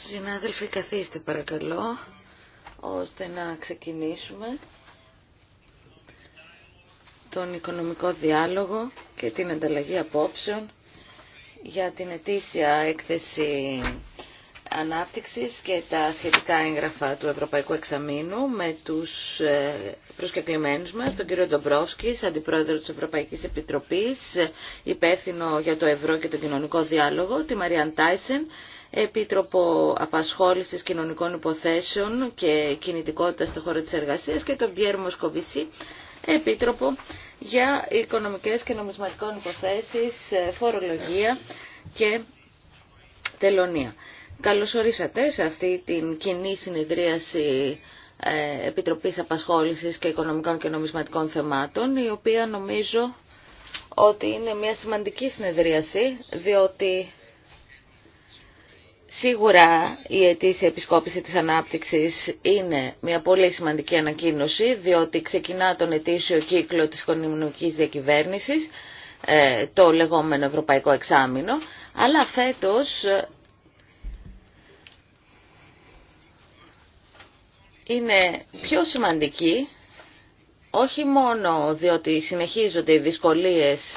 Συνάδελφοι, καθίστε παρακαλώ, ώστε να ξεκινήσουμε τον οικονομικό διάλογο και την ανταλλαγή απόψεων για την ετήσια έκθεση Ανάπτυξης και τα σχετικά έγγραφα του Ευρωπαϊκού Εξαμήνου με τους ε, προσκεκλημένους μας, τον κύριο Ντομπρόσκης, Αντιπρόεδρο της Ευρωπαϊκής Επιτροπής, υπεύθυνο για το Ευρώ και τον Κοινωνικό Διάλογο, τη Μαριάν Τάισεν, Επίτροπο Απασχόλησης Κοινωνικών Υποθέσεων και Κινητικότητας στο χώρο της εργασίας και τον Πιέρ Μοσκοβισή, Επίτροπο για Οικονομικές και Νομισματικών Υποθέσεις, ε, Φορολογία και Τελωνία. Καλώς ορίσατε σε αυτή την κοινή συνεδρίαση ε, Επιτροπής Απασχόλησης και Οικονομικών και Νομισματικών Θεμάτων, η οποία νομίζω ότι είναι μια σημαντική συνεδρίαση, διότι Σίγουρα η ετήσια επισκόπηση της ανάπτυξης είναι μια πολύ σημαντική ανακοίνωση, διότι ξεκινά τον ετήσιο κύκλο της οικονομικής διακυβέρνησης, ε, το λεγόμενο Ευρωπαϊκό Εξάμεινο, αλλά φέτος είναι πιο σημαντική όχι μόνο διότι συνεχίζονται οι δυσκολίες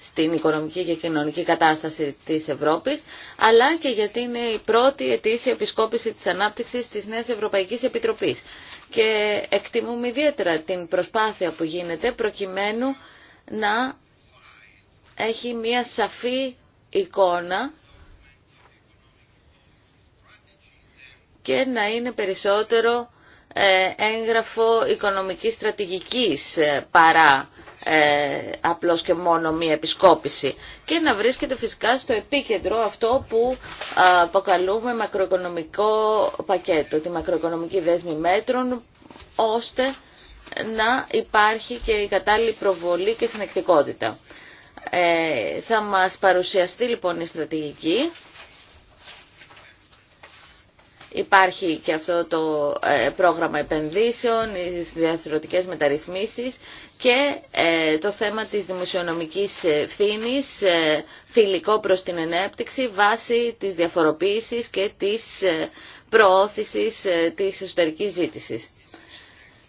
στην οικονομική και κοινωνική κατάσταση της Ευρώπης, αλλά και γιατί είναι η πρώτη ετήσια επισκόπηση της ανάπτυξης της Νέας Ευρωπαϊκής Επιτροπής. Και εκτιμούμε ιδιαίτερα την προσπάθεια που γίνεται προκειμένου να έχει μια σαφή εικόνα και να είναι περισσότερο ε, έγγραφο οικονομικής στρατηγικής ε, παρά ε, απλώς και μόνο μία επισκόπηση και να βρίσκεται φυσικά στο επίκεντρο αυτό που αποκαλούμε μακροοικονομικό πακέτο, τη μακροοικονομική δέσμη μέτρων ώστε να υπάρχει και η κατάλληλη προβολή και συνεκτικότητα. Θα μας παρουσιαστεί λοιπόν η στρατηγική Υπάρχει και αυτό το ε, πρόγραμμα επενδύσεων, οι διαθερωτικές μεταρρυθμίσεις και ε, το θέμα της δημοσιονομικής ευθύνη, φιλικό ε, προς την ενέπτυξη βάσει της διαφοροποίησης και της προώθησης της εσωτερικής ζήτησης.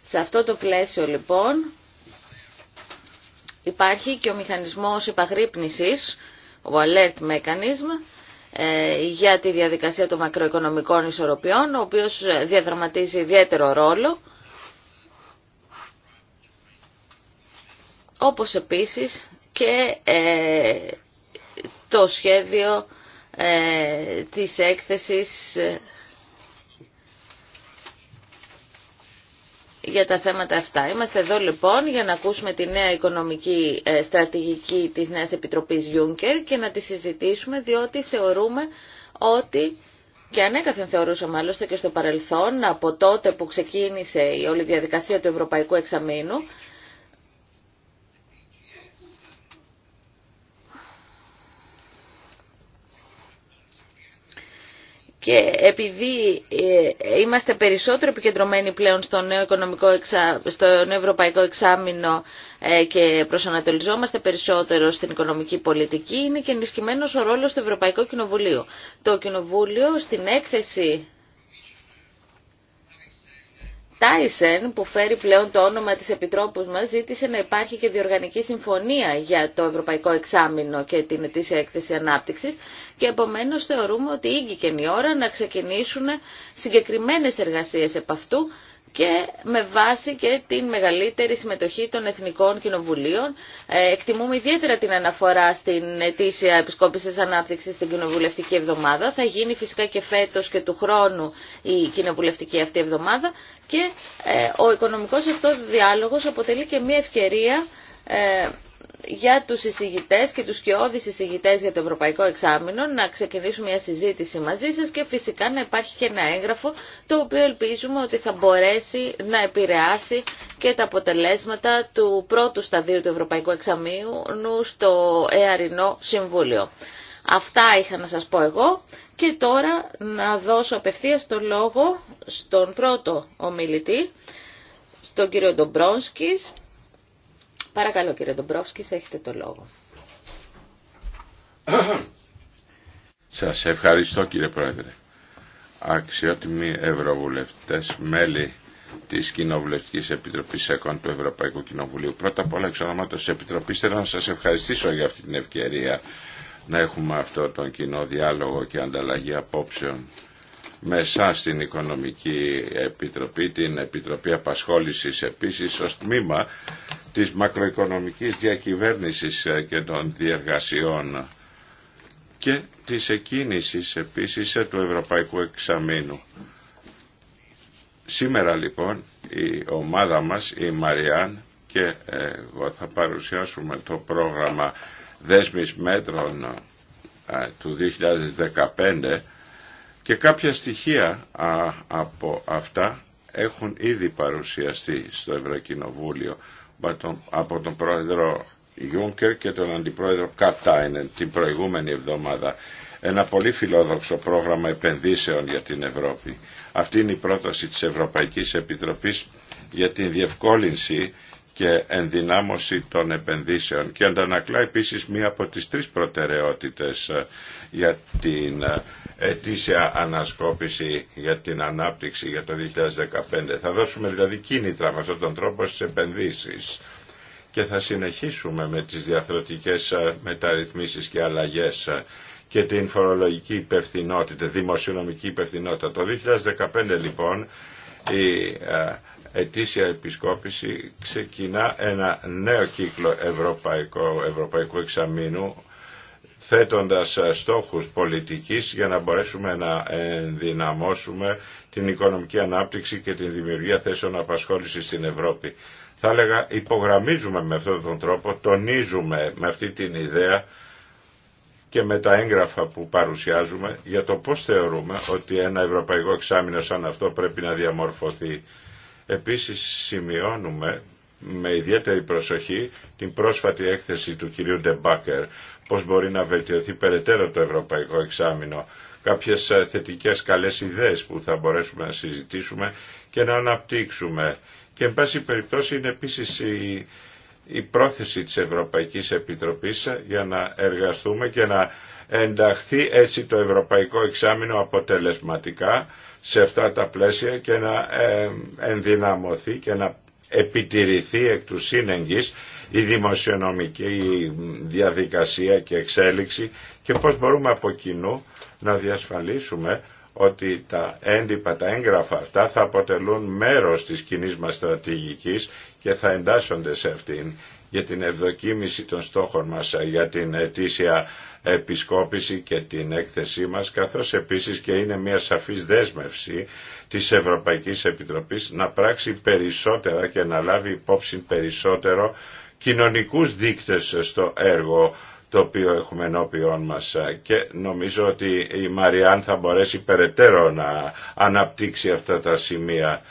Σε αυτό το πλαίσιο λοιπόν υπάρχει και ο μηχανισμός επαγρύπνησης, ο alert mechanism, ε, για τη διαδικασία των μακροοικονομικών ισορροπιών, ο οποίος διαδραματίζει ιδιαίτερο ρόλο, όπως επίσης και ε, το σχέδιο ε, της έκθεσης για τα θέματα αυτά. Είμαστε εδώ λοιπόν για να ακούσουμε τη νέα οικονομική ε, στρατηγική της Νέας Επιτροπής Juncker και να τη συζητήσουμε διότι θεωρούμε ότι και ανέκαθεν θεωρούσαμε άλλωστε και στο παρελθόν από τότε που ξεκίνησε η όλη διαδικασία του Ευρωπαϊκού Εξαμήνου Και επειδή ε, είμαστε περισσότερο επικεντρωμένοι πλέον στο νέο, οικονομικό στο ευρωπαϊκό εξάμεινο ε, και προσανατολιζόμαστε περισσότερο στην οικονομική πολιτική, είναι και ενισχυμένος ο ρόλος του Ευρωπαϊκού Κοινοβουλίου. Το Κοινοβούλιο στην έκθεση Τάισεν, που φέρει πλέον το όνομα της Επιτρόπου μας, ζήτησε να υπάρχει και διοργανική συμφωνία για το Ευρωπαϊκό Εξάμεινο και την ετήσια έκθεση ανάπτυξης και επομένως θεωρούμε ότι ήγηκε η ώρα να ξεκινήσουν συγκεκριμένες εργασίες επ' αυτού και με βάση και την μεγαλύτερη συμμετοχή των Εθνικών Κοινοβουλίων. Ε, εκτιμούμε ιδιαίτερα την αναφορά στην ετήσια επισκόπηση ανάπτυξη στην Κοινοβουλευτική Εβδομάδα. Θα γίνει φυσικά και φέτο και του χρόνου η Κοινοβουλευτική αυτή εβδομάδα και ε, ο οικονομικός αυτό διάλογος αποτελεί και μια ευκαιρία ε, για τους εισηγητές και τους κοιόδης εισηγητές για το Ευρωπαϊκό Εξάμεινο να ξεκινήσουμε μια συζήτηση μαζί σας και φυσικά να υπάρχει και ένα έγγραφο το οποίο ελπίζουμε ότι θα μπορέσει να επηρεάσει και τα αποτελέσματα του πρώτου σταδίου του Ευρωπαϊκού εξαμήνου στο Εαρινό Συμβούλιο. Αυτά είχα να σας πω εγώ και τώρα να δώσω απευθείας το λόγο στον πρώτο ομιλητή, στον κύριο Ντομπρόνσκης, Παρακαλώ κύριε Ντομπρόφσκης, έχετε το λόγο. Σας ευχαριστώ κύριε Πρόεδρε. Αξιότιμοι Ευρωβουλευτές, μέλη της Κοινοβουλευτικής Επιτροπής ΕΚΟΝ του Ευρωπαϊκού Κοινοβουλίου. Πρώτα απ' όλα, εξ ονόματο Επιτροπή, θέλω να σας ευχαριστήσω για αυτή την ευκαιρία να έχουμε αυτό τον κοινό διάλογο και ανταλλαγή απόψεων με στην Οικονομική Επιτροπή, την Επιτροπή Απασχόλησης επίσης ως τμήμα της μακροοικονομικής διακυβέρνησης ε, και των διεργασιών και της εκκίνησης επίσης ε, του Ευρωπαϊκού Εξαμήνου. Σήμερα λοιπόν η ομάδα μας, η Μαριάν και ε, εγώ θα παρουσιάσουμε το πρόγραμμα δέσμης μέτρων του 2015 και κάποια στοιχεία από αυτά έχουν ήδη παρουσιαστεί στο Ευρωκοινοβούλιο από τον πρόεδρο Γιούνκερ και τον αντιπρόεδρο Κατάινεν την προηγούμενη εβδομάδα. Ένα πολύ φιλόδοξο πρόγραμμα επενδύσεων για την Ευρώπη. Αυτή είναι η πρόταση της Ευρωπαϊκής Επιτροπής για την διευκόλυνση και ενδυνάμωση των επενδύσεων και αντανακλά επίσης μία από τις τρεις προτεραιότητες ε, για την ε, ετήσια ανασκόπηση για την ανάπτυξη για το 2015. Θα δώσουμε δηλαδή κίνητρα με αυτόν τον τρόπο στις επενδύσεις και θα συνεχίσουμε με τις διαθροτικές ε, μεταρρυθμίσεις και αλλαγές και την φορολογική υπευθυνότητα, δημοσιονομική υπευθυνότητα. Το 2015 λοιπόν η ε, ετήσια επισκόπηση ξεκινά ένα νέο κύκλο ευρωπαϊκό, ευρωπαϊκού εξαμήνου θέτοντας ε, στόχους πολιτικής για να μπορέσουμε να ενδυναμώσουμε την οικονομική ανάπτυξη και την δημιουργία θέσεων απασχόλησης στην Ευρώπη. Θα έλεγα υπογραμμίζουμε με αυτόν τον τρόπο, τονίζουμε με αυτή την ιδέα και με τα έγγραφα που παρουσιάζουμε για το πώς θεωρούμε ότι ένα ευρωπαϊκό εξάμεινο σαν αυτό πρέπει να διαμορφωθεί. Επίσης σημειώνουμε με ιδιαίτερη προσοχή την πρόσφατη έκθεση του κυρίου Ντεμπάκερ πώς μπορεί να βελτιωθεί περαιτέρω το ευρωπαϊκό εξάμεινο κάποιες ε, θετικές καλές ιδέες που θα μπορέσουμε να συζητήσουμε και να αναπτύξουμε. Και εν πάση περιπτώσει είναι επίσης η η πρόθεση της Ευρωπαϊκής Επιτροπής για να εργαστούμε και να ενταχθεί έτσι το Ευρωπαϊκό Εξάμεινο αποτελεσματικά σε αυτά τα πλαίσια και να ε, ενδυναμωθεί και να επιτηρηθεί εκ του σύνεγγης η δημοσιονομική διαδικασία και εξέλιξη και πώς μπορούμε από κοινού να διασφαλίσουμε ότι τα έντυπα, τα έγγραφα αυτά θα αποτελούν μέρος της κοινή μας στρατηγικής και θα εντάσσονται σε αυτήν για την ευδοκίμηση των στόχων μας για την ετήσια επισκόπηση και την έκθεσή μας, καθώς επίσης και είναι μια σαφής δέσμευση της Ευρωπαϊκής Επιτροπής να πράξει περισσότερα και να λάβει υπόψη περισσότερο κοινωνικούς δείκτες στο έργο το οποίο έχουμε ενώπιόν μας και νομίζω ότι η Μαριάν θα μπορέσει περαιτέρω να αναπτύξει αυτά τα σημεία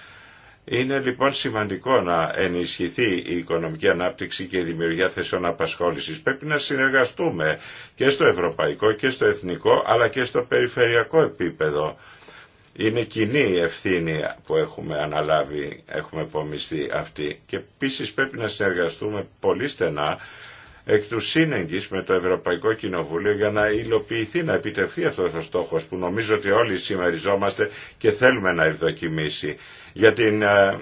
είναι λοιπόν σημαντικό να ενισχυθεί η οικονομική ανάπτυξη και η δημιουργία θέσεων απασχόλησης. Πρέπει να συνεργαστούμε και στο ευρωπαϊκό και στο εθνικό αλλά και στο περιφερειακό επίπεδο. Είναι κοινή η ευθύνη που έχουμε αναλάβει, έχουμε υπομειστεί αυτή. Και επίση πρέπει να συνεργαστούμε πολύ στενά εκ του σύνεγγυς με το Ευρωπαϊκό Κοινοβούλιο για να υλοποιηθεί, να επιτευχθεί αυτός ο στόχος που νομίζω ότι όλοι συμμεριζόμαστε και θέλουμε να ευδοκιμήσει για την ε,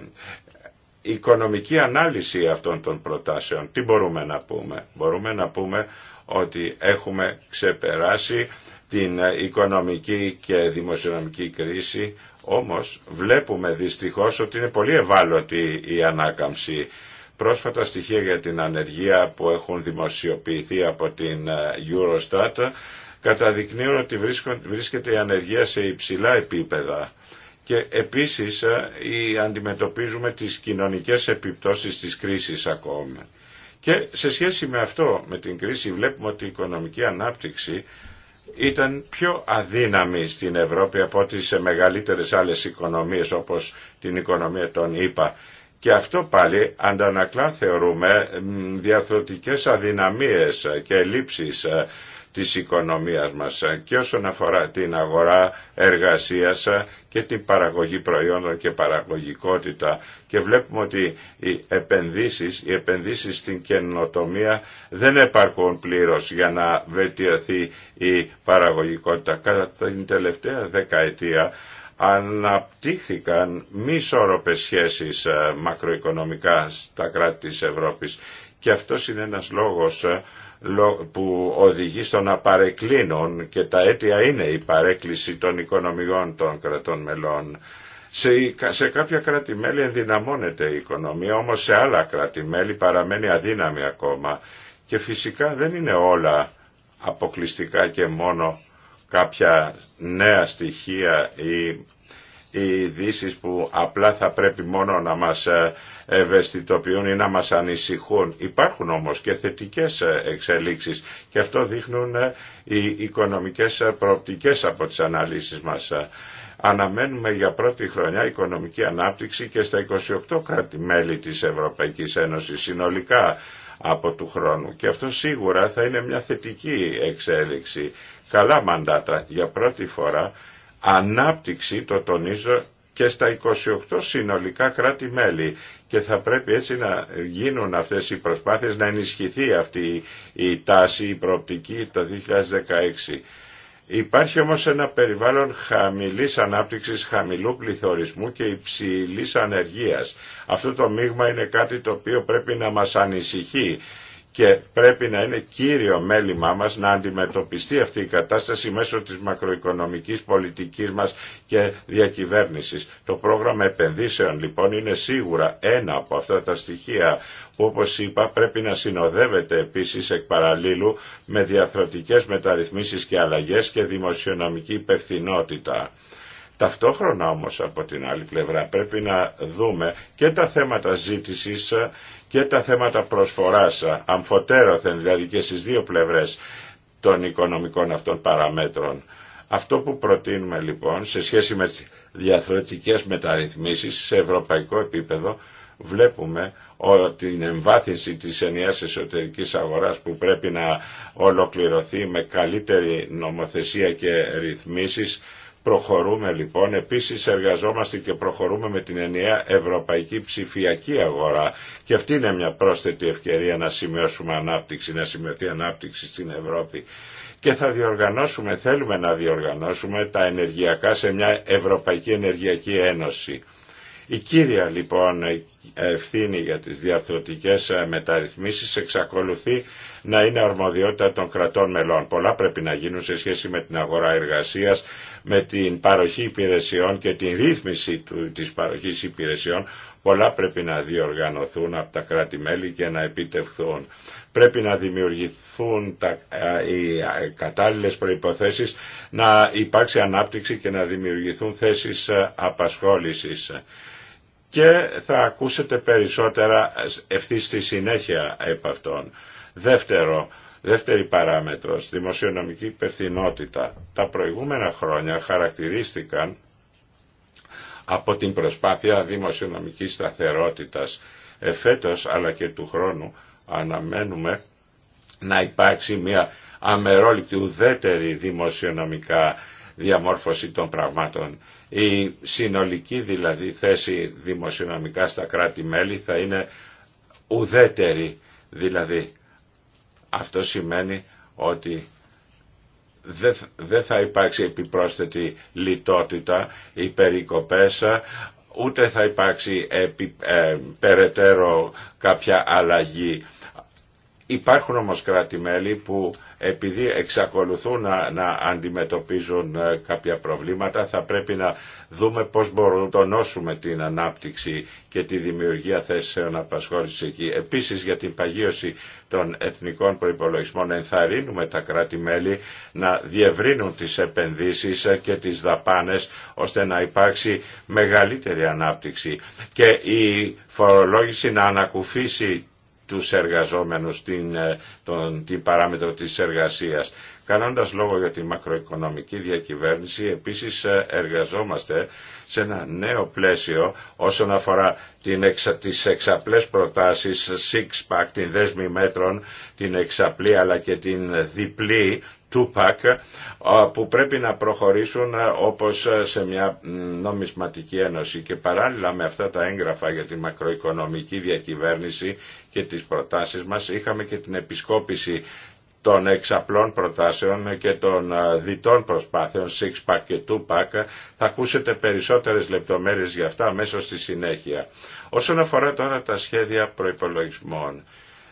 οικονομική ανάλυση αυτών των προτάσεων. Τι μπορούμε να πούμε. Μπορούμε να πούμε ότι έχουμε ξεπεράσει την ε, οικονομική και δημοσιονομική κρίση, όμως βλέπουμε δυστυχώς ότι είναι πολύ ευάλωτη η ανάκαμψη. Πρόσφατα στοιχεία για την ανεργία που έχουν δημοσιοποιηθεί από την ε, Eurostat καταδεικνύουν ότι βρίσκεται η ανεργία σε υψηλά επίπεδα και επίσης ή ε, αντιμετωπίζουμε τις κοινωνικές επιπτώσεις της κρίσης ακόμα. Και σε σχέση με αυτό, με την κρίση, βλέπουμε ότι η οικονομική ανάπτυξη ήταν πιο αδύναμη στην Ευρώπη από ό,τι σε μεγαλύτερες άλλες οικονομίες όπως την οικονομία των ΗΠΑ. Και αυτό πάλι αντανακλά θεωρούμε διαρθρωτικές αδυναμίες και ελλείψεις ε, της οικονομίας μας και όσον αφορά την αγορά εργασίας και την παραγωγή προϊόντων και παραγωγικότητα και βλέπουμε ότι οι επενδύσεις, οι επενδύσεις στην καινοτομία δεν επαρκούν πλήρως για να βελτιωθεί η παραγωγικότητα. Κατά την τελευταία δεκαετία αναπτύχθηκαν μη σώροπες σχέσεις ε, μακροοικονομικά στα κράτη της Ευρώπης και αυτό είναι ένας λόγος ε, που οδηγεί στο να παρεκκλίνουν και τα αίτια είναι η παρέκκληση των οικονομιών των κρατών μελών. Σε, σε κάποια κράτη-μέλη ενδυναμώνεται η οικονομία, όμως σε άλλα κράτη-μέλη παραμένει αδύναμη ακόμα. Και φυσικά δεν είναι όλα αποκλειστικά και μόνο κάποια νέα στοιχεία ή οι ειδήσει που απλά θα πρέπει μόνο να μας ε, ευαισθητοποιούν ή να μας ανησυχούν. Υπάρχουν όμως και θετικές ε, εξελίξεις και αυτό δείχνουν ε, οι οικονομικές προοπτικές από τις αναλύσεις μας. Αναμένουμε για πρώτη χρονιά οικονομική ανάπτυξη και στα 28 κράτη-μέλη της Ευρωπαϊκής Ένωσης συνολικά από του χρόνου. Και αυτό σίγουρα θα είναι μια θετική εξέλιξη. Καλά μαντάτα για πρώτη φορά ανάπτυξη, το τονίζω, και στα 28 συνολικά κράτη-μέλη και θα πρέπει έτσι να γίνουν αυτές οι προσπάθειες να ενισχυθεί αυτή η τάση, η προοπτική το 2016. Υπάρχει όμως ένα περιβάλλον χαμηλής ανάπτυξης, χαμηλού πληθωρισμού και υψηλής ανεργίας. Αυτό το μείγμα είναι κάτι το οποίο πρέπει να μας ανησυχεί και πρέπει να είναι κύριο μέλημά μας να αντιμετωπιστεί αυτή η κατάσταση μέσω της μακροοικονομικής πολιτικής μας και διακυβέρνησης. Το πρόγραμμα επενδύσεων λοιπόν είναι σίγουρα ένα από αυτά τα στοιχεία που όπως είπα πρέπει να συνοδεύεται επίσης εκ παραλίλου με διαθροτικές μεταρρυθμίσεις και αλλαγές και δημοσιονομική υπευθυνότητα. Ταυτόχρονα όμως από την άλλη πλευρά πρέπει να δούμε και τα θέματα ζήτησης και τα θέματα προσφοράς αμφωτέρωθεν δηλαδή και στις δύο πλευρές των οικονομικών αυτών παραμέτρων. Αυτό που προτείνουμε λοιπόν σε σχέση με τις διαθροτικές μεταρρυθμίσεις σε ευρωπαϊκό επίπεδο βλέπουμε ότι την εμβάθυνση της ενιαίας εσωτερικής αγοράς που πρέπει να ολοκληρωθεί με καλύτερη νομοθεσία και ρυθμίσεις Προχωρούμε λοιπόν, επίσης εργαζόμαστε και προχωρούμε με την ενιαία ευρωπαϊκή ψηφιακή αγορά και αυτή είναι μια πρόσθετη ευκαιρία να σημειώσουμε ανάπτυξη, να σημειωθεί ανάπτυξη στην Ευρώπη και θα διοργανώσουμε, θέλουμε να διοργανώσουμε τα ενεργειακά σε μια Ευρωπαϊκή Ενεργειακή Ένωση. Η κύρια λοιπόν ευθύνη για τις διαρθρωτικές ε, μεταρρυθμίσεις εξακολουθεί να είναι αρμοδιότητα των κρατών μελών. Πολλά πρέπει να γίνουν σε σχέση με την αγορά εργασίας, με την παροχή υπηρεσιών και την ρύθμιση της παροχής υπηρεσιών πολλά πρέπει να διοργανωθούν από τα κράτη-μέλη και να επιτευχθούν. Πρέπει να δημιουργηθούν τα, οι κατάλληλες προϋποθέσεις να υπάρξει ανάπτυξη και να δημιουργηθούν θέσεις απασχόλησης και θα ακούσετε περισσότερα ευθύ στη συνέχεια επ' Δεύτερο, Δεύτερη παράμετρος, δημοσιονομική υπευθυνότητα. Τα προηγούμενα χρόνια χαρακτηρίστηκαν από την προσπάθεια δημοσιονομικής σταθερότητας. Εφέτος αλλά και του χρόνου αναμένουμε να υπάρξει μια αμερόληπτη ουδέτερη δημοσιονομικά διαμόρφωση των πραγμάτων. Η συνολική δηλαδή θέση δημοσιονομικά στα κράτη-μέλη θα είναι ουδέτερη δηλαδή αυτό σημαίνει ότι δεν θα υπάρξει επιπρόσθετη λιτότητα, οι ούτε θα υπάρξει επι, ε, περαιτέρω κάποια αλλαγή. Υπάρχουν όμως κράτη-μέλη που επειδή εξακολουθούν να, να αντιμετωπίζουν ε, κάποια προβλήματα θα πρέπει να δούμε πώς μπορούμε να τονώσουμε την ανάπτυξη και τη δημιουργία θέσεων απασχόληση. εκεί. Επίσης για την παγίωση των εθνικών προϋπολογισμών ενθαρρύνουμε τα κράτη-μέλη να διευρύνουν τις επενδύσεις ε, και τις δαπάνες ώστε να υπάρξει μεγαλύτερη ανάπτυξη και η φορολόγηση να ανακουφίσει τους εργαζόμενους την, ε, τον, την παράμετρο της εργασίας. Κάνοντας λόγο για τη μακροοικονομική διακυβέρνηση, επίσης ε, εργαζόμαστε σε ένα νέο πλαίσιο όσον αφορά την εξα, τις εξαπλές προτάσεις, six pack, την δέσμη μέτρων, την εξαπλή αλλά και την διπλή ε, που πρέπει να προχωρήσουν ε, όπως ε, σε μια νομισματική ένωση και παράλληλα με αυτά τα έγγραφα για τη μακροοικονομική διακυβέρνηση και τις προτάσεις μας είχαμε και την επισκόπηση των εξαπλών προτάσεων και των διτών προσπάθειων, six pack και two pack, θα ακούσετε περισσότερες λεπτομέρειες για αυτά μέσω στη συνέχεια. Όσον αφορά τώρα τα σχέδια προϋπολογισμών,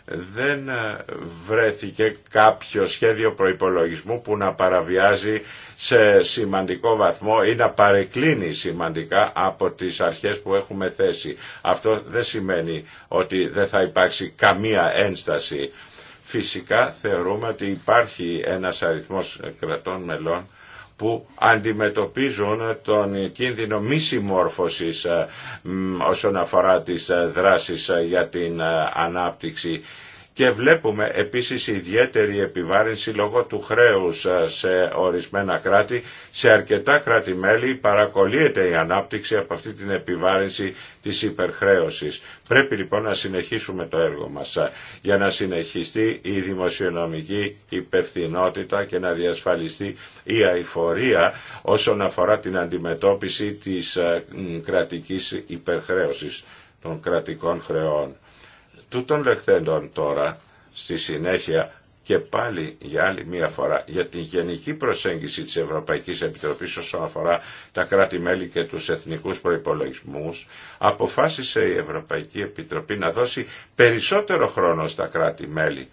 δεν βρέθηκε κάποιο σχέδιο προϋπολογισμού που να παραβιάζει σε σημαντικό βαθμό ή να παρεκκλίνει σημαντικά από τις αρχές που έχουμε θέσει. Αυτό δεν σημαίνει ότι δεν θα υπάρξει καμία ένσταση. Φυσικά θεωρούμε ότι υπάρχει ένας αριθμός κρατών μελών που αντιμετωπίζουν τον κίνδυνο μη συμμόρφωσης ε, όσον αφορά τις ε, δράσεις ε, για την ανάπτυξη και βλέπουμε επίσης ιδιαίτερη επιβάρυνση λόγω του χρέους ε, σε ορισμένα κράτη. Σε αρκετά κράτη-μέλη παρακολύεται η ανάπτυξη από αυτή την επιβάρυνση της υπερχρέωσης. Πρέπει λοιπόν να συνεχίσουμε το έργο μας ε, για να συνεχιστεί η δημοσιονομική υπευθυνότητα και να διασφαλιστεί η αηφορία όσον αφορά την αντιμετώπιση της ε, κρατικής υπερχρέωσης των κρατικών χρεών. Τούτων λεχθέντων τώρα, στη συνέχεια και πάλι για άλλη μία φορά για την γενική προσέγγιση της Ευρωπαϊκής Επιτροπής όσον αφορά τα κράτη-μέλη και τους εθνικούς προϋπολογισμούς, αποφάσισε η Ευρωπαϊκή Επιτροπή να δώσει περισσότερο χρόνο στα κράτη-μέλη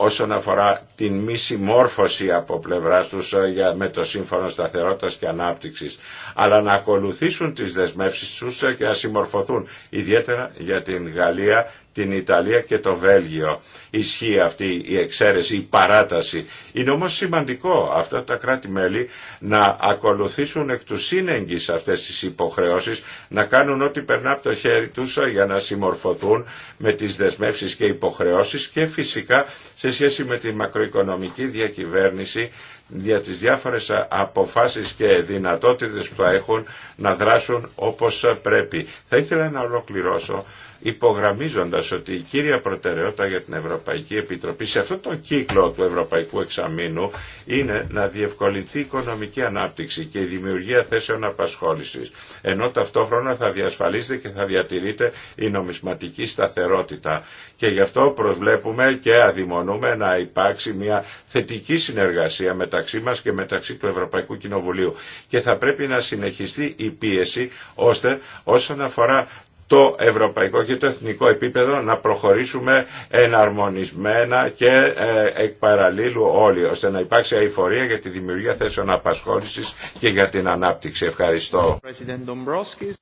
όσον αφορά την μη συμμόρφωση από πλευρά τους ε, με το Σύμφωνο Σταθερότητας και Ανάπτυξης, αλλά να ακολουθήσουν τις δεσμεύσεις τους ε, και να συμμορφωθούν, ιδιαίτερα για την Γαλλία, την Ιταλία και το Βέλγιο ισχύει αυτή η εξαίρεση, η παράταση. Είναι όμως σημαντικό αυτά τα κράτη-μέλη να ακολουθήσουν εκ του σύνεγγυς αυτές τις υποχρεώσεις, να κάνουν ό,τι περνά από το χέρι τους για να συμμορφωθούν με τις δεσμεύσεις και υποχρεώσεις και φυσικά σε σχέση με τη μακροοικονομική διακυβέρνηση για τις διάφορες αποφάσεις και δυνατότητες που θα έχουν να δράσουν όπως πρέπει. Θα ήθελα να ολοκληρώσω υπογραμμίζοντας ότι η κύρια προτεραιότητα για την Ευρωπαϊκή Επιτροπή σε αυτό το κύκλο του Ευρωπαϊκού Εξαμήνου είναι να διευκολυνθεί η οικονομική ανάπτυξη και η δημιουργία θέσεων απασχόλησης, ενώ ταυτόχρονα θα διασφαλίζεται και θα διατηρείται η νομισματική σταθερότητα. Και γι' αυτό προσβλέπουμε και αδειμονούμε να υπάρξει μια θετική συνεργασία μεταξύ μας και μεταξύ του Ευρωπαϊκού Κοινοβουλίου. Και θα πρέπει να συνεχιστεί η πίεση ώστε όσον αφορά το ευρωπαϊκό και το εθνικό επίπεδο να προχωρήσουμε εναρμονισμένα και ε, εκ παραλίλου όλοι, ώστε να υπάρξει αηφορία για τη δημιουργία θέσεων απασχόλησης και για την ανάπτυξη. Ευχαριστώ.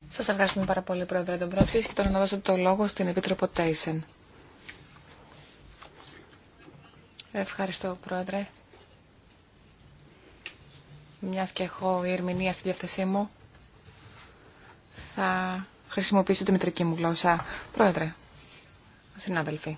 Σας ευχαριστούμε πάρα πολύ, Πρόεδρε Ντομπρόσκης, και τον να το λόγο στην Επίτροπο Τέισεν. Ευχαριστώ, Πρόεδρε. Μιας και έχω η ερμηνεία στη διάθεσή μου, θα χρησιμοποιήσω τη μητρική μου γλώσσα. Πρόεδρε, συνάδελφοι.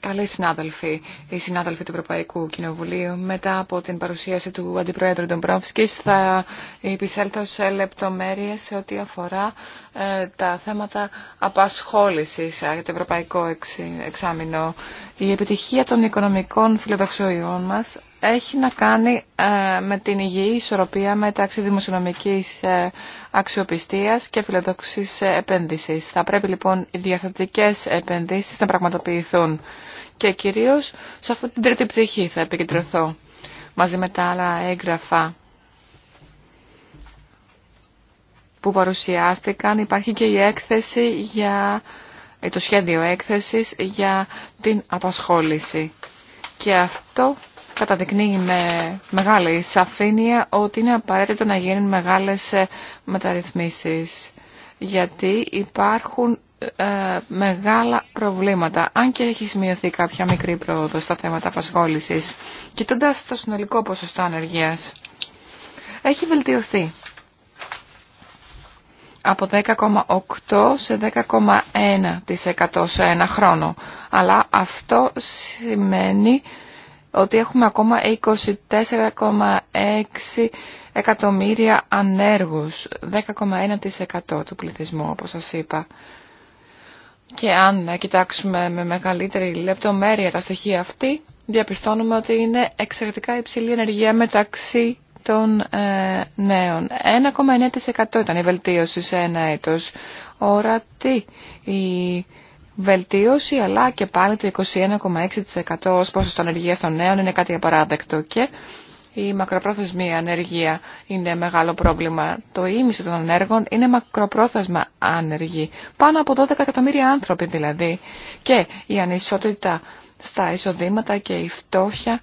Καλοί συνάδελφοι, οι συνάδελφοι του Ευρωπαϊκού Κοινοβουλίου, μετά από την παρουσίαση του Αντιπροέδρου Ντομπρόφσκης θα επισέλθω σε λεπτομέρειες σε ό,τι αφορά ε, τα θέματα απασχόλησης ε, για το Ευρωπαϊκό Εξάμεινο. Η επιτυχία των οικονομικών φιλοδοξιών μας έχει να κάνει ε, με την υγιή ισορροπία μεταξύ δημοσιονομικής ε, αξιοπιστίας και φιλοδοξής ε, επένδυσης. Θα πρέπει λοιπόν οι διαθετικές επενδύσεις να πραγματοποιηθούν και κυρίως σε αυτή την τρίτη πτυχή θα επικεντρωθώ μαζί με τα άλλα έγγραφα που παρουσιάστηκαν. Υπάρχει και η έκθεση για το σχέδιο έκθεσης για την απασχόληση. Και αυτό καταδεικνύει με μεγάλη σαφήνεια ότι είναι απαραίτητο να γίνουν μεγάλες ε, μεταρρυθμίσεις γιατί υπάρχουν ε, μεγάλα προβλήματα, αν και έχει σημειωθεί κάποια μικρή πρόοδο στα θέματα απασχόλησης. κοιτώντα το συνολικό ποσοστό ανεργίας, έχει βελτιωθεί από 10,8% σε 10,1% σε ένα χρόνο. Αλλά αυτό σημαίνει ότι έχουμε ακόμα 24,6 εκατομμύρια ανέργους, 10,1% του πληθυσμού όπως σας είπα. Και αν κοιτάξουμε με μεγαλύτερη λεπτομέρεια τα στοιχεία αυτή, διαπιστώνουμε ότι είναι εξαιρετικά υψηλή ενεργεία μεταξύ των ε, νέων. 1,9% ήταν η βελτίωση σε ένα έτος. Ορατή η βελτίωση, αλλά και πάλι το 21,6% ως ποσοστό ανεργία των νέων είναι κάτι απαράδεκτο και η μακροπρόθεσμη ανεργία είναι μεγάλο πρόβλημα. Το ίμιση των ανέργων είναι μακροπρόθεσμα ανέργη. Πάνω από 12 εκατομμύρια άνθρωποι δηλαδή. Και η ανισότητα στα εισοδήματα και η φτώχεια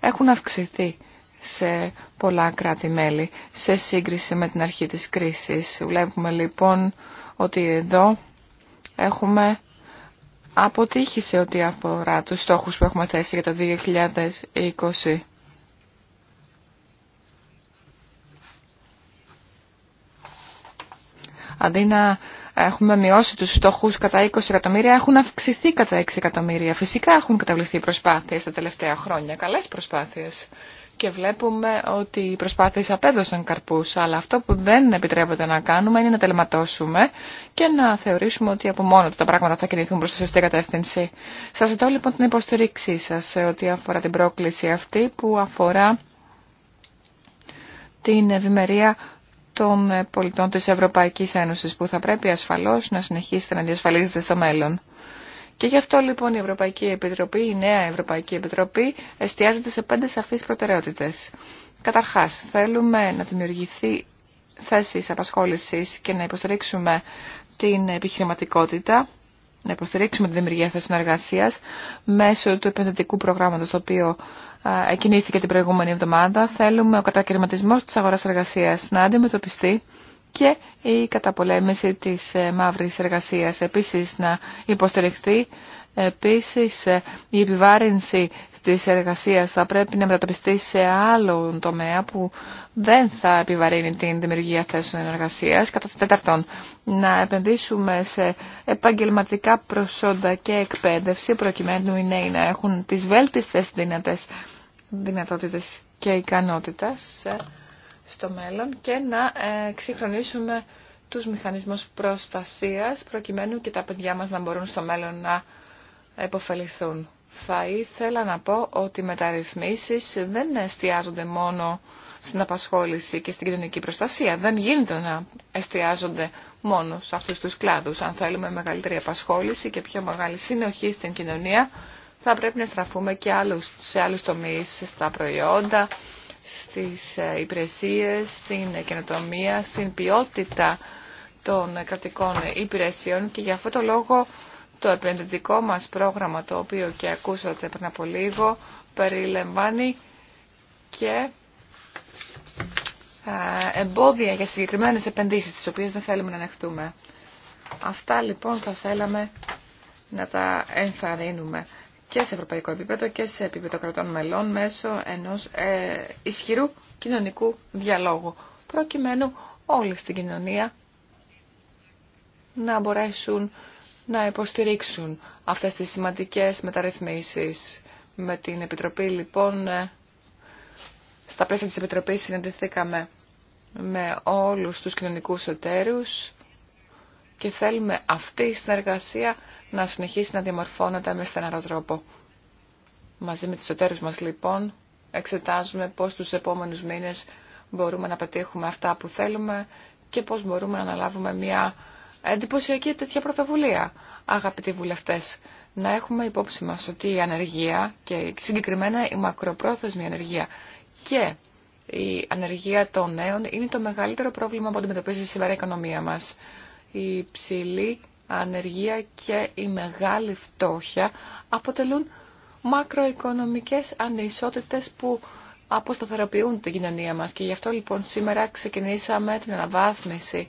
έχουν αυξηθεί σε πολλά κράτη-μέλη σε σύγκριση με την αρχή της κρίσης. Βλέπουμε λοιπόν ότι εδώ έχουμε αποτύχει σε ό,τι αφορά τους στόχους που έχουμε θέσει για το 2020. Αντί να έχουμε μειώσει τους στόχους κατά 20 εκατομμύρια, έχουν αυξηθεί κατά 6 εκατομμύρια. Φυσικά έχουν καταβληθεί προσπάθειες τα τελευταία χρόνια, καλές προσπάθειες και βλέπουμε ότι οι προσπάθειες απέδωσαν καρπούς, αλλά αυτό που δεν επιτρέπεται να κάνουμε είναι να τελματώσουμε και να θεωρήσουμε ότι από μόνο τα πράγματα θα κινηθούν προς τη σωστή κατεύθυνση. Σας ζητώ λοιπόν την υποστηρίξή σας σε ό,τι αφορά την πρόκληση αυτή που αφορά την ευημερία των πολιτών της Ευρωπαϊκής Ένωσης που θα πρέπει ασφαλώς να συνεχίσετε να διασφαλίζετε στο μέλλον. Και γι' αυτό λοιπόν η Ευρωπαϊκή Επιτροπή, η νέα Ευρωπαϊκή Επιτροπή, εστιάζεται σε πέντε σαφείς προτεραιότητες. Καταρχάς, θέλουμε να δημιουργηθεί θέσεις απασχόλησης και να υποστηρίξουμε την επιχειρηματικότητα, να υποστηρίξουμε τη δημιουργία θέσεων εργασία μέσω του επενδυτικού προγράμματο το οποίο εκκινήθηκε την προηγούμενη εβδομάδα. Θέλουμε ο κατακαιρματισμό τη αγορά εργασία να αντιμετωπιστεί και η καταπολέμηση της ε, μαύρης εργασίας. Επίσης να υποστηριχθεί Επίσης ε, η επιβάρυνση της εργασίας θα πρέπει να μετατοπιστεί σε άλλο τομέα που δεν θα επιβαρύνει την δημιουργία θέσεων εργασίας. Κατά τέταρτον, να επενδύσουμε σε επαγγελματικά προσόντα και εκπαίδευση προκειμένου οι νέοι να έχουν τις βέλτιστες δυνατές δυνατότητες και ικανότητες ε, στο μέλλον και να εξυγχρονίσουμε τους μηχανισμούς προστασίας προκειμένου και τα παιδιά μας να μπορούν στο μέλλον να επωφεληθούν. Θα ήθελα να πω ότι οι μεταρρυθμίσεις δεν εστιάζονται μόνο στην απασχόληση και στην κοινωνική προστασία. Δεν γίνεται να εστιάζονται μόνο σε αυτούς τους κλάδους. Αν θέλουμε μεγαλύτερη απασχόληση και πιο μεγάλη συνοχή στην κοινωνία, θα πρέπει να στραφούμε και άλλους, σε άλλους τομείς, στα προϊόντα, στις ε, υπηρεσίες, στην καινοτομία, στην ποιότητα των κρατικών υπηρεσιών και για αυτό το λόγο το επενδυτικό μας πρόγραμμα, το οποίο και ακούσατε πριν από λίγο, περιλαμβάνει και ε, εμπόδια για συγκεκριμένες επενδύσεις, τις οποίες δεν θέλουμε να ανεχτούμε. Αυτά λοιπόν θα θέλαμε να τα ενθαρρύνουμε και σε ευρωπαϊκό επίπεδο και σε επίπεδο κρατών μελών μέσω ενός ε, ισχυρού κοινωνικού διαλόγου προκειμένου όλοι στην κοινωνία να μπορέσουν να υποστηρίξουν αυτές τις σημαντικές μεταρρυθμίσεις. Με την Επιτροπή λοιπόν, ε, στα πλαίσια της Επιτροπής συναντηθήκαμε με όλους τους κοινωνικούς εταίρους και θέλουμε αυτή η συνεργασία να συνεχίσει να διαμορφώνονται με στεναρό τρόπο. Μαζί με τους εταίρους μας λοιπόν εξετάζουμε πώς τους επόμενους μήνες μπορούμε να πετύχουμε αυτά που θέλουμε και πώς μπορούμε να αναλάβουμε μια εντυπωσιακή τέτοια πρωτοβουλία. Αγαπητοί βουλευτές, να έχουμε υπόψη μας ότι η ανεργία και συγκεκριμένα η μακροπρόθεσμη ανεργία και η ανεργία των νέων είναι το μεγαλύτερο πρόβλημα που αντιμετωπίζει σήμερα η οικονομία μας. Η ανεργία και η μεγάλη φτώχεια αποτελούν μακροοικονομικές ανισότητες που αποσταθεροποιούν την κοινωνία μας και γι' αυτό λοιπόν σήμερα ξεκινήσαμε την αναβάθμιση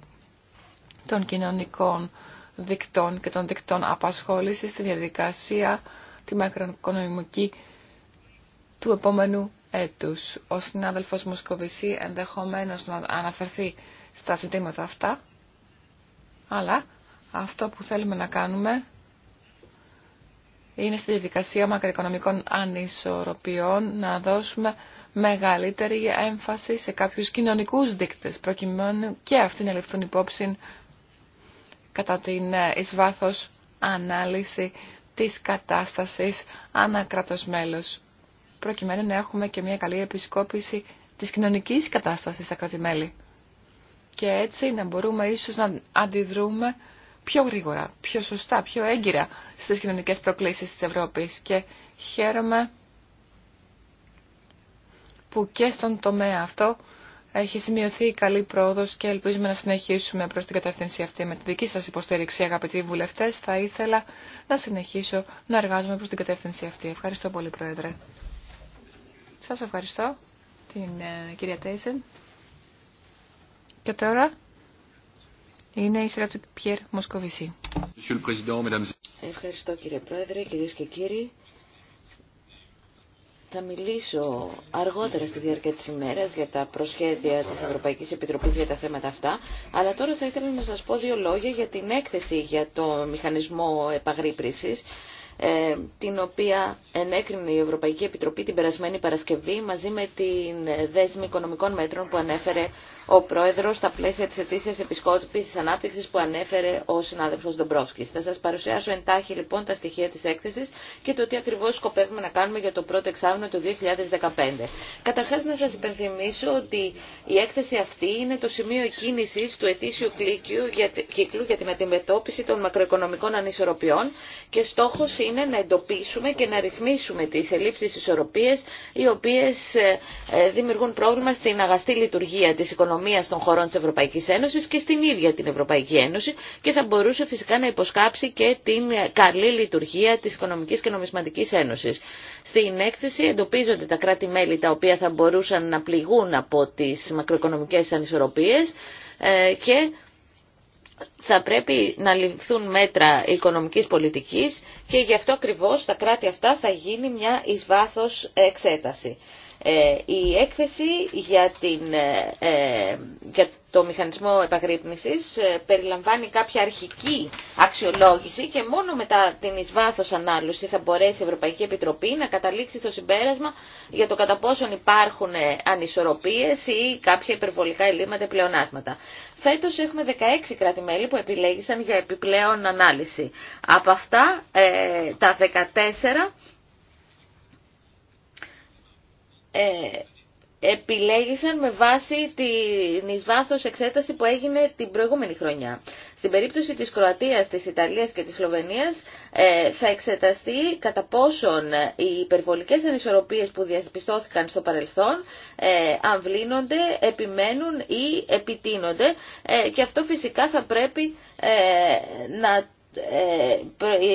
των κοινωνικών δικτών και των δικτών απασχόλησης στη διαδικασία τη μακροοικονομική του επόμενου έτους. Ο συνάδελφος Μοσκοβισή ενδεχομένως να αναφερθεί στα συντήματα αυτά, αλλά αυτό που θέλουμε να κάνουμε είναι στη διαδικασία μακροοικονομικών ανισορροπιών να δώσουμε μεγαλύτερη έμφαση σε κάποιους κοινωνικούς δείκτες, προκειμένου και αυτοί να ληφθούν υπόψη κατά την ε, εις ανάλυση της κατάστασης ανακρατος μέλος, προκειμένου να έχουμε και μια καλή επισκόπηση της κοινωνικής κατάστασης στα κρατημέλη. Και έτσι να μπορούμε ίσως να αντιδρούμε πιο γρήγορα, πιο σωστά, πιο έγκυρα στις κοινωνικές προκλήσεις της Ευρώπης και χαίρομαι που και στον τομέα αυτό έχει σημειωθεί καλή πρόοδος και ελπίζουμε να συνεχίσουμε προς την κατεύθυνση αυτή. Με τη δική σας υποστήριξη, αγαπητοί βουλευτές, θα ήθελα να συνεχίσω να εργάζομαι προς την κατεύθυνση αυτή. Ευχαριστώ πολύ, Πρόεδρε. Σας ευχαριστώ, την ε, κυρία Τέισεν. Και τώρα είναι η σειρά του Πιέρ Μοσκοβισή. Ευχαριστώ κύριε Πρόεδρε, κυρίε και κύριοι. Θα μιλήσω αργότερα στη διάρκεια της ημέρας για τα προσχέδια της Ευρωπαϊκής Επιτροπής για τα θέματα αυτά, αλλά τώρα θα ήθελα να σας πω δύο λόγια για την έκθεση για το μηχανισμό επαγρύπρησης, ε, την οποία ενέκρινε η Ευρωπαϊκή Επιτροπή την περασμένη Παρασκευή μαζί με την δέσμη οικονομικών μέτρων που ανέφερε ο Πρόεδρος στα πλαίσια της ετήσιας επισκόπησης της ανάπτυξης που ανέφερε ο συνάδελφος Ντομπρόσκης. Θα σας παρουσιάσω εντάχει λοιπόν τα στοιχεία της έκθεσης και το τι ακριβώς σκοπεύουμε να κάνουμε για το πρώτο εξάμεινο του 2015. Καταρχάς να σας υπενθυμίσω ότι η έκθεση αυτή είναι το σημείο κίνησης του ετήσιου κύκλου για την αντιμετώπιση των μακροοικονομικών ανισορροπιών και στόχος είναι είναι να εντοπίσουμε και να ρυθμίσουμε τις ελλείψεις ισορροπίες οι οποίες ε, ε, δημιουργούν πρόβλημα στην αγαστή λειτουργία της οικονομίας των χωρών της Ευρωπαϊκής Ένωσης και στην ίδια την Ευρωπαϊκή Ένωση και θα μπορούσε φυσικά να υποσκάψει και την ε, καλή λειτουργία της Οικονομικής και Νομισματικής Ένωσης. Στην έκθεση εντοπίζονται τα κράτη-μέλη τα οποία θα μπορούσαν να πληγούν από τις μακροοικονομικές ανισορροπίες και θα πρέπει να ληφθούν μέτρα οικονομικής πολιτικής και γι' αυτό ακριβώς στα κράτη αυτά θα γίνει μια εις βάθος εξέταση. Ε, η έκθεση για, την, ε, ε, το μηχανισμό επαγρύπνησης περιλαμβάνει κάποια αρχική αξιολόγηση και μόνο μετά την εισβάθος ανάλυση θα μπορέσει η Ευρωπαϊκή Επιτροπή να καταλήξει στο συμπέρασμα για το κατά πόσον υπάρχουν ανισορροπίες ή κάποια υπερβολικά ελλείμματα πλεονάσματα. Φέτος έχουμε 16 κράτη-μέλη που επιλέγησαν για επιπλέον ανάλυση. Από αυτά τα 14 ε, επιλέγησαν με βάση την εις εξέταση που έγινε την προηγούμενη χρονιά. Στην περίπτωση της Κροατίας, της Ιταλίας και της Σλοβενίας ε, θα εξεταστεί κατά πόσον οι υπερβολικές ανισορροπίες που διαπιστώθηκαν στο παρελθόν ε, αμβλήνονται, επιμένουν ή επιτείνονται και αυτό φυσικά θα πρέπει να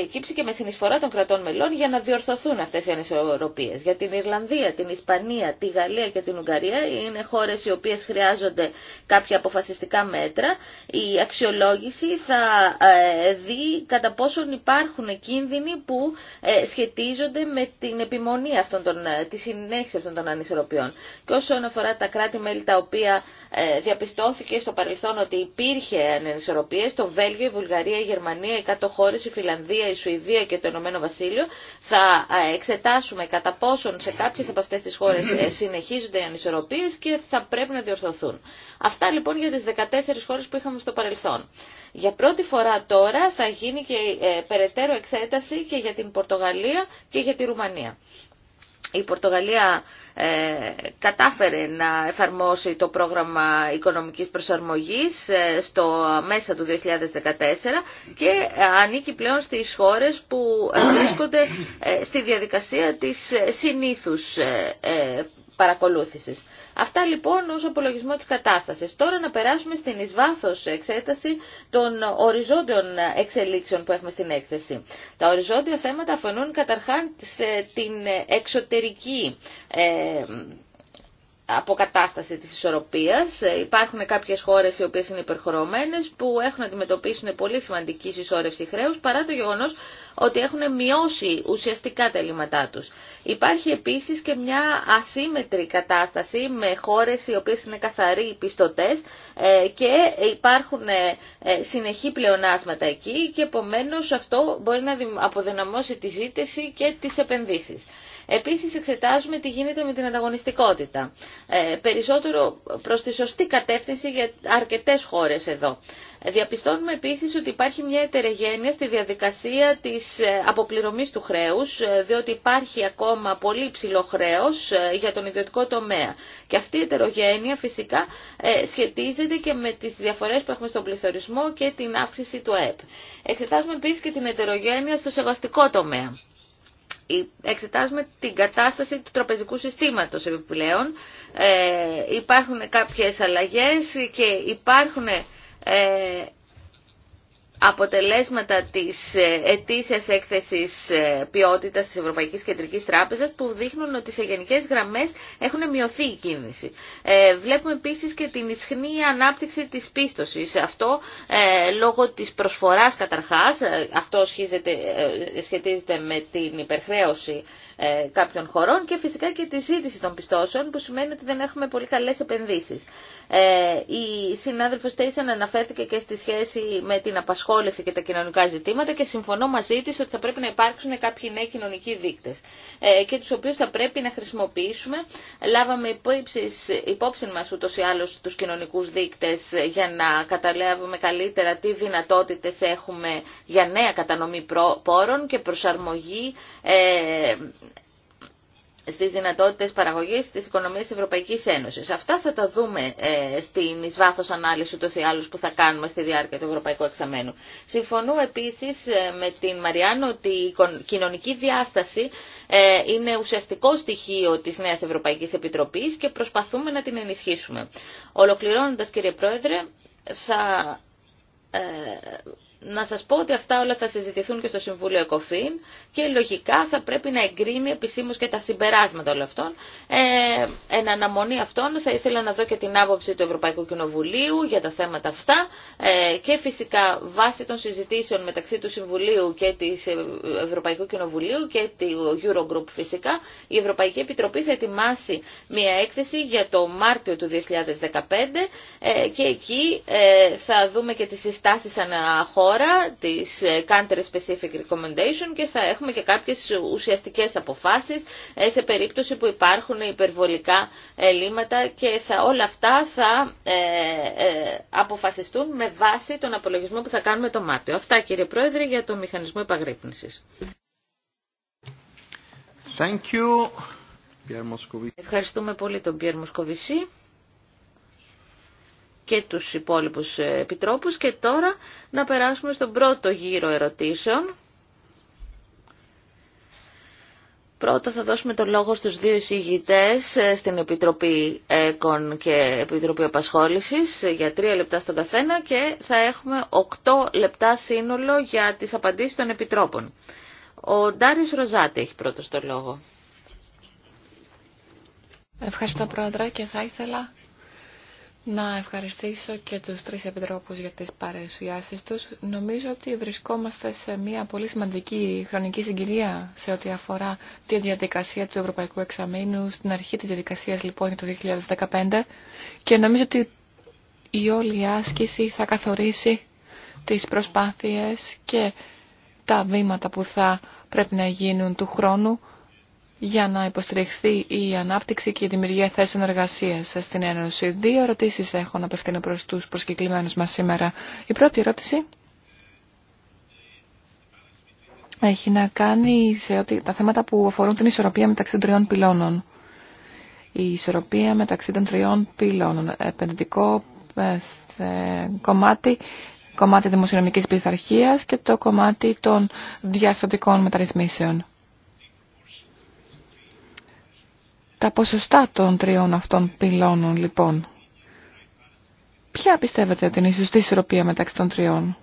Εκύψει και με συνεισφορά των κρατών μελών για να διορθωθούν αυτέ οι ανισορροπίε. Για την Ιρλανδία, την Ισπανία, τη Γαλλία και την Ουγγαρία είναι χώρε οι οποίε χρειάζονται κάποια αποφασιστικά μέτρα. Η αξιολόγηση θα ε, δει κατά πόσον υπάρχουν κίνδυνοι που ε, σχετίζονται με την επιμονή αυτών των, ε, τη συνέχιση αυτών των ανισορροπιών. Και όσον αφορά τα κράτη-μέλη τα οποία διαπιστώθηκε στο παρελθόν ότι υπήρχε ανισορροπίες, το Βέλγιο, η Βουλγαρία, η Γερμανία, κάτω χώρες, η Φιλανδία, η Σουηδία και το Ηνωμένο Βασίλειο, θα ε, εξετάσουμε κατά πόσον σε κάποιες από αυτές τις χώρες ε, συνεχίζονται οι ανισορροπίες και θα πρέπει να διορθωθούν. Αυτά λοιπόν για τις 14 χώρες που είχαμε στο παρελθόν. Για πρώτη φορά τώρα θα γίνει και ε, περαιτέρω εξέταση και για την Πορτογαλία και για τη Ρουμανία. Η Πορτογαλία ε, κατάφερε να εφαρμόσει το πρόγραμμα οικονομικής προσαρμογής ε, στο μέσα του 2014 και ανήκει πλέον στις χώρες που βρίσκονται ε, στη διαδικασία της συνήθους Αυτά λοιπόν ω απολογισμό τη κατάστασης. Τώρα να περάσουμε στην ει εξέταση των οριζόντιων εξελίξεων που έχουμε στην έκθεση. Τα οριζόντια θέματα αφαινούν καταρχάς ε, την εξωτερική ε, αποκατάσταση της ισορροπίας. Ε, υπάρχουν κάποιες χώρες οι οποίες είναι υπερχρωμένες που έχουν να αντιμετωπίσουν πολύ σημαντική συσσόρευση χρέους παρά το γεγονός ότι έχουν μειώσει ουσιαστικά τα ελλείμματά τους. Υπάρχει επίσης και μια ασύμετρη κατάσταση με χώρες οι οποίες είναι καθαροί πιστωτές ε, και υπάρχουν ε, ε, συνεχή πλεονάσματα εκεί και επομένως αυτό μπορεί να αποδυναμώσει τη ζήτηση και τις επενδύσεις. Επίσης εξετάζουμε τι γίνεται με την ανταγωνιστικότητα. Ε, περισσότερο προς τη σωστή κατεύθυνση για αρκετές χώρες εδώ. Διαπιστώνουμε επίσης ότι υπάρχει μια ετερεγένεια στη διαδικασία της ε, αποπληρωμής του χρέους, ε, διότι υπάρχει ακόμα πολύ ψηλό χρέος για τον ιδιωτικό τομέα. Και αυτή η ετερογένεια φυσικά σχετίζεται και με τις διαφορές που έχουμε στον πληθωρισμό και την αύξηση του ΕΠ. Εξετάζουμε επίσης και την ετερογένεια στο σεβαστικό τομέα. Ε, εξετάζουμε την κατάσταση του τραπεζικού συστήματος επιπλέον. Ε, υπάρχουν κάποιες αλλαγές και υπάρχουν ε, αποτελέσματα της ε, ετήσιας έκθεσης ε, ποιότητας της Ευρωπαϊκής Κεντρικής Τράπεζας που δείχνουν ότι σε γενικές γραμμές έχουν μειωθεί η κίνηση. Ε, βλέπουμε επίσης και την ισχνή ανάπτυξη της πίστοσης. Αυτό λόγω της προσφοράς καταρχάς, αυτό σχετίζεται με την υπερχρέωση ε, κάποιων χωρών και φυσικά και τη ζήτηση των πιστώσεων που σημαίνει ότι δεν έχουμε πολύ καλές επενδύσεις. Ε, η συνάδελφος Τέισαν αναφέρθηκε και στη σχέση με την απασχόληση και τα κοινωνικά ζητήματα και συμφωνώ μαζί της ότι θα πρέπει να υπάρξουν κάποιοι νέοι κοινωνικοί δείκτες ε, και τους οποίους θα πρέπει να χρησιμοποιήσουμε. Λάβαμε υπόψη, υπόψη μας ούτως ή άλλως τους κοινωνικούς δείκτες για να καταλάβουμε καλύτερα τι δυνατότητες έχουμε για νέα κατανομή πόρων και προσαρμογή στις δυνατότητες παραγωγής της οικονομίας της Ευρωπαϊκής Ένωσης. Αυτά θα τα δούμε ε, στην εισβάθος ανάλυση ούτως ή που θα κάνουμε στη διάρκεια του Ευρωπαϊκού Εξαμένου. Συμφωνώ επίσης ε, με την Μαριάνο ότι η κοινωνική διάσταση ε, είναι ουσιαστικό στοιχείο της Νέας Ευρωπαϊκής Επιτροπής και προσπαθούμε να την ενισχύσουμε. Ολοκληρώνοντας κύριε Πρόεδρε, θα να σας πω ότι αυτά όλα θα συζητηθούν και στο Συμβούλιο ΕΚΟΦΗΝ και λογικά θα πρέπει να εγκρίνει επισήμως και τα συμπεράσματα όλων αυτών. Ε, εν αναμονή αυτών θα ήθελα να δω και την άποψη του Ευρωπαϊκού Κοινοβουλίου για τα θέματα αυτά ε, και φυσικά βάσει των συζητήσεων μεταξύ του Συμβουλίου και της ε, Ευρωπαϊκού Κοινοβουλίου και του Eurogroup φυσικά η Ευρωπαϊκή Επιτροπή θα ετοιμάσει μια έκθεση για το Μάρτιο του 2015 ε, και εκεί ε, θα δούμε και τις συστάσεις αναχώρησης χώρα, τις ε, Country Specific Recommendation και θα έχουμε και κάποιες ουσιαστικές αποφάσεις ε, σε περίπτωση που υπάρχουν υπερβολικά ελλείμματα και θα, όλα αυτά θα ε, αποφασιστούν με βάση τον απολογισμό που θα κάνουμε το Μάρτιο. Αυτά κύριε Πρόεδρε για το μηχανισμό επαγρύπνησης. Thank you. Ευχαριστούμε πολύ τον Πιέρ Μοσκοβισή και τους υπόλοιπους ε, επιτρόπους και τώρα να περάσουμε στον πρώτο γύρο ερωτήσεων. Πρώτα θα δώσουμε το λόγο στους δύο εισηγητές ε, στην Επιτροπή ΕΚΟΝ και Επιτροπή Απασχόλησης ε, για τρία λεπτά στον καθένα και θα έχουμε οκτώ λεπτά σύνολο για τις απαντήσεις των Επιτρόπων. Ο Ντάριος Ροζάτη έχει πρώτος το λόγο. Ευχαριστώ Πρόεδρε και θα ήθελα να ευχαριστήσω και τους τρεις επιτρόπους για τις παρουσιάσεις τους. Νομίζω ότι βρισκόμαστε σε μια πολύ σημαντική χρονική συγκυρία σε ό,τι αφορά τη διαδικασία του Ευρωπαϊκού Εξαμήνου, στην αρχή της διαδικασίας λοιπόν το 2015 και νομίζω ότι η όλη άσκηση θα καθορίσει τις προσπάθειες και τα βήματα που θα πρέπει να γίνουν του χρόνου για να υποστηριχθεί η ανάπτυξη και η δημιουργία θέσεων εργασία στην Ένωση. Δύο ερωτήσει έχω να απευθύνω προ του προσκεκλημένου μα σήμερα. Η πρώτη ερώτηση έχει να κάνει σε ότι τα θέματα που αφορούν την ισορροπία μεταξύ των τριών πυλώνων. Η ισορροπία μεταξύ των τριών πυλώνων. Επενδυτικό ε, κομμάτι, κομμάτι δημοσιονομικής πειθαρχία και το κομμάτι των διαρθρωτικών μεταρρυθμίσεων. Τα ποσοστά των τριών αυτών πυλώνων, λοιπόν, ποια πιστεύετε ότι είναι η σωστή ισορροπία μεταξύ των τριών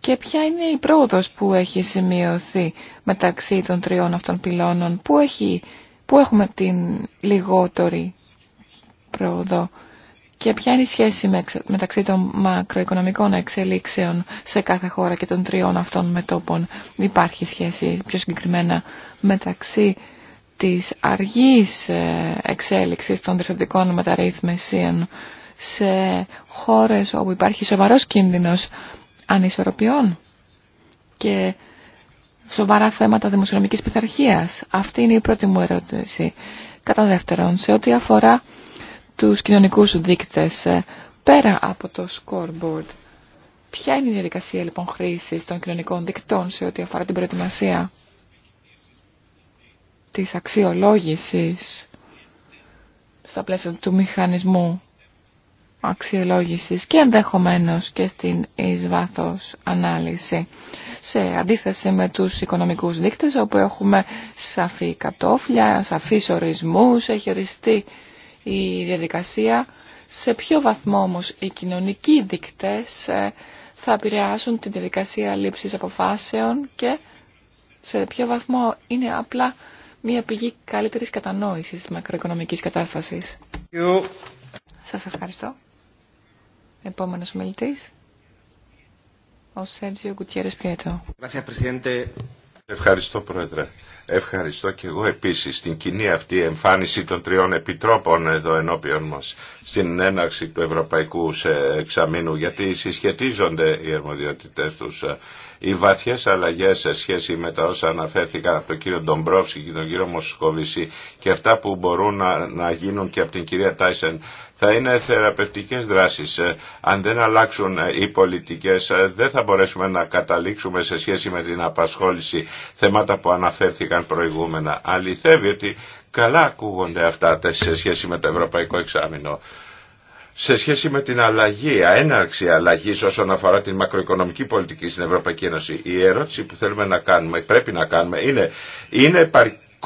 και ποια είναι η πρόοδος που έχει σημειωθεί μεταξύ των τριών αυτών πυλώνων, που, που έχουμε την λιγότερη πρόοδο και ποια είναι η σχέση μεταξύ των μακροοικονομικών εξελίξεων σε κάθε χώρα και των τριών αυτών μετόπων. Υπάρχει σχέση πιο συγκεκριμένα μεταξύ της αργής ε, εξέλιξης των διευθυντικών μεταρρύθμισεων σε χώρες όπου υπάρχει σοβαρός κίνδυνος ανισορροπιών και σοβαρά θέματα δημοσιονομικής πειθαρχίας. Αυτή είναι η πρώτη μου ερώτηση. Κατά δεύτερον, σε ό,τι αφορά τους κοινωνικούς δείκτες, ε, πέρα από το scoreboard, ποια είναι η διαδικασία λοιπόν χρήσης των κοινωνικών δικτών σε ό,τι αφορά την προετοιμασία της αξιολόγησης στα πλαίσια του μηχανισμού αξιολόγησης και ενδεχομένω και στην εις ανάλυση σε αντίθεση με τους οικονομικούς δείκτες όπου έχουμε σαφή κατόφλια, σαφείς ορισμούς, έχει οριστεί η διαδικασία σε ποιο βαθμό όμως οι κοινωνικοί δείκτες ε, θα επηρεάσουν τη διαδικασία λήψης αποφάσεων και σε ποιο βαθμό είναι απλά μια πηγή καλύτερης κατανόησης της μακροοικονομικής κατάστασης. Σας ευχαριστώ. Επόμενος μιλητής, ο Σέρτζιο Γκουτιέρες Πιέτο. Ευχαριστώ Πρόεδρε. Ευχαριστώ και εγώ επίσης την κοινή αυτή εμφάνιση των τριών επιτρόπων εδώ ενώπιον μας στην έναρξη του Ευρωπαϊκού Εξαμήνου γιατί συσχετίζονται οι αρμοδιότητες τους. Οι βαθιές αλλαγές σε σχέση με τα όσα αναφέρθηκαν από τον κύριο Ντομπρόφσκι και τον κύριο Μοσκοβίση και αυτά που μπορούν να, να γίνουν και από την κυρία Τάισεν θα είναι θεραπευτικές δράσεις. Ε, αν δεν αλλάξουν ε, οι πολιτικές ε, δεν θα μπορέσουμε να καταλήξουμε σε σχέση με την απασχόληση θέματα που αναφέρθηκαν προηγούμενα. Αληθεύει ότι καλά ακούγονται αυτά σε σχέση με το Ευρωπαϊκό Εξάμεινο σε σχέση με την αλλαγή, αέναρξη αλλαγή όσον αφορά την μακροοικονομική πολιτική στην Ευρωπαϊκή Ένωση, η ερώτηση που θέλουμε να κάνουμε, πρέπει να κάνουμε, είναι, είναι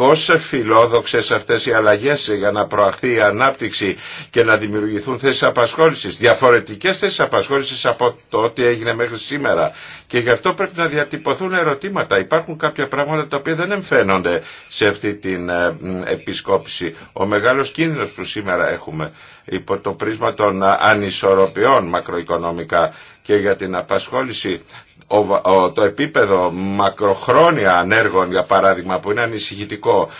Πώ φιλόδοξες αυτές οι αλλαγές για να προαχθεί η ανάπτυξη και να δημιουργηθούν θέσεις απασχόλησης, διαφορετικές θέσεις απασχόλησης από το ότι έγινε μέχρι σήμερα. Και γι' αυτό πρέπει να διατυπωθούν ερωτήματα. Υπάρχουν κάποια πράγματα τα οποία δεν εμφαίνονται σε αυτή την ε, επισκόπηση. Ο μεγάλος κίνδυνος που σήμερα έχουμε υπό το πρίσμα των ανισορροπιών μακροοικονομικά και για την απασχόληση το επίπεδο μακροχρόνια ανέργων για παράδειγμα που είναι ανησυχητικό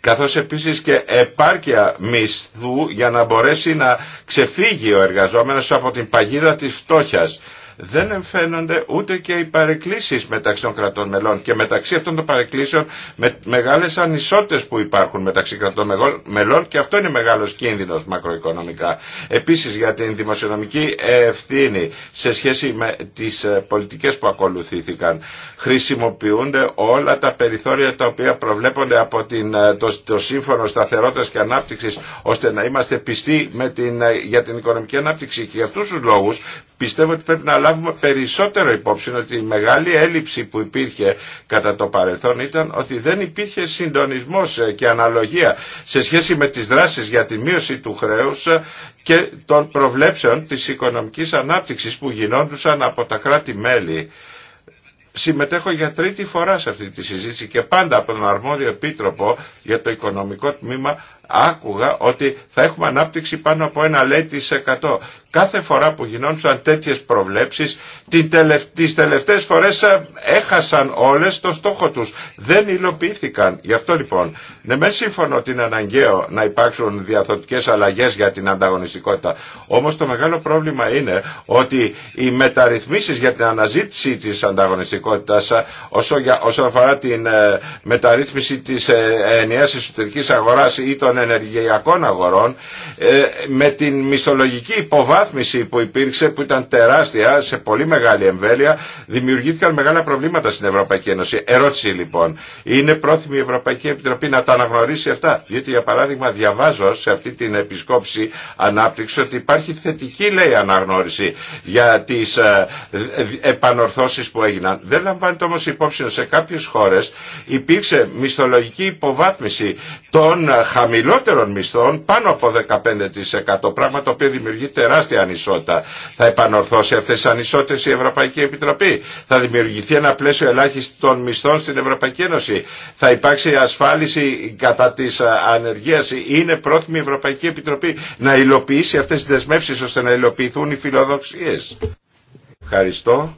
καθώς επίσης και επάρκεια μισθού για να μπορέσει να ξεφύγει ο εργαζόμενος από την παγίδα της φτώχειας δεν εμφαίνονται ούτε και οι παρεκκλήσεις μεταξύ των κρατών μελών και μεταξύ αυτών των παρεκκλήσεων με μεγάλες ανισότητες που υπάρχουν μεταξύ κρατών μελών και αυτό είναι μεγάλος κίνδυνος μακροοικονομικά. Επίσης για την δημοσιονομική ευθύνη σε σχέση με τις ε, πολιτικές που ακολουθήθηκαν χρησιμοποιούνται όλα τα περιθώρια τα οποία προβλέπονται από την, ε, το, το Σύμφωνο Σταθερότητας και Ανάπτυξης ώστε να είμαστε πιστοί με την, ε, για την οικονομική ανάπτυξη και για αυτούς τους λόγους πιστεύω ότι πρέπει να λάβουμε περισσότερο υπόψη ότι η μεγάλη έλλειψη που υπήρχε κατά το παρελθόν ήταν ότι δεν υπήρχε συντονισμός ε, και αναλογία σε σχέση με τις δράσεις για τη μείωση του χρέους ε, και των προβλέψεων της οικονομικής ανάπτυξης που γινόντουσαν από τα κράτη-μέλη. Συμμετέχω για τρίτη φορά σε αυτή τη συζήτηση και πάντα από τον αρμόδιο επίτροπο για το οικονομικό τμήμα άκουγα ότι θα έχουμε ανάπτυξη πάνω από ένα λέει 100. Κάθε φορά που γινόντουσαν τέτοιες προβλέψεις, τις τελευταίες φορές ε, έχασαν όλες το στόχο τους. Δεν υλοποιήθηκαν. Γι' αυτό λοιπόν, ναι μεν σύμφωνο ότι είναι αναγκαίο να υπάρξουν διαθωτικές αλλαγές για την ανταγωνιστικότητα. Όμως το μεγάλο πρόβλημα είναι ότι οι μεταρρυθμίσεις για την αναζήτηση της ανταγωνιστικότητας ε, όσον αφορά την ε, μεταρρύθμιση της ενιαίας εσωτερικής αγοράς ή των των ενεργειακών αγορών ε, με την μισθολογική υποβάθμιση που υπήρξε που ήταν τεράστια σε πολύ μεγάλη εμβέλεια δημιουργήθηκαν μεγάλα προβλήματα στην Ευρωπαϊκή Ένωση. Ερώτηση λοιπόν, είναι πρόθυμη η Ευρωπαϊκή Επιτροπή να τα αναγνωρίσει αυτά. Διότι για παράδειγμα διαβάζω σε αυτή την επισκόψη ανάπτυξη ότι υπάρχει θετική λέει αναγνώριση για τις ε, ε, επανορθώσεις που έγιναν. Δεν λαμβάνεται όμως υπόψη σε κάποιες χώρες υπήρξε μισθολογική υποβάθμιση των χαμηλών χαμηλότερων μισθών πάνω από 15% πράγμα το οποίο δημιουργεί τεράστια ανισότητα. Θα επανορθώσει αυτές τις ανισότητες η Ευρωπαϊκή Επιτροπή. Θα δημιουργηθεί ένα πλαίσιο ελάχιστων μισθών στην Ευρωπαϊκή Ένωση. Θα υπάρξει ασφάλιση κατά της ανεργίας. Είναι πρόθυμη η Ευρωπαϊκή Επιτροπή να υλοποιήσει αυτές τις δεσμεύσεις ώστε να υλοποιηθούν οι φιλοδοξίες. Ευχαριστώ.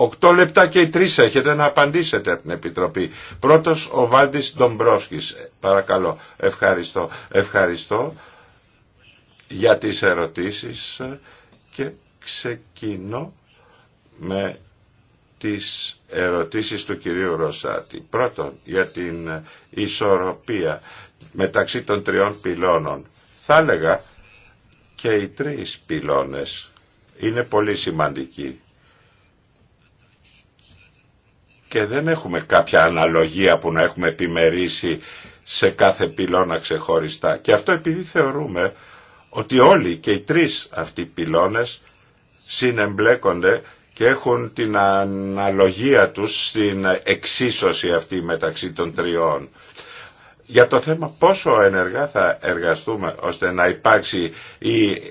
Οκτώ λεπτά και οι τρεις έχετε να απαντήσετε από την Επιτροπή. Πρώτος ο Βάλτης Ντομπρόσκης. Παρακαλώ. Ευχαριστώ. Ευχαριστώ για τις ερωτήσεις και ξεκινώ με τις ερωτήσεις του κυρίου Ρωσάτη. Πρώτον, για την ισορροπία μεταξύ των τριών πυλώνων. Θα έλεγα και οι τρεις πυλώνες είναι πολύ σημαντικοί και δεν έχουμε κάποια αναλογία που να έχουμε επιμερίσει σε κάθε πυλώνα ξεχωριστά. Και αυτό επειδή θεωρούμε ότι όλοι και οι τρεις αυτοί πυλώνες συνεμπλέκονται και έχουν την αναλογία τους στην εξίσωση αυτή μεταξύ των τριών. Για το θέμα πόσο ενεργά θα εργαστούμε ώστε να υπάρξει η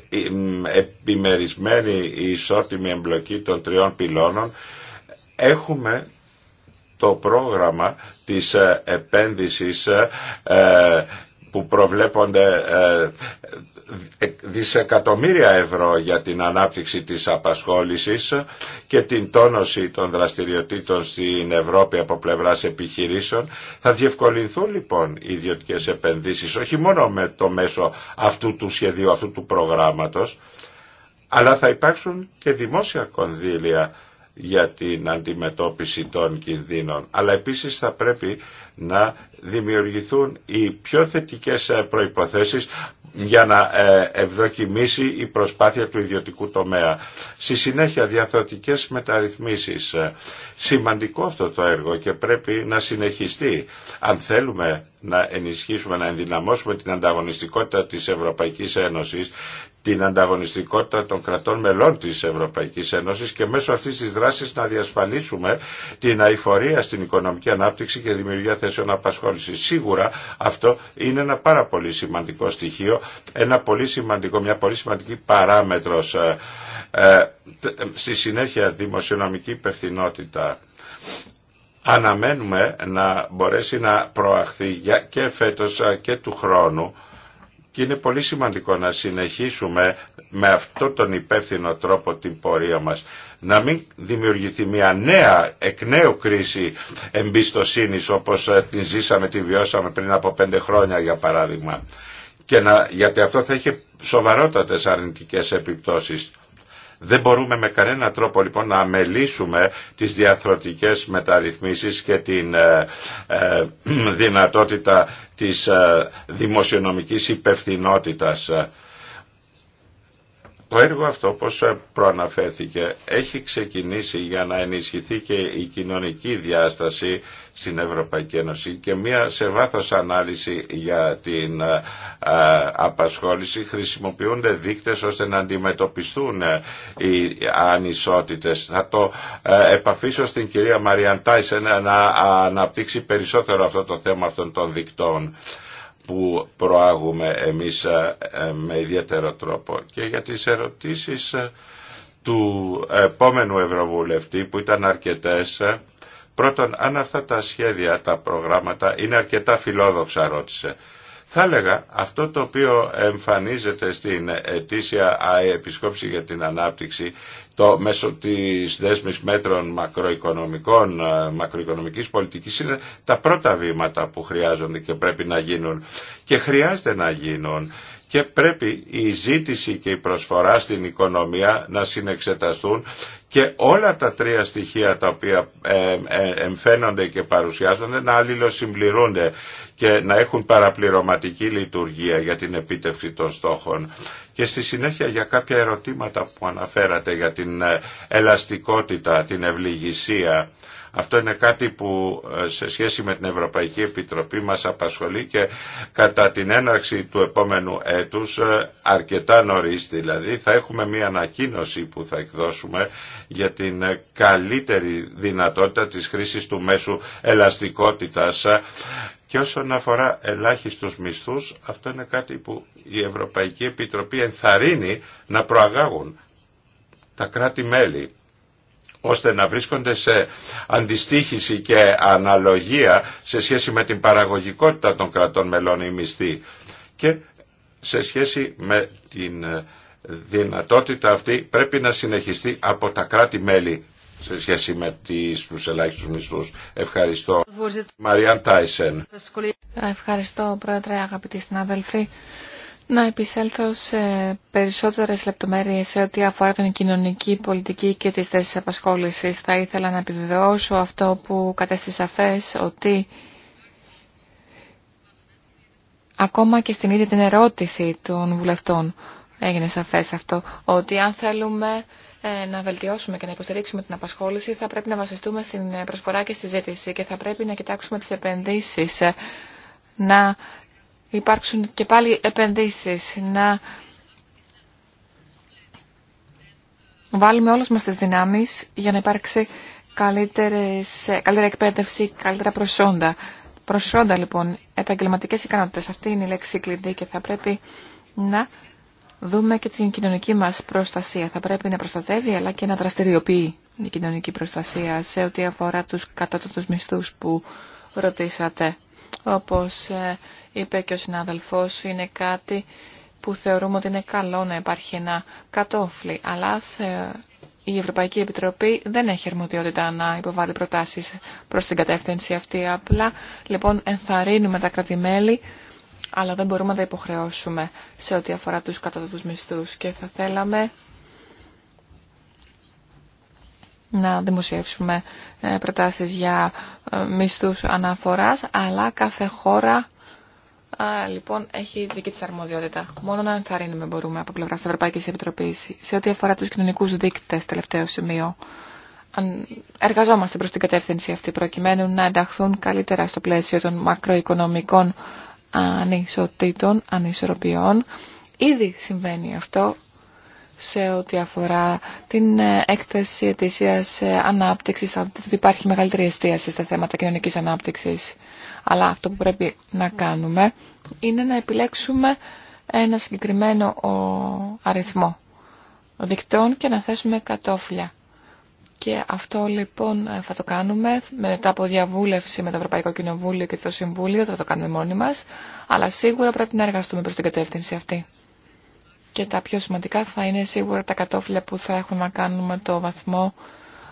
επιμερισμένη η ισότιμη εμπλοκή των τριών πυλώνων έχουμε το πρόγραμμα της ε, επένδυσης ε, ε, που προβλέπονται δισεκατομμύρια ευρώ για την ανάπτυξη της απασχόλησης και την τόνωση των δραστηριοτήτων στην Ευρώπη από πλευράς επιχειρήσεων θα διευκολυνθούν λοιπόν οι ιδιωτικές επενδύσεις όχι μόνο με το μέσο αυτού του σχεδίου, αυτού του προγράμματος αλλά θα υπάρξουν και δημόσια κονδύλια για την αντιμετώπιση των κινδύνων. Αλλά επίσης θα πρέπει να δημιουργηθούν οι πιο θετικές ε, προϋποθέσεις για να ε, ευδοκιμήσει η προσπάθεια του ιδιωτικού τομέα. Στη συνέχεια διαθεωτικές μεταρρυθμίσεις. Ε, σημαντικό αυτό το έργο και πρέπει να συνεχιστεί. Αν θέλουμε να ενισχύσουμε, να ενδυναμώσουμε την ανταγωνιστικότητα της Ευρωπαϊκής Ένωσης την ανταγωνιστικότητα των κρατών μελών της Ευρωπαϊκής Ένωσης και μέσω αυτής της δράσης να διασφαλίσουμε την αηφορία στην οικονομική ανάπτυξη και δημιουργία θέσεων απασχόλησης. Σίγουρα αυτό είναι ένα πάρα πολύ σημαντικό στοιχείο, ένα πολύ σημαντικό, μια πολύ σημαντική παράμετρος ε, ε στη συνέχεια δημοσιονομική υπευθυνότητα. Αναμένουμε να μπορέσει να προαχθεί και φέτος ε, και του χρόνου και είναι πολύ σημαντικό να συνεχίσουμε με αυτόν τον υπεύθυνο τρόπο την πορεία μας. Να μην δημιουργηθεί μια νέα, εκ νέου κρίση εμπιστοσύνης όπως ε, την ζήσαμε, την βιώσαμε πριν από πέντε χρόνια για παράδειγμα. Και να, γιατί αυτό θα έχει σοβαρότατες αρνητικές επιπτώσεις δεν μπορούμε με κανένα τρόπο λοιπόν να αμελήσουμε τις διαθροτικές μεταρρυθμίσεις και την ε, ε, δυνατότητα της ε, δημοσιονομικής υπευθυνότητας. Το έργο αυτό, όπως ε, προαναφέρθηκε, έχει ξεκινήσει για να ενισχυθεί και η κοινωνική διάσταση στην Ευρωπαϊκή Ένωση και μια σε βάθος ανάλυση για την ε, ε, απασχόληση χρησιμοποιούνται δείκτες ώστε να αντιμετωπιστούν οι ανισότητες. Θα το επαφήσω στην κυρία Τάισεν να αναπτύξει περισσότερο αυτό το θέμα αυτών των δικτών που προάγουμε εμείς ε, ε, με ιδιαίτερο τρόπο. Και για τις ερωτήσεις ε, του επόμενου Ευρωβουλευτή που ήταν αρκετές, πρώτον αν αυτά τα σχέδια, τα προγράμματα είναι αρκετά φιλόδοξα ρώτησε. Θα έλεγα αυτό το οποίο εμφανίζεται στην ετήσια επισκόψη για την ανάπτυξη το μέσω της δέσμης μέτρων μακροοικονομικών, ε, μακροοικονομικής πολιτικής είναι τα πρώτα βήματα που χρειάζονται και πρέπει να γίνουν και χρειάζεται να γίνουν και πρέπει η ζήτηση και η προσφορά στην οικονομία να συνεξεταστούν και όλα τα τρία στοιχεία τα οποία ε, ε, εμφαίνονται και παρουσιάζονται να αλληλοσυμπληρούνται και να έχουν παραπληρωματική λειτουργία για την επίτευξη των στόχων. Και στη συνέχεια για κάποια ερωτήματα που αναφέρατε για την ε, ελαστικότητα, την ευληγησία αυτό είναι κάτι που ε, σε σχέση με την Ευρωπαϊκή Επιτροπή μας απασχολεί και κατά την έναρξη του επόμενου έτους, ε, αρκετά νωρίς δηλαδή, θα έχουμε μια ανακοίνωση που θα εκδώσουμε για την ε, καλύτερη δυνατότητα της χρήσης του μέσου ελαστικότητας και όσον αφορά ελάχιστους μισθούς, αυτό είναι κάτι που η Ευρωπαϊκή Επιτροπή ενθαρρύνει να προαγάγουν τα κράτη-μέλη ώστε να βρίσκονται σε αντιστήχηση και αναλογία σε σχέση με την παραγωγικότητα των κρατών μελών ή μισθή και σε σχέση με την ε, δυνατότητα αυτή πρέπει να συνεχιστεί από τα κράτη-μέλη σε σχέση με τους ελάχιστους μισθούς. Ευχαριστώ. Μαριάν Τάισεν. Ευχαριστώ, Πρόεδρε, αγαπητοί συνάδελφοι να επισέλθω σε περισσότερες λεπτομέρειες σε ό,τι αφορά την κοινωνική πολιτική και τις θέσεις απασχόλησης. Θα ήθελα να επιβεβαιώσω αυτό που κατέστη σαφές ότι ακόμα και στην ίδια την ερώτηση των βουλευτών έγινε σαφές αυτό, ότι αν θέλουμε ε, να βελτιώσουμε και να υποστηρίξουμε την απασχόληση θα πρέπει να βασιστούμε στην προσφορά και στη ζήτηση και θα πρέπει να κοιτάξουμε τις επενδύσεις ε, να υπάρξουν και πάλι επενδύσεις, να βάλουμε όλες μας τις δυνάμεις για να υπάρξει καλύτερη εκπαίδευση, καλύτερα προσόντα. Προσόντα λοιπόν, επαγγελματικές ικανότητες, αυτή είναι η λέξη κλειδί και θα πρέπει να δούμε και την κοινωνική μας προστασία. Θα πρέπει να προστατεύει αλλά και να δραστηριοποιεί η κοινωνική προστασία σε ό,τι αφορά τους κατώτατους μισθούς που ρωτήσατε. Όπως ε, είπε και ο συνάδελφός, είναι κάτι που θεωρούμε ότι είναι καλό να υπάρχει ένα κατόφλι, αλλά η Ευρωπαϊκή Επιτροπή δεν έχει αρμοδιότητα να υποβάλει προτάσεις προς την κατεύθυνση αυτή. Απλά, λοιπόν, ενθαρρύνουμε τα κρατημέλη, αλλά δεν μπορούμε να τα υποχρεώσουμε σε ό,τι αφορά τους κατώτατους μισθούς και θα θέλαμε να δημοσιεύσουμε ε, προτάσεις για ε, μισθούς αναφοράς, αλλά κάθε χώρα ε, λοιπόν έχει δική της αρμοδιότητα. Μόνο να ενθαρρύνουμε μπορούμε από πλευρά της Ευρωπαϊκής Επιτροπής σε ό,τι αφορά τους κοινωνικούς δείκτες τελευταίο σημείο. Εργαζόμαστε προς την κατεύθυνση αυτή προκειμένου να ενταχθούν καλύτερα στο πλαίσιο των μακροοικονομικών ανισοτήτων, ανισορροπιών. Ήδη συμβαίνει αυτό σε ό,τι αφορά την ε, έκθεση ετήσιας ε, ανάπτυξης, θα δείτε ότι υπάρχει μεγαλύτερη εστίαση στα θέματα κοινωνικής ανάπτυξης. Αλλά αυτό που πρέπει να κάνουμε είναι να επιλέξουμε ένα συγκεκριμένο αριθμό δικτών και να θέσουμε κατόφλια. Και αυτό λοιπόν ε, θα το κάνουμε μετά από διαβούλευση με το Ευρωπαϊκό Κοινοβούλιο και το Συμβούλιο, θα το κάνουμε μόνοι μας, αλλά σίγουρα πρέπει να εργαστούμε προς την κατεύθυνση αυτή. Και τα πιο σημαντικά θα είναι σίγουρα τα κατόφυλλα που θα έχουν να κάνουν με το βαθμό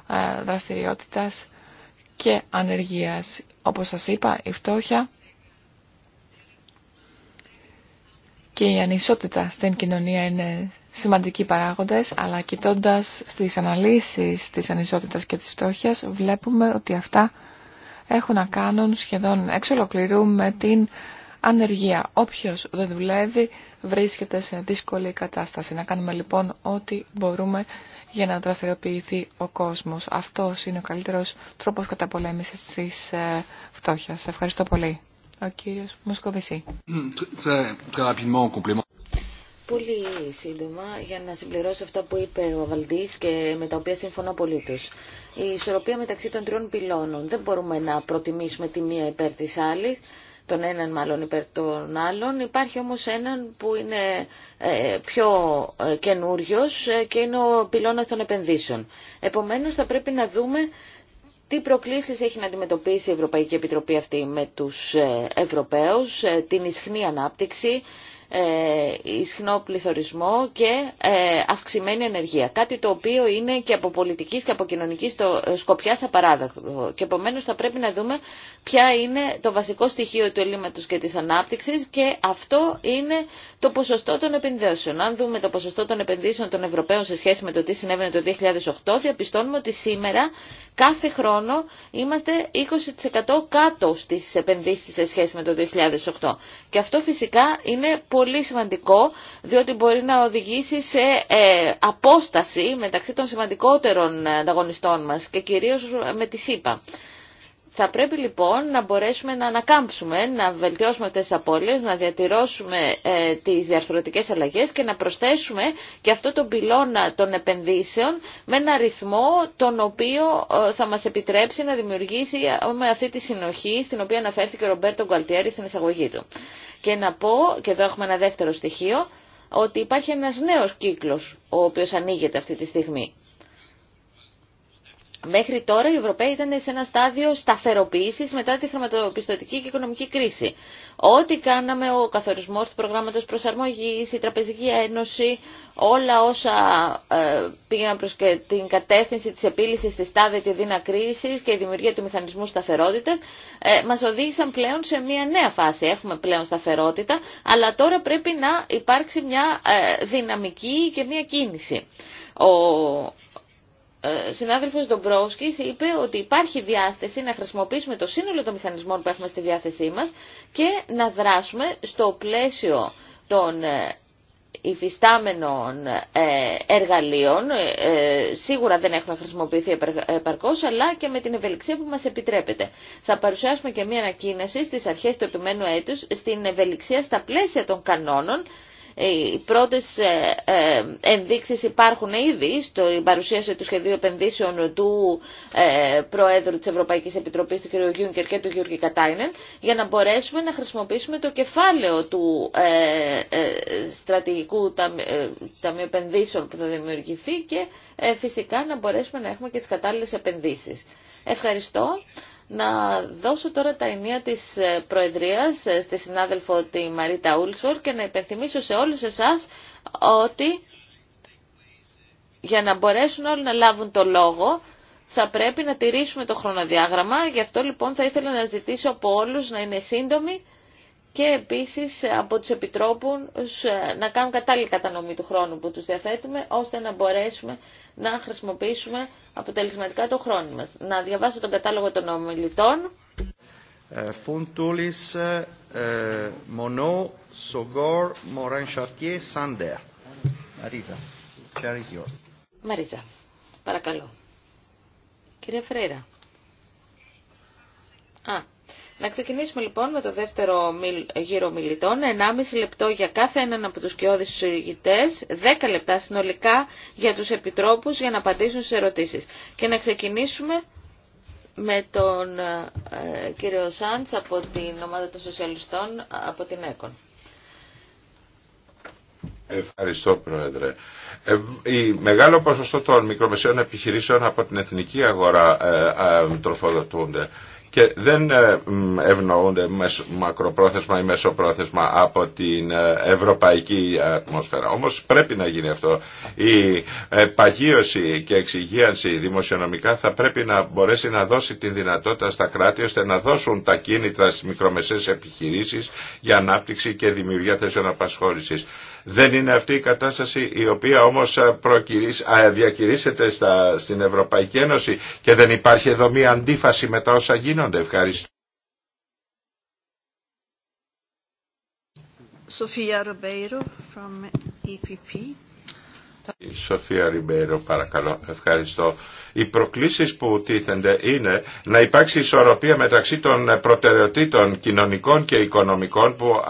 ε, δραστηριότητας και ανεργίας. Όπως σας είπα, η φτώχεια και η ανισότητα στην κοινωνία είναι σημαντικοί παράγοντες, αλλά κοιτώντας στις αναλύσεις της ανισότητας και της φτώχειας, βλέπουμε ότι αυτά έχουν να κάνουν σχεδόν εξ ολοκληρού με την ανεργία. Όποιος δεν δουλεύει βρίσκεται σε δύσκολη κατάσταση. Να κάνουμε λοιπόν ό,τι μπορούμε για να δραστηριοποιηθεί ο κόσμος. Αυτός είναι ο καλύτερος τρόπος καταπολέμησης της ε, φτώχειας. Ευχαριστώ πολύ. Ο κύριος Μοσκοβισή. Πολύ σύντομα για να συμπληρώσω αυτά που είπε ο Βαλτής και με τα οποία συμφωνώ πολύ του. Η ισορροπία μεταξύ των τριών πυλώνων. Δεν μπορούμε να προτιμήσουμε τη μία υπέρ της άλλης τον έναν μάλλον υπέρ των άλλων. Υπάρχει όμως έναν που είναι ε, πιο ε, καινούριο ε, και είναι ο πυλώνας των επενδύσεων. Επομένως θα πρέπει να δούμε τι προκλήσεις έχει να αντιμετωπίσει η Ευρωπαϊκή Επιτροπή αυτή με τους Ευρωπαίους, την ισχνή ανάπτυξη, ε, ισχνό πληθωρισμό και ε, αυξημένη ενεργεία. Κάτι το οποίο είναι και από πολιτικής και από κοινωνικής ε, σκοπιάς απαράδεκτο. Και επομένως θα πρέπει να δούμε ποια είναι το βασικό στοιχείο του ελλείμματος και της ανάπτυξης και αυτό είναι το ποσοστό των επενδύσεων. Αν δούμε το ποσοστό των επενδύσεων των Ευρωπαίων σε σχέση με το τι συνέβαινε το 2008, διαπιστώνουμε ότι σήμερα κάθε χρόνο είμαστε 20% κάτω στις επενδύσεις σε σχέση με το 2008. Και αυτό φυσικά είναι πολύ σημαντικό, διότι μπορεί να οδηγήσει σε ε, απόσταση μεταξύ των σημαντικότερων ανταγωνιστών μας και κυρίως με τη ΣΥΠΑ. Θα πρέπει λοιπόν να μπορέσουμε να ανακάμψουμε, να βελτιώσουμε αυτές τις απώλειες, να διατηρώσουμε ε, τις διαρθρωτικές αλλαγές και να προσθέσουμε και αυτό τον πυλώνα των επενδύσεων με ένα ρυθμό τον οποίο ε, θα μας επιτρέψει να δημιουργήσει με αυτή τη συνοχή στην οποία αναφέρθηκε ο Ρομπέρτο Γκουαλτιέρη στην εισαγωγή του. Και να πω, και εδώ έχουμε ένα δεύτερο στοιχείο, ότι υπάρχει ένας νέος κύκλος ο οποίος ανοίγεται αυτή τη στιγμή. Μέχρι τώρα οι Ευρωπαίοι ήταν σε ένα στάδιο σταθεροποίησης μετά τη χρηματοπιστωτική και οικονομική κρίση. Ό,τι κάναμε, ο καθορισμός του προγράμματος προσαρμογής, η Τραπεζική Ένωση, όλα όσα ε, πήγαν προς την κατεύθυνση της επίλυσης της τάδε τη δίνα κρίσης και η δημιουργία του μηχανισμού σταθερότητας, ε, μας οδήγησαν πλέον σε μια νέα φάση. Έχουμε πλέον σταθερότητα, αλλά τώρα πρέπει να υπάρξει μια ε, δυναμική και μια κίνηση. Ο ε, συνάδελφος Ντομπρόσκης είπε ότι υπάρχει διάθεση να χρησιμοποιήσουμε το σύνολο των μηχανισμών που έχουμε στη διάθεσή μας και να δράσουμε στο πλαίσιο των ε, υφιστάμενων ε, εργαλείων. Σίγουρα δεν έχουμε χρησιμοποιηθεί επαρκώς, αλλά και με την ευελιξία που μας επιτρέπεται. Θα παρουσιάσουμε και μία ανακοίνωση στις αρχές του επιμένου έτους στην ευελιξία στα πλαίσια των κανόνων ε, οι πρώτες ε, ε, ενδείξεις υπάρχουν ήδη στην παρουσίαση του σχεδίου επενδύσεων του Προέδρου της Ευρωπαϊκής Επιτροπής του κ. Γιούνκερ και του Γιούργη Κατάινεν για να μπορέσουμε να χρησιμοποιήσουμε το κεφάλαιο του στρατηγικού ταμείου επενδύσεων που θα δημιουργηθεί και φυσικά να μπορέσουμε να έχουμε και τις κατάλληλες επενδύσεις. Ευχαριστώ να δώσω τώρα τα ενία της ε, Προεδρίας ε, στη συνάδελφο τη Μαρίτα Ούλσφορ και να υπενθυμίσω σε όλους εσάς ότι για να μπορέσουν όλοι να λάβουν το λόγο θα πρέπει να τηρήσουμε το χρονοδιάγραμμα. Γι' αυτό λοιπόν θα ήθελα να ζητήσω από όλους να είναι σύντομοι και επίσης από τους επιτρόπους ε, να κάνουν κατάλληλη κατανομή του χρόνου που τους διαθέτουμε, ώστε να μπορέσουμε να χρησιμοποιήσουμε αποτελεσματικά το χρόνο μας. Να διαβάσω τον κατάλογο των ομιλητών. Ε, ε, Μονό, Σογκόρ, Σάντερ. Μαρίζα, Μαρίζα, παρακαλώ. Κυρία Φρέιρα. Α, να ξεκινήσουμε λοιπόν με το δεύτερο γύρο μιλητών. 1,5 λεπτό για κάθε έναν από τους κοιόδης συζητητές, 10 λεπτά συνολικά για τους επιτρόπους για να απαντήσουν στις ερωτήσεις. Και να ξεκινήσουμε με τον ε, κύριο Σάντς από την ομάδα των σοσιαλιστών από την ΕΚΟΝ. Ευχαριστώ Πρόεδρε. Ε, η μεγάλο ποσοστό των μικρομεσαίων επιχειρήσεων από την εθνική αγορά ε, τροφοδοτούνται και δεν ε, ευνοούνται μακροπρόθεσμα ή μεσοπρόθεσμα από την ε, ευρωπαϊκή ατμόσφαιρα. Όμως πρέπει να γίνει αυτό. Η ε, παγίωση και εξυγίανση δημοσιονομικά θα πρέπει να μπορέσει να δώσει την δυνατότητα στα κράτη ώστε να δώσουν τα κίνητρα στις μικρομεσαίες επιχειρήσεις για ανάπτυξη και δημιουργία θέσεων απασχόλησης. Δεν είναι αυτή η κατάσταση η οποία όμως ε, διακηρύσσεται στην Ευρωπαϊκή Ένωση και δεν υπάρχει εδώ μία αντίφαση με τα όσα γίνονται. Ευχαριστώ. Sofia Ribeiro from EPP. Η Σοφία Ριμπέρο, παρακαλώ. Ευχαριστώ. Οι προκλήσεις που τίθενται είναι να υπάρξει ισορροπία μεταξύ των προτεραιοτήτων κοινωνικών και οικονομικών που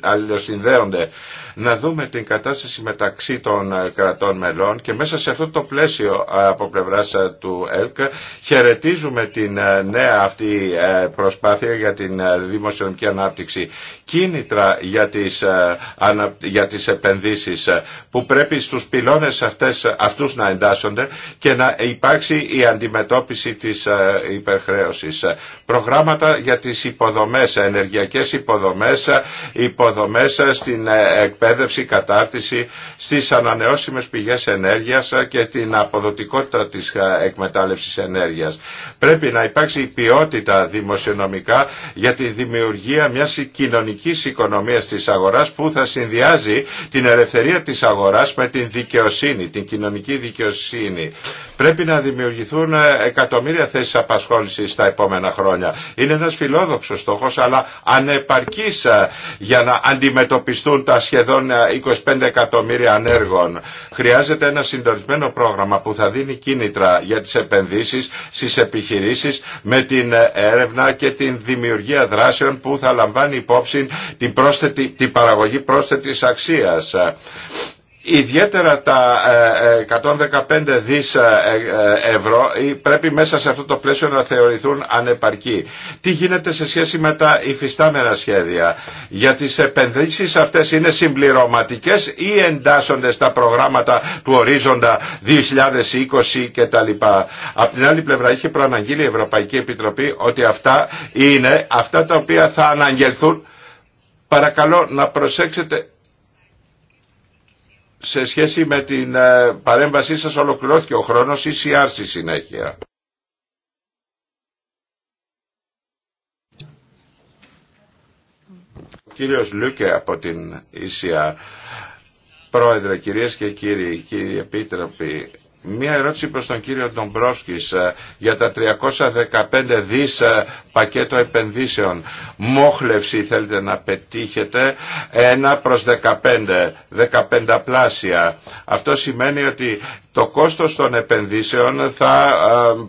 αλληλοσυνδέονται να δούμε την κατάσταση μεταξύ των ε, κρατών μελών και μέσα σε αυτό το πλαίσιο ε, από πλευρά ε, του ΕΛΚ χαιρετίζουμε την νέα αυτή προσπάθεια για την δημοσιονομική ανάπτυξη κίνητρα για τις, για τις επενδύσεις που πρέπει στους πυλώνες αυτές, αυτούς να εντάσσονται και να υπάρξει η αντιμετώπιση της υπερχρέωσης. Προγράμματα για τις υποδομές, ενεργειακές υποδομές, υποδομές στην εκπαίδευση εκπαίδευση, κατάρτιση στις ανανεώσιμες πηγές ενέργειας και την αποδοτικότητα της ε, εκμετάλλευσης ενέργειας. Πρέπει να υπάρξει η ποιότητα δημοσιονομικά για τη δημιουργία μιας κοινωνικής οικονομίας της αγοράς που θα συνδυάζει την ελευθερία της αγοράς με την δικαιοσύνη, την κοινωνική δικαιοσύνη. Πρέπει να δημιουργηθούν εκατομμύρια θέσεις απασχόλησης στα επόμενα χρόνια. Είναι ένας φιλόδοξος στόχος αλλά ανεπαρκής ε, για να αντιμετωπιστούν τα σχεδόν 25 ε, εκατομμύρια ανέργων. Χρειάζεται ένα συντονισμένο πρόγραμμα που θα δίνει κίνητρα για τις επενδύσεις στις επιχειρήσεις με την ε, έρευνα και την δημιουργία δράσεων που θα λαμβάνει υπόψη την, πρόσθετη, την παραγωγή πρόσθετης αξίας Ιδιαίτερα τα 115 ε, ε, δις ε, ευρώ πρέπει μέσα σε αυτό το πλαίσιο να θεωρηθούν ανεπαρκή. Τι γίνεται σε σχέση με τα υφιστάμενα σχέδια. Για τις επενδύσεις αυτές είναι συμπληρωματικές ή εντάσσονται στα προγράμματα του ορίζοντα 2020 κτλ. Απ' την άλλη πλευρά είχε προαναγγείλει η Ευρωπαϊκή Επιτροπή ότι αυτά είναι αυτά τα οποία θα αναγγελθούν. Παρακαλώ να προσέξετε σε σχέση με την ε, παρέμβασή σας ολοκληρώθηκε ο χρόνος ή στη συνέχεια. Ο κύριος Λούκε από την ECR. Πρόεδρε, κυρίες και κύριοι, κύριοι επίτροποι, Μία ερώτηση προς τον κύριο Ντομπρόσκης ε, για τα 315 δις ε, πακέτο επενδύσεων. Μόχλευση θέλετε να πετύχετε 1 προς 15, 15 πλάσια. Αυτό σημαίνει ότι το κόστος των επενδύσεων θα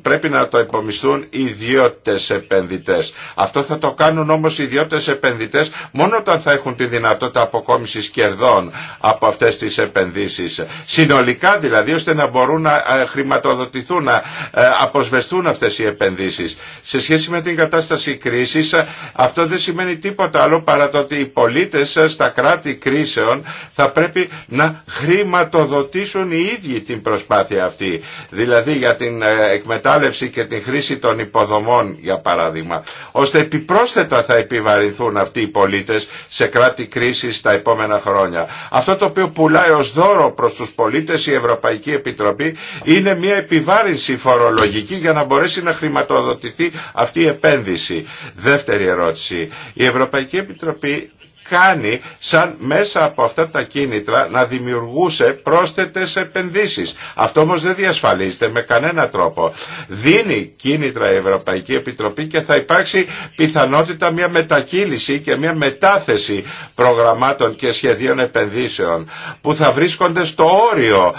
πρέπει να το υπομισθούν οι ιδιώτες επενδυτές. Αυτό θα το κάνουν όμως οι ιδιώτες επενδυτές μόνο όταν θα έχουν τη δυνατότητα αποκόμισης κερδών από αυτές τις επενδύσεις. Συνολικά δηλαδή ώστε να μπορούν να χρηματοδοτηθούν, να ε, αποσβεστούν αυτές οι επενδύσεις. Σε σχέση με την κατάσταση κρίσης αυτό δεν σημαίνει τίποτα άλλο παρά το ότι οι πολίτες στα κράτη κρίσεων θα πρέπει να χρηματοδοτήσουν οι ίδιοι την προσέγγιση προσπάθεια αυτή. Δηλαδή για την ε, εκμετάλλευση και την χρήση των υποδομών για παράδειγμα. Ώστε επιπρόσθετα θα επιβαρυνθούν αυτοί οι πολίτες σε κράτη κρίσης τα επόμενα χρόνια. Αυτό το οποίο πουλάει ως δώρο προς τους πολίτες η Ευρωπαϊκή Επιτροπή είναι μια επιβάρυνση φορολογική για να μπορέσει να χρηματοδοτηθεί αυτή η επένδυση. Δεύτερη ερώτηση. Η Ευρωπαϊκή Επιτροπή κάνει σαν μέσα από αυτά τα κίνητρα να δημιουργούσε πρόσθετες επενδύσεις. Αυτό όμως δεν διασφαλίζεται με κανένα τρόπο. Δίνει κίνητρα η Ευρωπαϊκή Επιτροπή και θα υπάρξει πιθανότητα μια μετακύληση και μια μετάθεση προγραμμάτων και σχεδίων επενδύσεων που θα βρίσκονται στο όριο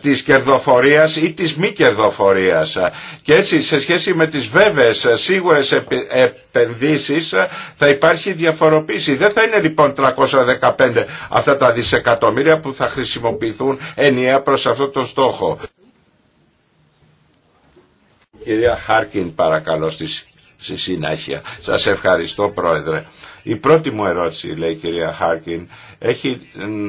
της κερδοφορίας ή της μη κερδοφορίας. Και έτσι σε σχέση με τις βέβαιες σίγουρες επενδύσεις ε, θα υπάρχει διαφοροποίηση. Δεν θα είναι λοιπόν 315 αυτά τα δισεκατομμύρια που θα χρησιμοποιηθούν ενιαία προς αυτό το στόχο. Κυρία Χάρκιν παρακαλώ στη συνέχεια. Σας ευχαριστώ πρόεδρε. Η πρώτη μου ερώτηση λέει η κυρία Χάρκιν έχει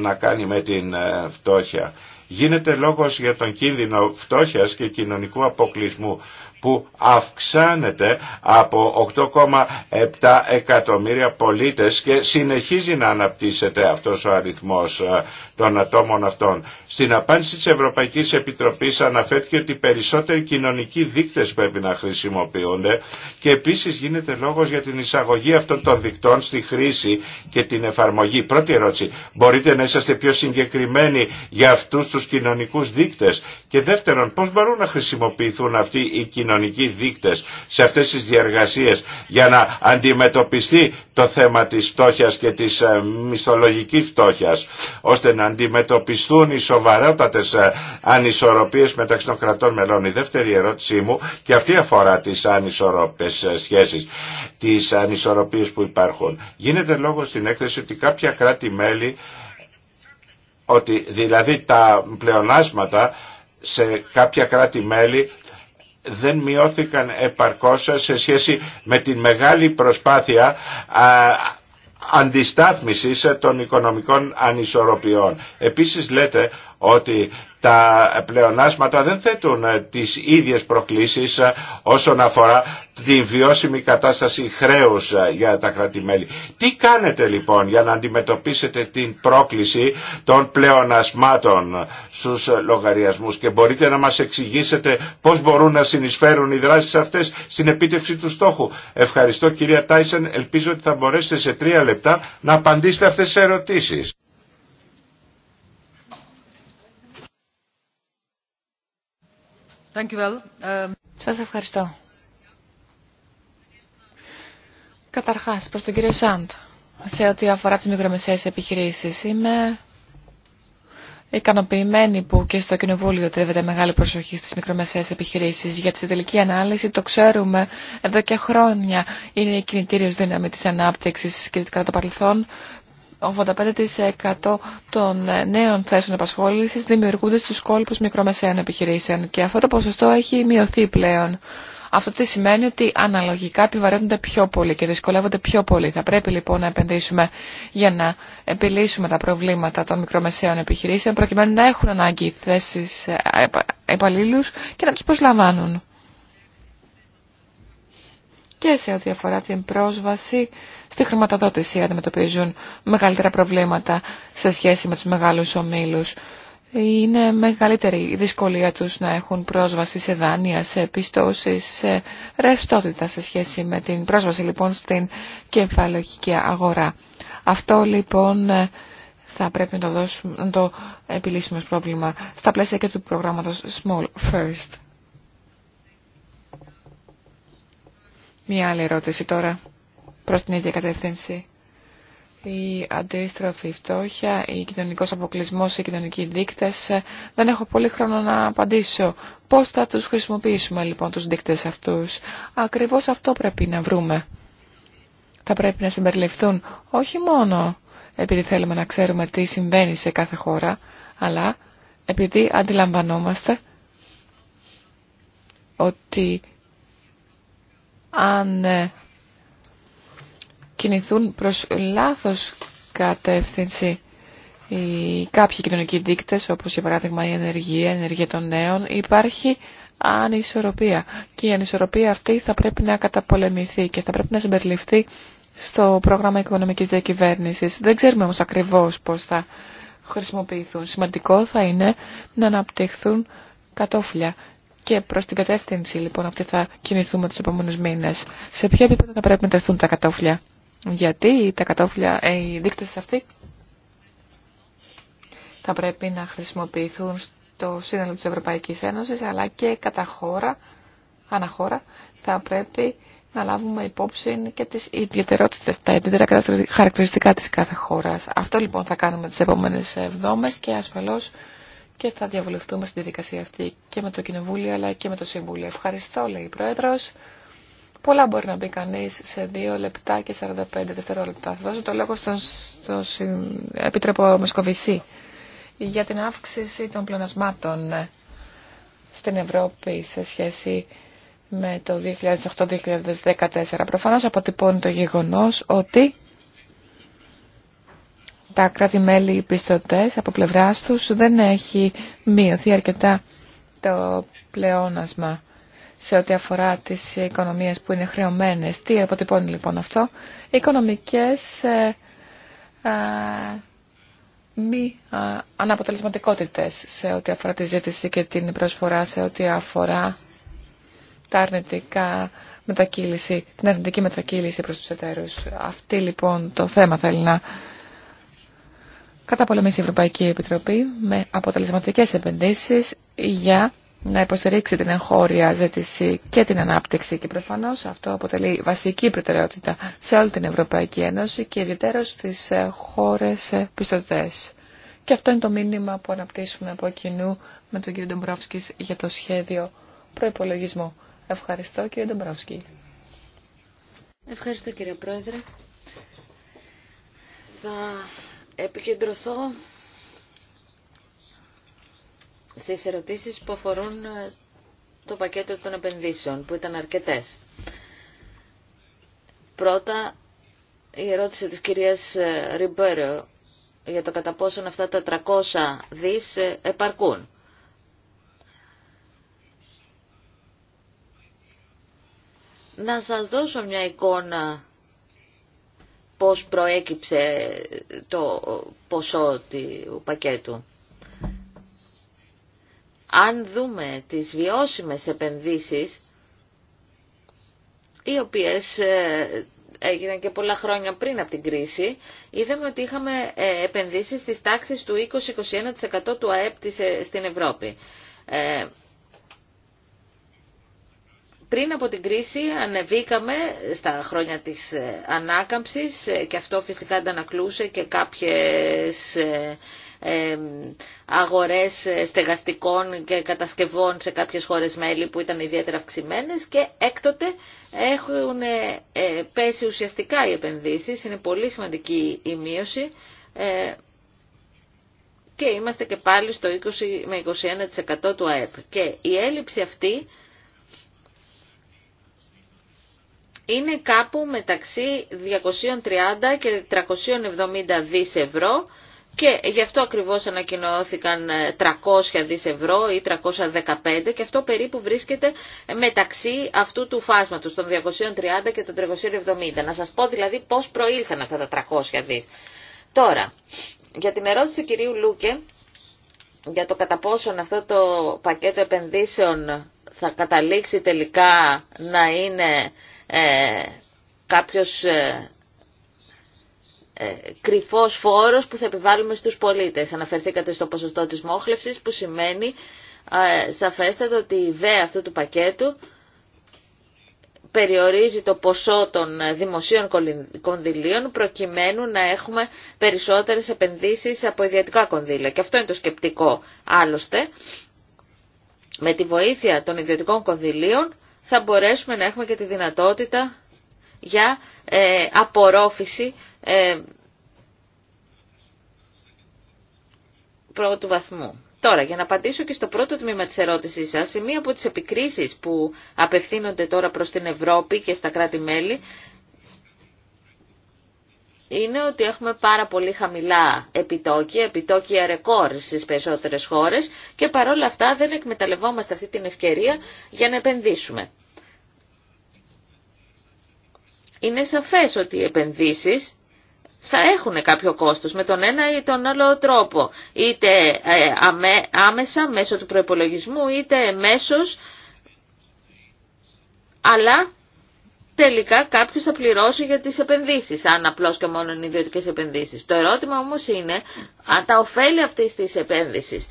να κάνει με την ε, φτώχεια. Γίνεται λόγος για τον κίνδυνο φτώχειας και κοινωνικού αποκλεισμού που αυξάνεται από 8,7 εκατομμύρια πολίτες και συνεχίζει να αναπτύσσεται αυτός ο αριθμός ε, των ατόμων αυτών. Στην απάντηση της Ευρωπαϊκής Επιτροπής αναφέρθηκε ότι περισσότεροι κοινωνικοί δείκτες πρέπει να χρησιμοποιούνται και επίσης γίνεται λόγος για την εισαγωγή αυτών των δικτών στη χρήση και την εφαρμογή. Πρώτη ερώτηση, μπορείτε να είσαστε πιο συγκεκριμένοι για αυτούς τους κοινωνικούς δείκτες και δεύτερον, πώς μπορούν να χρησιμοποιηθούν αυτοί οι κοινωνικοί κοινωνικοί δείκτες σε αυτές τις διεργασίες για να αντιμετωπιστεί το θέμα της φτώχειας και της ε, μισθολογικής φτώχειας ώστε να αντιμετωπιστούν οι σοβαρότατες ε, ανισορροπίες μεταξύ των κρατών μελών. Η δεύτερη ερώτησή μου και αυτή αφορά τις ανισορροπές ε, σχέσεις, τις ανισορροπίες που υπάρχουν. Γίνεται λόγο στην έκθεση ότι κάποια κράτη-μέλη ότι δηλαδή τα πλεονάσματα σε κάποια κράτη-μέλη δεν μειώθηκαν επαρκώς σε σχέση με την μεγάλη προσπάθεια αντιστάθμισης των οικονομικών ανισορροπιών. Επίσης λέτε ότι τα πλεονάσματα δεν θέτουν ε, τις ίδιες προκλήσεις ε, όσον αφορά την βιώσιμη κατάσταση χρέους ε, για τα κρατημέλη. Τι κάνετε λοιπόν για να αντιμετωπίσετε την πρόκληση των πλεονασμάτων στους λογαριασμούς και μπορείτε να μας εξηγήσετε πώς μπορούν να συνεισφέρουν οι δράσεις αυτές στην επίτευξη του στόχου. Ευχαριστώ κυρία Τάισεν, ελπίζω ότι θα μπορέσετε σε τρία λεπτά να απαντήσετε αυτές τις ερωτήσεις. Um, Σας ευχαριστώ. Καταρχάς, προς τον κύριο Σάντ, σε ό,τι αφορά τις μικρομεσαίες επιχειρήσεις, είμαι ικανοποιημένη που και στο Κοινοβούλιο τρέβεται μεγάλη προσοχή στις μικρομεσαίες επιχειρήσεις, γιατί στην τελική ανάλυση το ξέρουμε εδώ και χρόνια είναι η κινητήριος δύναμη της ανάπτυξης και κατά το παρελθόν 85% των νέων θέσεων απασχόλησης δημιουργούνται στους κόλπους μικρομεσαίων επιχειρήσεων και αυτό το ποσοστό έχει μειωθεί πλέον. Αυτό τι σημαίνει ότι αναλογικά επιβαρύνονται πιο πολύ και δυσκολεύονται πιο πολύ. Θα πρέπει λοιπόν να επενδύσουμε για να επιλύσουμε τα προβλήματα των μικρομεσαίων επιχειρήσεων προκειμένου να έχουν ανάγκη θέσεις υπαλλήλου ε, ε, και να τους προσλαμβάνουν και σε ό,τι αφορά την πρόσβαση στη χρηματοδότηση αντιμετωπίζουν μεγαλύτερα προβλήματα σε σχέση με τους μεγάλους ομίλους. Είναι μεγαλύτερη η δυσκολία τους να έχουν πρόσβαση σε δάνεια, σε πιστώσεις, σε ρευστότητα σε σχέση με την πρόσβαση λοιπόν στην κεφαλαιοχική αγορά. Αυτό λοιπόν θα πρέπει να το, δώσουμε, το επιλύσουμε ως πρόβλημα στα πλαίσια και του προγράμματος Small First. Μία άλλη ερώτηση τώρα προς την ίδια κατεύθυνση. Η αντίστροφη φτώχεια, η κοινωνικός αποκλεισμός, οι κοινωνικοί δείκτες. Δεν έχω πολύ χρόνο να απαντήσω. Πώς θα τους χρησιμοποιήσουμε λοιπόν τους δείκτες αυτούς. Ακριβώς αυτό πρέπει να βρούμε. Θα πρέπει να συμπεριληφθούν όχι μόνο επειδή θέλουμε να ξέρουμε τι συμβαίνει σε κάθε χώρα, αλλά επειδή αντιλαμβανόμαστε ότι αν ε, κινηθούν προς λάθος κατεύθυνση οι κάποιοι κοινωνικοί δείκτες, όπως για παράδειγμα η ενεργία, η ενεργία των νέων, υπάρχει ανισορροπία. Και η ανισορροπία αυτή θα πρέπει να καταπολεμηθεί και θα πρέπει να συμπεριληφθεί στο πρόγραμμα οικονομικής διακυβέρνησης. Δεν ξέρουμε όμως ακριβώς πώς θα χρησιμοποιηθούν. Σημαντικό θα είναι να αναπτυχθούν κατόφλια και προ την κατεύθυνση λοιπόν αυτή θα κινηθούμε του επόμενου μήνε. Σε ποιο επίπεδο θα πρέπει να τεθούν τα κατόφλια. Γιατί τα κατόφλια, ε, οι δείκτε αυτοί θα πρέπει να χρησιμοποιηθούν στο σύνολο τη Ευρωπαϊκή Ένωση, αλλά και κατά χώρα, αναχώρα, θα πρέπει να λάβουμε υπόψη και τις ιδιαιτερότητες, τα ιδιαίτερα χαρακτηριστικά της κάθε χώρας. Αυτό λοιπόν θα κάνουμε τις επόμενες εβδόμες και ασφαλώς και θα διαβουλευτούμε στην διαδικασία αυτή και με το Κοινοβούλιο αλλά και με το Συμβούλιο. Ευχαριστώ, λέει η πρόεδρο. Πολλά μπορεί να μπει κανεί σε 2 λεπτά και 45 δευτερόλεπτα. Θα δώσω το λόγο στον, στον, Επίτροπο για την αύξηση των πλονασμάτων στην Ευρώπη σε σχέση με το 2008-2014. Προφανώς αποτυπώνει το γεγονός ότι τα κράτη-μέλη πιστωτές από πλευράς τους δεν έχει μειωθεί αρκετά το πλεόνασμα σε ό,τι αφορά τις οικονομίες που είναι χρεωμένες. Τι αποτυπώνει λοιπόν αυτό. Οικονομικές ε, ε μη αναποτελεσματικότητες σε ό,τι αφορά τη ζήτηση και την προσφορά σε ό,τι αφορά τα αρνητικά μετακύληση, την αρνητική μετακύληση προς τους εταίρους. Αυτή λοιπόν το θέμα θέλει να καταπολεμήσει η Ευρωπαϊκή Επιτροπή με αποτελεσματικές επενδύσεις για να υποστηρίξει την εγχώρια ζήτηση και την ανάπτυξη και προφανώς αυτό αποτελεί βασική προτεραιότητα σε όλη την Ευρωπαϊκή Ένωση και ιδιαίτερα στις χώρες πιστωτές. Και αυτό είναι το μήνυμα που αναπτύσσουμε από κοινού με τον κύριο Ντομπρόφσκη για το σχέδιο προπολογισμού. Ευχαριστώ κύριε Ντομπρόφσκη. Ευχαριστώ κύριε Πρόεδρε επικεντρωθώ στις ερωτήσεις που αφορούν ε, το πακέτο των επενδύσεων, που ήταν αρκετές. Πρώτα, η ερώτηση της κυρίας ε, Ριμπέρο για το κατά πόσον αυτά τα 300 δις ε, επαρκούν. Να σας δώσω μια εικόνα πώς προέκυψε το ποσό του πακέτου. Αν δούμε τις βιώσιμες επενδύσεις, οι οποίες ε, έγιναν και πολλά χρόνια πριν από την κρίση, είδαμε ότι είχαμε ε, επενδύσεις στις τάξεις του 20-21% του ΑΕΠ ε, στην Ευρώπη πριν από την κρίση ανεβήκαμε στα χρόνια της ε, ανάκαμψης ε, και αυτό φυσικά αντανακλούσε και κάποιες ε, αγορές στεγαστικών και κατασκευών σε κάποιες χώρες μέλη που ήταν ιδιαίτερα αυξημένες και έκτοτε έχουν πέσει ουσιαστικά οι επενδύσεις. Είναι πολύ σημαντική η μείωση και είμαστε και πάλι στο 20 με 21% του ΑΕΠ. Και η έλλειψη αυτή είναι κάπου μεταξύ 230 και 370 δις ευρώ και γι' αυτό ακριβώς ανακοινώθηκαν 300 ε, δις ευρώ ή 315 και αυτό περίπου βρίσκεται ε, μεταξύ αυτού του φάσματος των 230 και των 370. Να σας πω δηλαδή πώς προήλθαν αυτά τα 300 δις. Τώρα, για την ερώτηση του κυρίου Λούκε, για το κατά πόσον αυτό το πακέτο επενδύσεων θα καταλήξει τελικά να είναι ε, κάποιος ε, ε, κρυφός φόρος που θα επιβάλλουμε στους πολίτες. Αναφερθήκατε στο ποσοστό της μόχλευσης που σημαίνει σαφέστατα ότι η ιδέα αυτού του πακέτου περιορίζει το ποσό των δημοσίων κονδυλίων προκειμένου να έχουμε περισσότερες επενδύσεις από ιδιωτικά κονδύλια. Και αυτό είναι το σκεπτικό. Άλλωστε, με τη βοήθεια των ιδιωτικών κονδυλίων θα μπορέσουμε να έχουμε και τη δυνατότητα για ε, απορρόφηση ε, πρώτου βαθμού. Τώρα, για να απαντήσω και στο πρώτο τμήμα της ερώτησής σας, η μία από τις επικρίσεις που απευθύνονται τώρα προς την Ευρώπη και στα κράτη-μέλη είναι ότι έχουμε πάρα πολύ χαμηλά επιτόκια, επιτόκια ρεκόρ στις περισσότερες χώρες και παρόλα αυτά δεν εκμεταλλευόμαστε αυτή την ευκαιρία για να επενδύσουμε. Είναι σαφές ότι οι επενδύσεις θα έχουν κάποιο κόστος με τον ένα ή τον άλλο τρόπο, είτε ε, άμεσα μέσω του προϋπολογισμού, είτε μέσως, αλλά τελικά κάποιο θα πληρώσει για τι επενδύσει, αν απλώ και μόνο είναι ιδιωτικές επενδύσεις. Το ερώτημα όμω είναι αν τα ωφέλη αυτή τη επένδυση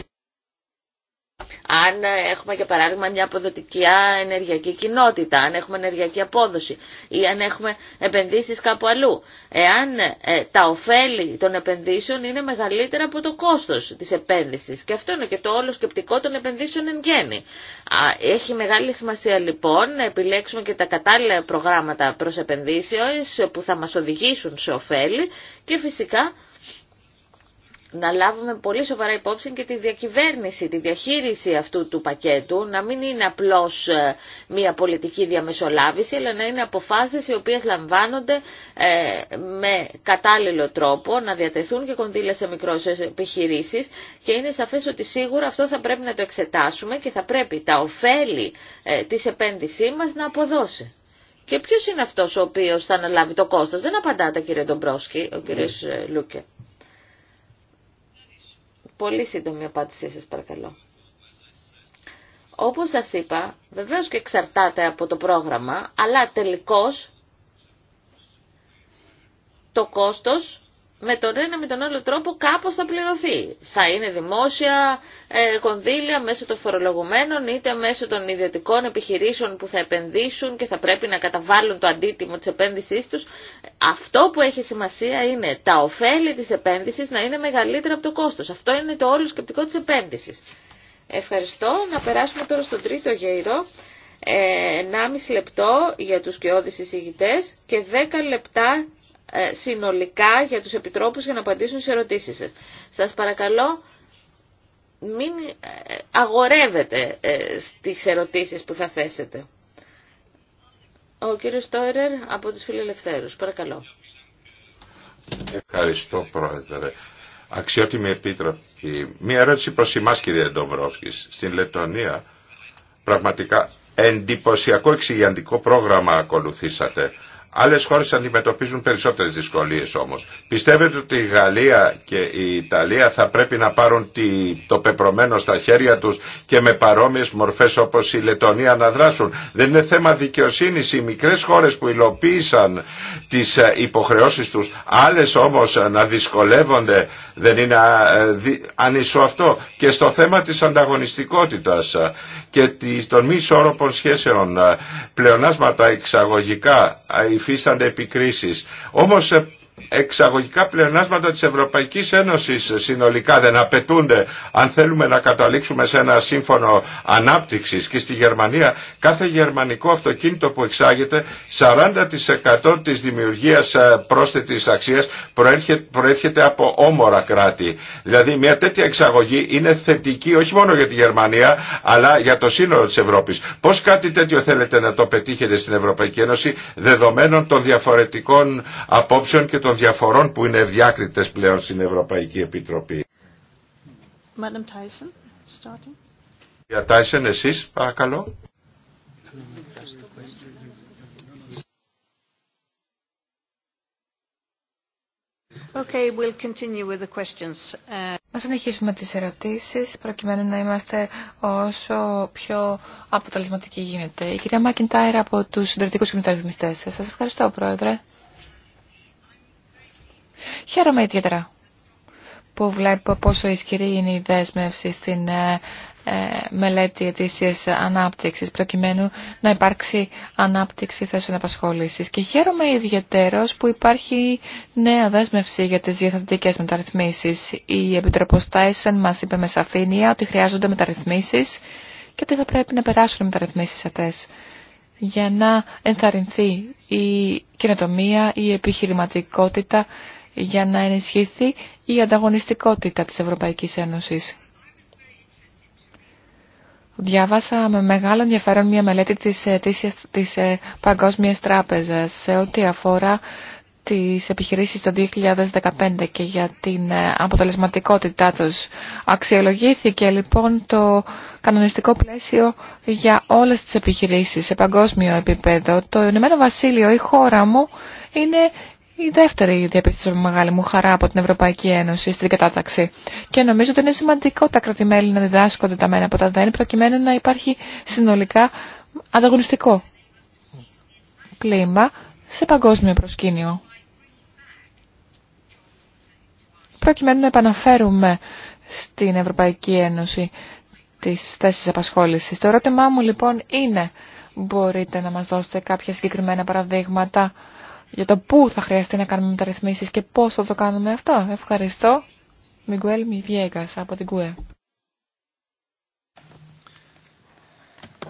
αν έχουμε για παράδειγμα μια αποδοτική ενεργειακή κοινότητα, αν έχουμε ενεργειακή απόδοση ή αν έχουμε επενδύσεις κάπου αλλού. Εάν ε, τα ωφέλη των επενδύσεων είναι μεγαλύτερα από το κόστος της επένδυσης και αυτό είναι και το όλο σκεπτικό των επενδύσεων εν γέννη. Έχει μεγάλη σημασία λοιπόν να επιλέξουμε και τα κατάλληλα προγράμματα προς επενδύσεις που θα μας οδηγήσουν σε ωφέλη και φυσικά να λάβουμε πολύ σοβαρά υπόψη και τη διακυβέρνηση, τη διαχείριση αυτού του πακέτου, να μην είναι απλώς ε, μια πολιτική διαμεσολάβηση, αλλά να είναι αποφάσεις οι οποίες λαμβάνονται ε, με κατάλληλο τρόπο, να διατεθούν και κονδύλια σε μικρές επιχειρήσεις και είναι σαφές ότι σίγουρα αυτό θα πρέπει να το εξετάσουμε και θα πρέπει τα ωφέλη ε, της επένδυσή μας να αποδώσει. Και ποιος είναι αυτός ο οποίος θα αναλάβει το κόστος. Δεν απαντάτε κύριε Ντομπρόσκη, ο κύριος ναι. Λούκε. Πολύ σύντομη απάντησή σας παρακαλώ. Όπως σας είπα, βεβαίως και εξαρτάται από το πρόγραμμα, αλλά τελικώς το κόστος με τον ένα με τον άλλο τρόπο κάπως θα πληρωθεί. Θα είναι δημόσια ε, κονδύλια μέσω των φορολογουμένων είτε μέσω των ιδιωτικών επιχειρήσεων που θα επενδύσουν και θα πρέπει να καταβάλουν το αντίτιμο της επένδυσής τους. Αυτό που έχει σημασία είναι τα ωφέλη της επένδυσης να είναι μεγαλύτερα από το κόστος. Αυτό είναι το όλο σκεπτικό της επένδυσης. Ευχαριστώ. Να περάσουμε τώρα στον τρίτο γύρο. 1,5 ε, λεπτό για τους κοιόδης εισηγητές και 10 λεπτά ε, συνολικά για τους επιτρόπους για να απαντήσουν σε ερωτήσεις σας. Σας παρακαλώ μην ε, αγορεύετε ε, στις ερωτήσεις που θα θέσετε. Ο κύριος Τόιρερ από τους Φιλελευθέρους. Παρακαλώ. Ευχαριστώ πρόεδρε. Αξιότιμη επίτροπη. Μία ερώτηση προς εμάς κύριε Ντομπρόφσκης. Στην Λετωνία πραγματικά εντυπωσιακό εξηγιαντικό πρόγραμμα ακολουθήσατε. Άλλες χώρες αντιμετωπίζουν περισσότερες δυσκολίες όμως. Πιστεύετε ότι η Γαλλία και η Ιταλία θα πρέπει να πάρουν το πεπρωμένο στα χέρια τους και με παρόμοιες μορφές όπως η Λετωνία να δράσουν. Δεν είναι θέμα δικαιοσύνης. Οι μικρές χώρες που υλοποίησαν τις ε, υποχρεώσεις τους, άλλες όμως ε, να δυσκολεύονται, δεν είναι ε, ανισό αυτό. Και στο θέμα της ανταγωνιστικότητας και των μη ισόρροπων σχέσεων ε, πλεονάσματα εξαγωγικά ε, υφίστανται επικρίσεις. Όμως ε, εξαγωγικά πλεονάσματα της Ευρωπαϊκής Ένωσης συνολικά δεν απαιτούνται αν θέλουμε να καταλήξουμε σε ένα σύμφωνο ανάπτυξης και στη Γερμανία κάθε γερμανικό αυτοκίνητο που εξάγεται 40% της δημιουργίας ε, πρόσθετης αξίας προέρχεται από όμορα κράτη. Δηλαδή μια τέτοια εξαγωγή είναι θετική όχι μόνο για τη Γερμανία αλλά για το σύνολο της Ευρώπης. Πώς κάτι τέτοιο θέλετε να το πετύχετε στην Ευρωπαϊκή Ένωση δεδομένων των διαφορετικών απόψεων των διαφορών που είναι ευδιάκριτες πλέον στην Ευρωπαϊκή Επιτροπή. Madam starting. Τάισεν, εσείς, παρακαλώ. Okay, we'll continue with the questions. Να συνεχίσουμε τις ερωτήσεις, προκειμένου να είμαστε όσο πιο αποτελεσματικοί γίνεται. Η κυρία Μακιντάιρα από τους συντηρητικούς και μεταρρυθμιστές. Σας ευχαριστώ, Πρόεδρε. Χαίρομαι ιδιαίτερα που βλέπω πόσο ισχυρή είναι η δέσμευση στην ε, ε, μελέτη ετήσιας ανάπτυξη προκειμένου να υπάρξει ανάπτυξη θέσεων απασχόληση. και χαίρομαι ιδιαίτερω που υπάρχει νέα δέσμευση για τι διαθετικέ μεταρρυθμίσει. Η Επιτροπή Στάισεν μας είπε με σαφήνεια ότι χρειάζονται μεταρρυθμίσει και ότι θα πρέπει να περάσουν οι μεταρρυθμίσεις αυτές για να ενθαρρυνθεί η καινοτομία, η επιχειρηματικότητα για να ενισχυθεί η ανταγωνιστικότητα της Ευρωπαϊκής Ένωσης. Διάβασα με μεγάλο ενδιαφέρον μια μελέτη της, της, της ε, Παγκόσμιας Τράπεζας σε ό,τι αφορά τις επιχειρήσεις το 2015 και για την ε, αποτελεσματικότητά τους. Αξιολογήθηκε λοιπόν το κανονιστικό πλαίσιο για όλες τις επιχειρήσεις σε παγκόσμιο επίπεδο. Το Ηνωμένο Βασίλειο, η χώρα μου, είναι η δεύτερη διαπίστωση μεγάλη μου χαρά από την Ευρωπαϊκή Ένωση στην κατάταξη. Και νομίζω ότι είναι σημαντικό τα κρατημέλη να διδάσκονται τα μένα από τα δέν, προκειμένου να υπάρχει συνολικά ανταγωνιστικό κλίμα σε παγκόσμιο προσκήνιο. Προκειμένου να επαναφέρουμε στην Ευρωπαϊκή Ένωση τις θέσεις απασχόλησης. Το ερώτημά μου λοιπόν είναι, μπορείτε να μας δώσετε κάποια συγκεκριμένα παραδείγματα για το πού θα χρειαστεί να κάνουμε μεταρρυθμίσεις και πώς θα το κάνουμε αυτό. Ευχαριστώ. Μιγκουέλ Μιβιέγκας από την ΚΟΕ.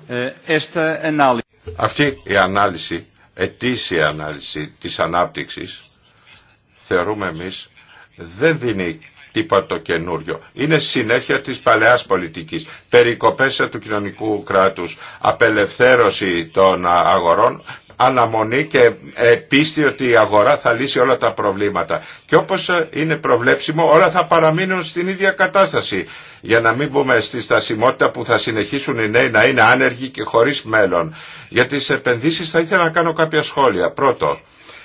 Ε, Αυτή η ανάλυση, ετήσια ανάλυση της ανάπτυξης, θεωρούμε εμείς, δεν δίνει τίποτα το καινούριο. Είναι συνέχεια της παλαιάς πολιτικής. Περικοπές του κοινωνικού κράτους, απελευθέρωση των αγορών αναμονή και πίστη ότι η αγορά θα λύσει όλα τα προβλήματα. Και όπως είναι προβλέψιμο όλα θα παραμείνουν στην ίδια κατάσταση για να μην πούμε στη στασιμότητα που θα συνεχίσουν οι νέοι να είναι άνεργοι και χωρίς μέλλον. Για τις επενδύσεις θα ήθελα να κάνω κάποια σχόλια. Πρώτο,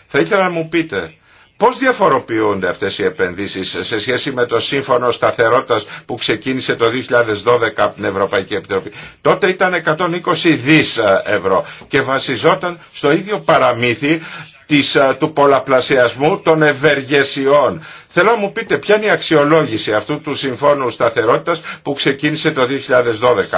θα ήθελα να μου πείτε Πώς διαφοροποιούνται αυτές οι επενδύσεις σε σχέση με το σύμφωνο σταθερότητας που ξεκίνησε το 2012 από την Ευρωπαϊκή Επιτροπή. Τότε ήταν 120 δις ε, ευρώ και βασιζόταν στο ίδιο παραμύθι της, ε, του πολλαπλασιασμού των ευεργεσιών. Θέλω να μου πείτε ποια είναι η αξιολόγηση αυτού του Συμφώνου σταθερότητας που ξεκίνησε το 2012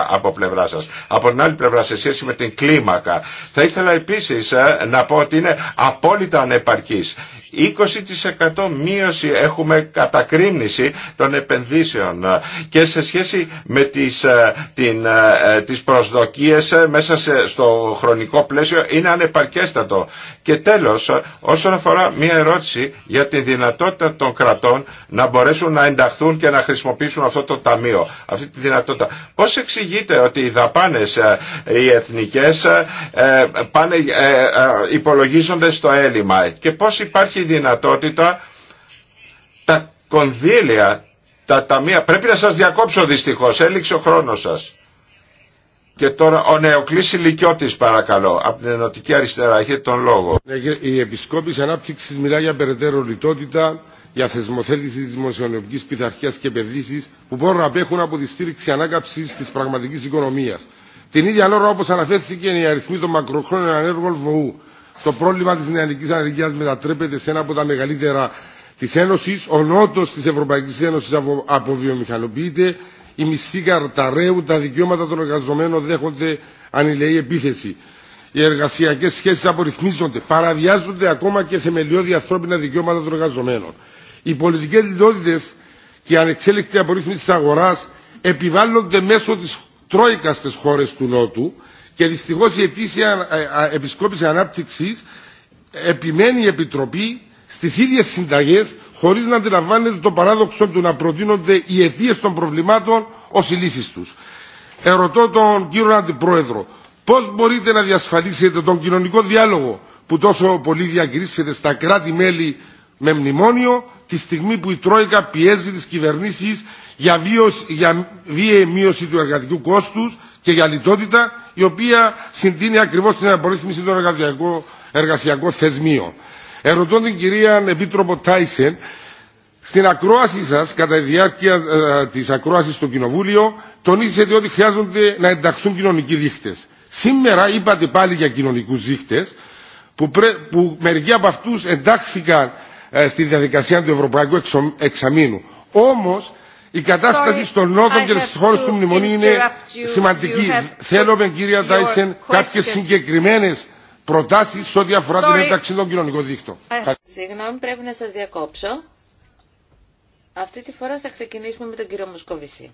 από πλευρά σα. Από την άλλη πλευρά σε σχέση με την κλίμακα. Θα ήθελα επίση ε, να πω ότι είναι απόλυτα ανεπαρκής. 20% μείωση έχουμε κατακρίνηση των επενδύσεων ε, και σε σχέση με τις, ε, την, ε, τις προσδοκίες μέσα σε, στο χρονικό πλαίσιο είναι ανεπαρκέστατο. Και τέλος, όσον αφορά μια ερώτηση για τη δυνατότητα των κρατών να μπορέσουν να ενταχθούν και να χρησιμοποιήσουν αυτό το ταμείο, αυτή τη δυνατότητα. Πώς εξηγείται ότι οι δαπάνες οι εθνικές πάνε, υπολογίζονται στο έλλειμμα και πώς υπάρχει τη δυνατότητα τα κονδύλια, τα ταμεία. Πρέπει να σας διακόψω δυστυχώς, έληξε ο χρόνος σας. Και τώρα ο Νεοκλής Ηλικιώτης παρακαλώ, από την Ενωτική Αριστερά, έχετε τον λόγο. Η Επισκόπηση Ανάπτυξης μιλά για περαιτέρω λιτότητα, για θεσμοθέτηση της δημοσιονομική πειθαρχίας και επενδύσεις που μπορούν να απέχουν από τη στήριξη ανάκαψης τη πραγματική οικονομία. Την ίδια ώρα, όπω αναφέρθηκε, οι αριθμοί των μακροχρόνων ανέργων βοού το πρόβλημα της νεανικής ανεργίας μετατρέπεται σε ένα από τα μεγαλύτερα της Ένωσης. Ο νότος της Ευρωπαϊκής Ένωσης αποβιομηχανοποιείται. Οι μισθοί καρταρέου, τα δικαιώματα των εργαζομένων δέχονται ανηλαιή επίθεση. Οι εργασιακέ σχέσει απορριθμίζονται, παραβιάζονται ακόμα και θεμελιώδη ανθρώπινα δικαιώματα των εργαζομένων. Οι πολιτικέ λιτότητε και η ανεξέλεκτη απορρίθμιση τη αγορά επιβάλλονται μέσω τη Τρόικα στι χώρε του Νότου και δυστυχώ η ετήσια ε, ε, επισκόπηση ανάπτυξη επιμένει η Επιτροπή στις ίδιες συνταγές χωρίς να αντιλαμβάνεται το παράδοξο του να προτείνονται οι αιτίε των προβλημάτων ω οι λύσει τους. Ερωτώ τον κύριο Αντιπρόεδρο, πώ μπορείτε να διασφαλίσετε τον κοινωνικό διάλογο που τόσο πολύ διακρίσετε στα κράτη-μέλη με μνημόνιο τη στιγμή που η Τρόικα πιέζει τις κυβερνήσεις για, για βίαιη μείωση του εργατικού κόστου και για λιτότητα η οποία συντείνει ακριβώς την απορρίθμιση των εργασιακών θεσμίων. Ερωτώ την κυρία Επίτροπο Τάισεν, στην ακρόαση σα, κατά τη διάρκεια ε, τη ακρόαση στο Κοινοβούλιο, τονίσετε ότι χρειάζονται να ενταχθούν κοινωνικοί δείχτε. Σήμερα είπατε πάλι για κοινωνικού δείχτε, που, μερικοί από αυτού εντάχθηκαν ε, στη διαδικασία του Ευρωπαϊκού Εξαμήνου. Όμω, η κατάσταση στον Νότο και στις χώρες του μνημονίου είναι σημαντική. Θέλουμε, κυρία Τάισεν, κάποιες συγκεκριμένες προτάσεις ό,τι αφορά την ένταξη των κοινωνικών δίκτων. Ε. Συγγνώμη, πρέπει να σας διακόψω. Αυτή τη φορά θα ξεκινήσουμε με τον κύριο Μουσκοβισή.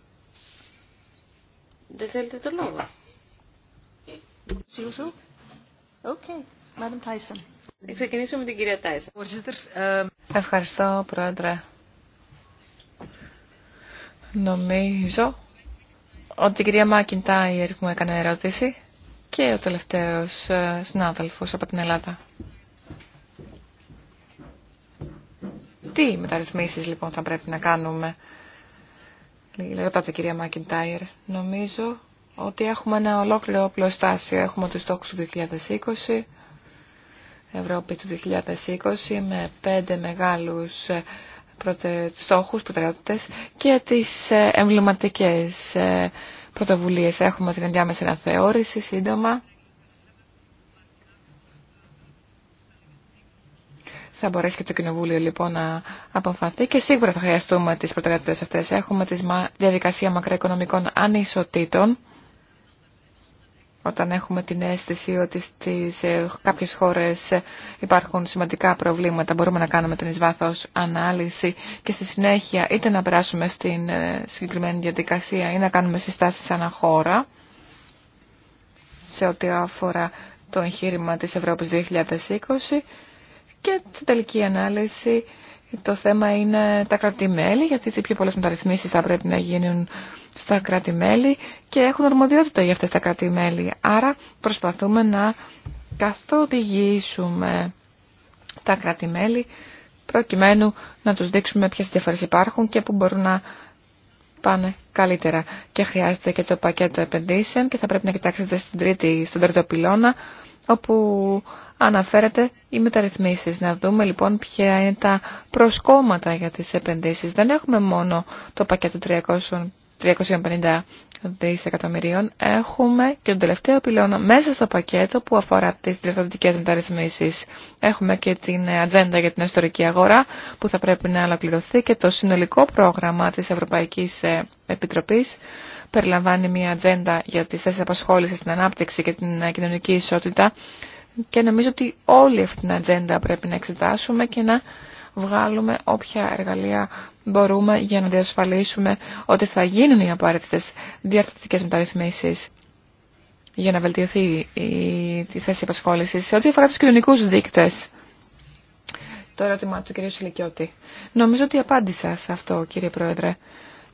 Δεν θέλετε το λόγο. Θα Ξεκινήσουμε με την κυρία Τάισεν. Ευχαριστώ, Πρόεδρε. Νομίζω ότι η κυρία Μάκιντάιερ μου έκανε ερώτηση και ο τελευταίος ε, συνάδελφος από την Ελλάδα. Τι μεταρρυθμίσεις λοιπόν θα πρέπει να κάνουμε, ρωτάτε κυρία Μάκιντάιερ. Νομίζω ότι έχουμε ένα ολόκληρο πλωστάσιο. Έχουμε τους στόχους του 2020, Ευρώπη του 2020 με πέντε μεγάλους ε, τους στόχους, προτεραιότητες και τις ε, εμβληματικές ε, πρωτοβουλίες. Έχουμε την ενδιάμεση αναθεώρηση σύντομα. Θα μπορέσει και το Κοινοβούλιο λοιπόν να αποφαθεί και σίγουρα θα χρειαστούμε τις προτεραιότητες αυτές. Έχουμε τη διαδικασία μακροοικονομικών ανισοτήτων όταν έχουμε την αίσθηση ότι στις ε, κάποιες χώρες υπάρχουν σημαντικά προβλήματα, μπορούμε να κάνουμε την εισβάθος ανάλυση και στη συνέχεια είτε να περάσουμε στην ε, συγκεκριμένη διαδικασία ή να κάνουμε συστάσεις ανά χώρα σε ό,τι αφορά το εγχείρημα της Ευρώπης 2020 και στην τελική ανάλυση το θέμα είναι τα κρατή-μέλη γιατί πιο πολλές μεταρρυθμίσεις θα πρέπει να γίνουν στα κράτη-μέλη και έχουν αρμοδιότητα για αυτές τα κράτη-μέλη. Άρα προσπαθούμε να καθοδηγήσουμε τα κράτη-μέλη προκειμένου να τους δείξουμε ποιες διαφορές υπάρχουν και που μπορούν να πάνε καλύτερα. Και χρειάζεται και το πακέτο επενδύσεων και θα πρέπει να κοιτάξετε στην τρίτη, στον τρίτο πυλώνα όπου αναφέρεται οι μεταρρυθμίσεις. Να δούμε λοιπόν ποια είναι τα προσκόμματα για τις επενδύσεις. Δεν έχουμε μόνο το πακέτο 300 350 δισεκατομμυρίων, έχουμε και τον τελευταίο πυλώνα μέσα στο πακέτο που αφορά τις διαστατικές μεταρρυθμίσεις. Έχουμε και την ατζέντα για την ιστορική αγορά που θα πρέπει να ολοκληρωθεί και το συνολικό πρόγραμμα της Ευρωπαϊκής ε, Επιτροπής περιλαμβάνει μια ατζέντα για τις θέσεις απασχόλησης, την ανάπτυξη και την ε, κοινωνική ισότητα και νομίζω ότι όλη αυτή την ατζέντα πρέπει να εξετάσουμε και να βγάλουμε όποια εργαλεία μπορούμε για να διασφαλίσουμε ότι θα γίνουν οι απαραίτητες διαρθρωτικές μεταρρυθμίσεις για να βελτιωθεί η, τη θέση απασχόλησης σε ό,τι αφορά τους κοινωνικούς δείκτες. Το ερώτημα του κ. Σιλικιώτη. Νομίζω ότι απάντησα σε αυτό, κύριε Πρόεδρε.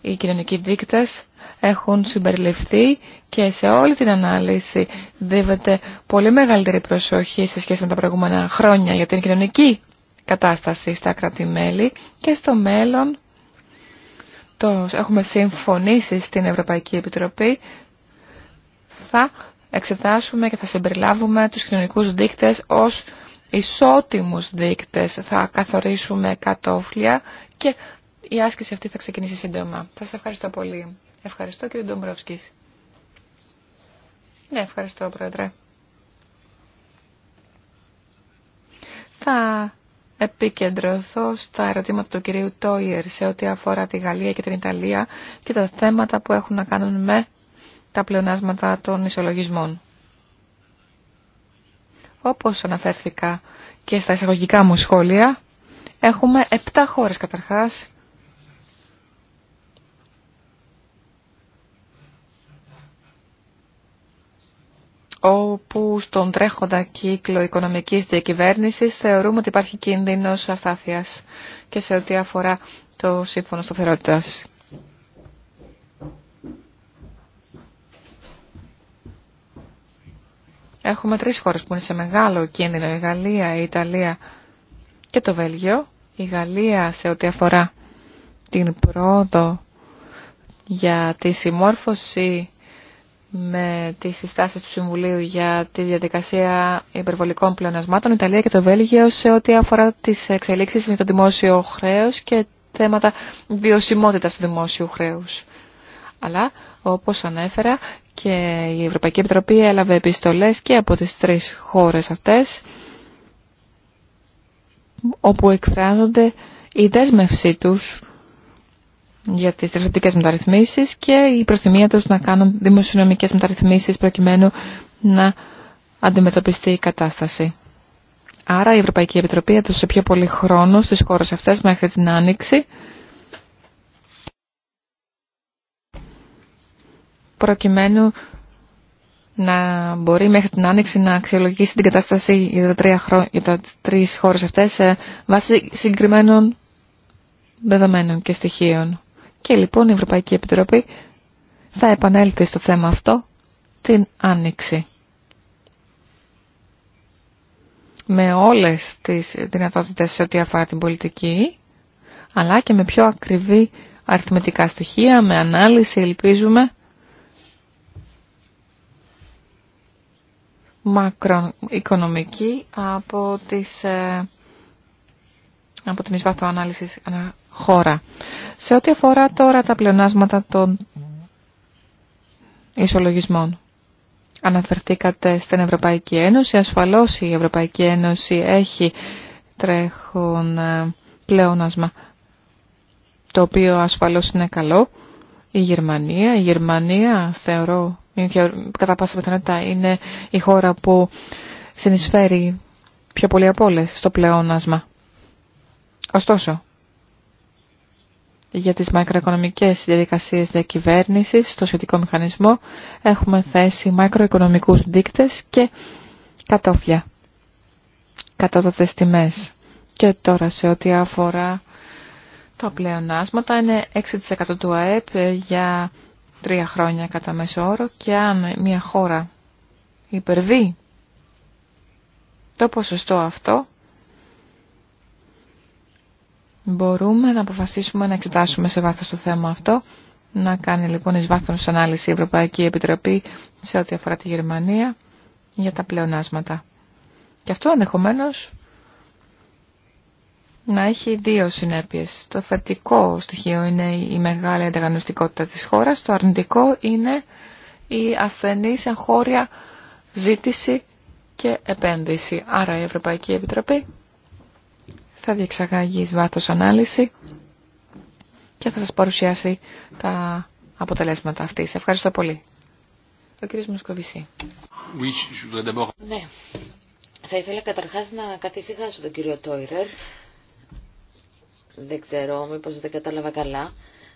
Οι κοινωνικοί δείκτες έχουν συμπεριληφθεί και σε όλη την ανάλυση δίδεται πολύ μεγαλύτερη προσοχή σε σχέση με τα προηγούμενα χρόνια για την κοινωνική κατάσταση στα κράτη-μέλη και στο μέλλον το έχουμε συμφωνήσει στην Ευρωπαϊκή Επιτροπή θα εξετάσουμε και θα συμπεριλάβουμε τους κοινωνικούς δείκτες ως ισότιμους δείκτες. Θα καθορίσουμε κατόφλια και η άσκηση αυτή θα ξεκινήσει σύντομα. Σας ευχαριστώ πολύ. Ευχαριστώ κύριε Ντομπρόφσκης. Ναι, ευχαριστώ πρόεδρε. Θα επικεντρωθώ στα ερωτήματα του κυρίου Τόιερ σε ό,τι αφορά τη Γαλλία και την Ιταλία και τα θέματα που έχουν να κάνουν με τα πλεονάσματα των ισολογισμών. Όπως αναφέρθηκα και στα εισαγωγικά μου σχόλια, έχουμε 7 χώρες καταρχάς όπου στον τρέχοντα κύκλο οικονομικής διακυβέρνησης θεωρούμε ότι υπάρχει κίνδυνος αστάθειας και σε ό,τι αφορά το σύμφωνο σταθερότητας. Έχουμε τρεις χώρες που είναι σε μεγάλο κίνδυνο, η Γαλλία, η Ιταλία και το Βέλγιο. Η Γαλλία σε ό,τι αφορά την πρόοδο για τη συμμόρφωση με τις συστάσεις του Συμβουλίου για τη διαδικασία υπερβολικών πλεονασμάτων, Ιταλία και το Βέλγιο σε ό,τι αφορά τις εξελίξεις με το δημόσιο χρέος και θέματα βιωσιμότητα του δημόσιου χρέους. Αλλά, όπω ανέφερα, και η Ευρωπαϊκή Επιτροπή έλαβε επιστολές και από τις τρεις χώρες αυτές, όπου εκφράζονται η δέσμευσή τους για τις διευθυντικές μεταρρυθμίσεις και η προθυμία τους να κάνουν δημοσιονομικές μεταρρυθμίσεις προκειμένου να αντιμετωπιστεί η κατάσταση. Άρα η Ευρωπαϊκή Επιτροπή έδωσε πιο πολύ χρόνο στις χώρες αυτές μέχρι την Άνοιξη προκειμένου να μπορεί μέχρι την Άνοιξη να αξιολογήσει την κατάσταση για τα, τρία χρο... για τα τρεις χώρες αυτές βάσει συγκεκριμένων δεδομένων και στοιχείων. Και λοιπόν η Ευρωπαϊκή Επιτροπή θα επανέλθει στο θέμα αυτό την Άνοιξη. Με όλες τις δυνατότητες σε ό,τι αφορά την πολιτική, αλλά και με πιο ακριβή αριθμητικά στοιχεία, με ανάλυση ελπίζουμε μακροοικονομική από, ε, από την εισβάθο ανάλυση χώρα. Σε ό,τι αφορά τώρα τα πλεονάσματα των ισολογισμών. Αναφερθήκατε στην Ευρωπαϊκή Ένωση. Ασφαλώς η Ευρωπαϊκή Ένωση έχει τρέχον ε, πλεόνασμα, το οποίο ασφαλώς είναι καλό. Η Γερμανία, η Γερμανία θεωρώ, κατά πάσα πιθανότητα είναι η χώρα που συνεισφέρει πιο πολύ από όλες στο πλεόνασμα. Ωστόσο, για τις μακροοικονομικές διαδικασίες διακυβέρνησης στο σχετικό μηχανισμό έχουμε θέσει μακροοικονομικούς δείκτες και κατόφλια, κατώτατες τιμές. Και τώρα σε ό,τι αφορά τα πλεονάσματα είναι 6% του ΑΕΠ για τρία χρόνια κατά μέσο όρο και αν μια χώρα υπερβεί το ποσοστό αυτό μπορούμε να αποφασίσουμε να εξετάσουμε σε βάθος το θέμα αυτό. Να κάνει λοιπόν εις βάθος ανάλυση η Ευρωπαϊκή Επιτροπή σε ό,τι αφορά τη Γερμανία για τα πλεονάσματα. Και αυτό ενδεχομένω να έχει δύο συνέπειες. Το θετικό στοιχείο είναι η μεγάλη ανταγωνιστικότητα της χώρας, το αρνητικό είναι η ασθενή εγχώρια ζήτηση και επένδυση. Άρα η Ευρωπαϊκή Επιτροπή θα διεξαγάγει εις βάθος ανάλυση και θα σας παρουσιάσει τα αποτελέσματα αυτής. Ευχαριστώ πολύ. Ο κύριος Μουσκοβισή. Ναι. Θα ήθελα καταρχάς να καθησυχάσω τον κύριο Τόιρερ. Δεν ξέρω, μήπως δεν κατάλαβα καλά.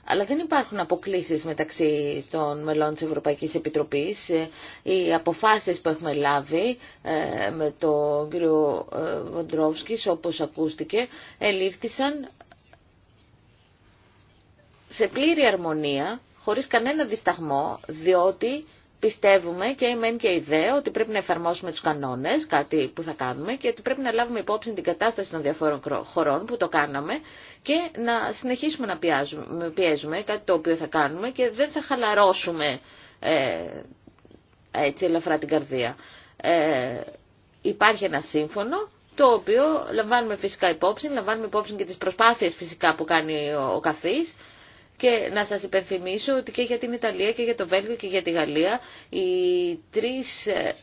Αλλά δεν υπάρχουν αποκλήσεις μεταξύ των μελών της Ευρωπαϊκής Επιτροπής. Οι αποφάσεις που έχουμε λάβει ε, με τον κύριο ε, Βοντρόφσκης, όπως ακούστηκε, ελήφθησαν σε πλήρη αρμονία, χωρίς κανένα δισταγμό, διότι πιστεύουμε και η μεν και η δε ότι πρέπει να εφαρμόσουμε τους κανόνες, κάτι που θα κάνουμε και ότι πρέπει να λάβουμε υπόψη την κατάσταση των διαφόρων χωρών που το κάναμε και να συνεχίσουμε να πιέζουμε, κάτι το οποίο θα κάνουμε και δεν θα χαλαρώσουμε ε, έτσι ελαφρά την καρδία. Ε, υπάρχει ένα σύμφωνο το οποίο λαμβάνουμε φυσικά υπόψη, λαμβάνουμε υπόψη και τις προσπάθειες φυσικά που κάνει ο καθής και να σας υπενθυμίσω ότι και για την Ιταλία και για το Βέλγιο και για τη Γαλλία οι τρεις ε,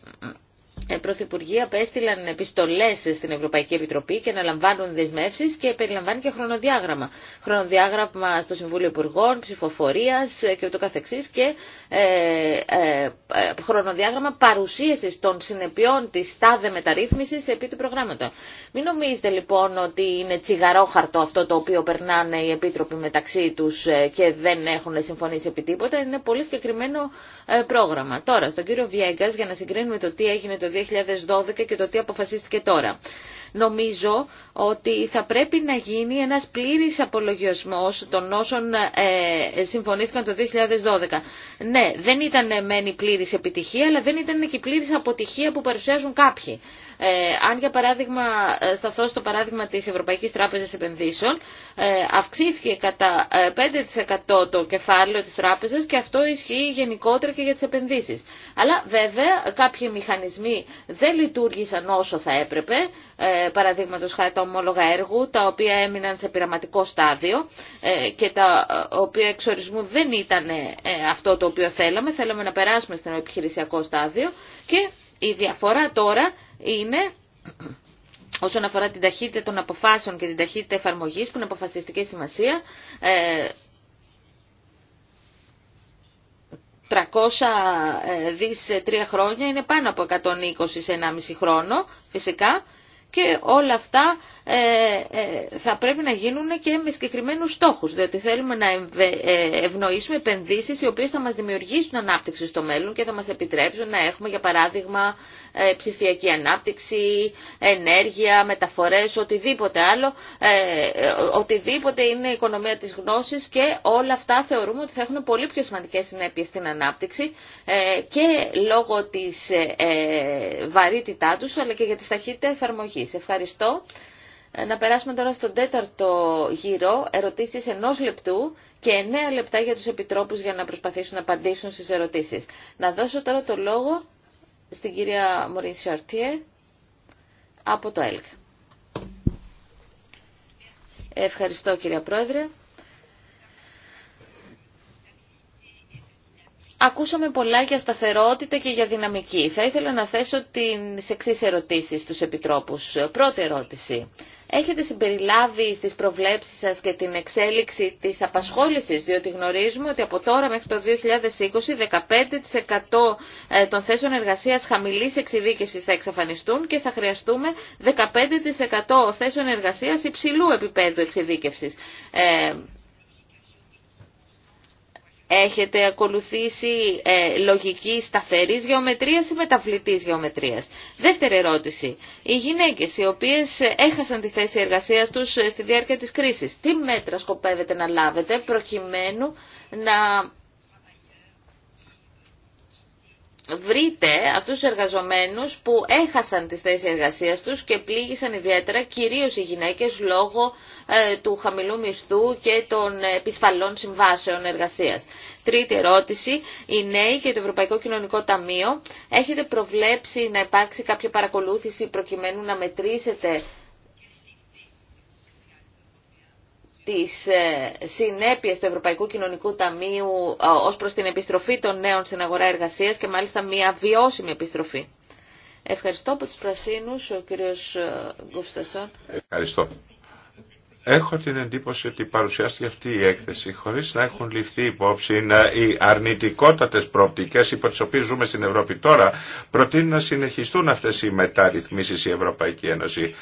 ε, πρωθυπουργοί απέστειλαν επιστολές στην Ευρωπαϊκή Επιτροπή και να λαμβάνουν δεσμεύσεις και περιλαμβάνει και χρονοδιάγραμμα. Χρονοδιάγραμμα στο Συμβούλιο Υπουργών, ψηφοφορίας ε, και ούτω καθεξής και ε, χρονοδιάγραμμα παρουσίασης των συνεπειών της τάδε μεταρρύθμισης επί του προγράμματο. Μην νομίζετε λοιπόν ότι είναι τσιγαρόχαρτο αυτό το οποίο περνάνε οι επίτροποι μεταξύ τους και δεν έχουν συμφωνήσει επί τίποτα. Είναι πολύ συγκεκριμένο πρόγραμμα. Τώρα, στον κύριο Βιέγκας για να συγκρίνουμε το τι έγινε το 2012 και το τι αποφασίστηκε τώρα. Νομίζω ότι θα πρέπει να γίνει ένας πλήρης απολογισμός των όσων ε, συμφωνήθηκαν το 2012. Ναι, δεν ήταν μεν η πλήρης επιτυχία, αλλά δεν ήταν και η πλήρης αποτυχία που παρουσιάζουν κάποιοι. Ε, αν για παράδειγμα ε, σταθώ στο παράδειγμα της Ευρωπαϊκής Τράπεζας Επενδύσεων, ε, αυξήθηκε κατά 5% το κεφάλαιο της τράπεζας και αυτό ισχύει γενικότερα και για τις επενδύσεις. Αλλά βέβαια κάποιοι μηχανισμοί δεν λειτουργήσαν όσο θα έπρεπε, ε, παραδείγματος χάρη τα ομόλογα έργου, τα οποία έμειναν σε πειραματικό στάδιο και τα οποία εξορισμού δεν ήταν αυτό το οποίο θέλαμε, θέλαμε να περάσουμε στο επιχειρησιακό στάδιο και η διαφορά τώρα είναι όσον αφορά την ταχύτητα των αποφάσεων και την ταχύτητα εφαρμογής που είναι αποφασιστική σημασία 300 ε, ε, δις σε τρία χρόνια είναι πάνω από 120 σε 1,5 χρόνο φυσικά και όλα αυτά ε, θα πρέπει να γίνουν και με συγκεκριμένους στόχους, διότι θέλουμε να ευνοήσουμε επενδύσεις οι οποίες θα μας δημιουργήσουν ανάπτυξη στο μέλλον και θα μας επιτρέψουν να έχουμε, για παράδειγμα, ε, ψηφιακή ανάπτυξη, ενέργεια, μεταφορές, οτιδήποτε άλλο, ε, ε, οτιδήποτε είναι η οικονομία της γνώσης και όλα αυτά θεωρούμε ότι θα έχουν πολύ πιο σημαντικές συνέπειες στην ανάπτυξη και λόγω της βαρύτητά τους αλλά και για τη ταχύτητα εφαρμογής. Ευχαριστώ. Να περάσουμε τώρα στον τέταρτο γύρο, ερωτήσεις ενός λεπτού και εννέα λεπτά για τους επιτρόπους για να προσπαθήσουν να απαντήσουν στις ερωτήσεις. Να δώσω τώρα το λόγο στην κυρία Μωρίς Σαρτιέ από το ΕΛΚ. Ευχαριστώ κυρία Πρόεδρε. Ακούσαμε πολλά για σταθερότητα και για δυναμική. Θα ήθελα να θέσω τις εξή ερωτήσεις στους Επιτρόπους. Πρώτη ερώτηση. Έχετε συμπεριλάβει στις προβλέψεις σας και την εξέλιξη της απασχόλησης, διότι γνωρίζουμε ότι από τώρα μέχρι το 2020 15% ε, των θέσεων εργασίας χαμηλής εξειδίκευσης θα εξαφανιστούν και θα χρειαστούμε 15% θέσεων εργασίας υψηλού επίπεδου εξειδίκευσης. Ε, Έχετε ακολουθήσει ε, λογική σταθερής γεωμετρίας ή μεταβλητής γεωμετρίας. Δεύτερη ερώτηση. Οι γυναίκες οι οποίες έχασαν τη θέση εργασίας τους ε, στη διάρκεια της κρίσης, τι μέτρα σκοπεύετε να λάβετε προκειμένου να βρείτε αυτούς τους εργαζομένους που έχασαν τις θέσεις εργασίας τους και πλήγησαν ιδιαίτερα κυρίως οι γυναίκες λόγω ε, του χαμηλού μισθού και των επισφαλών συμβάσεων εργασίας. Τρίτη ερώτηση, οι νέοι και το Ευρωπαϊκό Κοινωνικό Ταμείο. Έχετε προβλέψει να υπάρξει κάποια παρακολούθηση προκειμένου να μετρήσετε τις ε, συνέπειες του Ευρωπαϊκού Κοινωνικού Ταμείου ε, ως προς την επιστροφή των νέων στην αγορά εργασίας και μάλιστα μια βιώσιμη επιστροφή. Ευχαριστώ από τους Πρασίνους, ο κύριος ε, Γκουστασόν. Ευχαριστώ. Έχω την εντύπωση ότι παρουσιάστηκε αυτή η έκθεση χωρίς να έχουν ληφθεί υπόψη να οι αρνητικότατες προοπτικές υπό τις οποίες ζούμε στην Ευρώπη τώρα προτείνουν να συνεχιστούν αυτές οι μεταρρυθμίσεις η Ευρωπαϊκή Ένωση.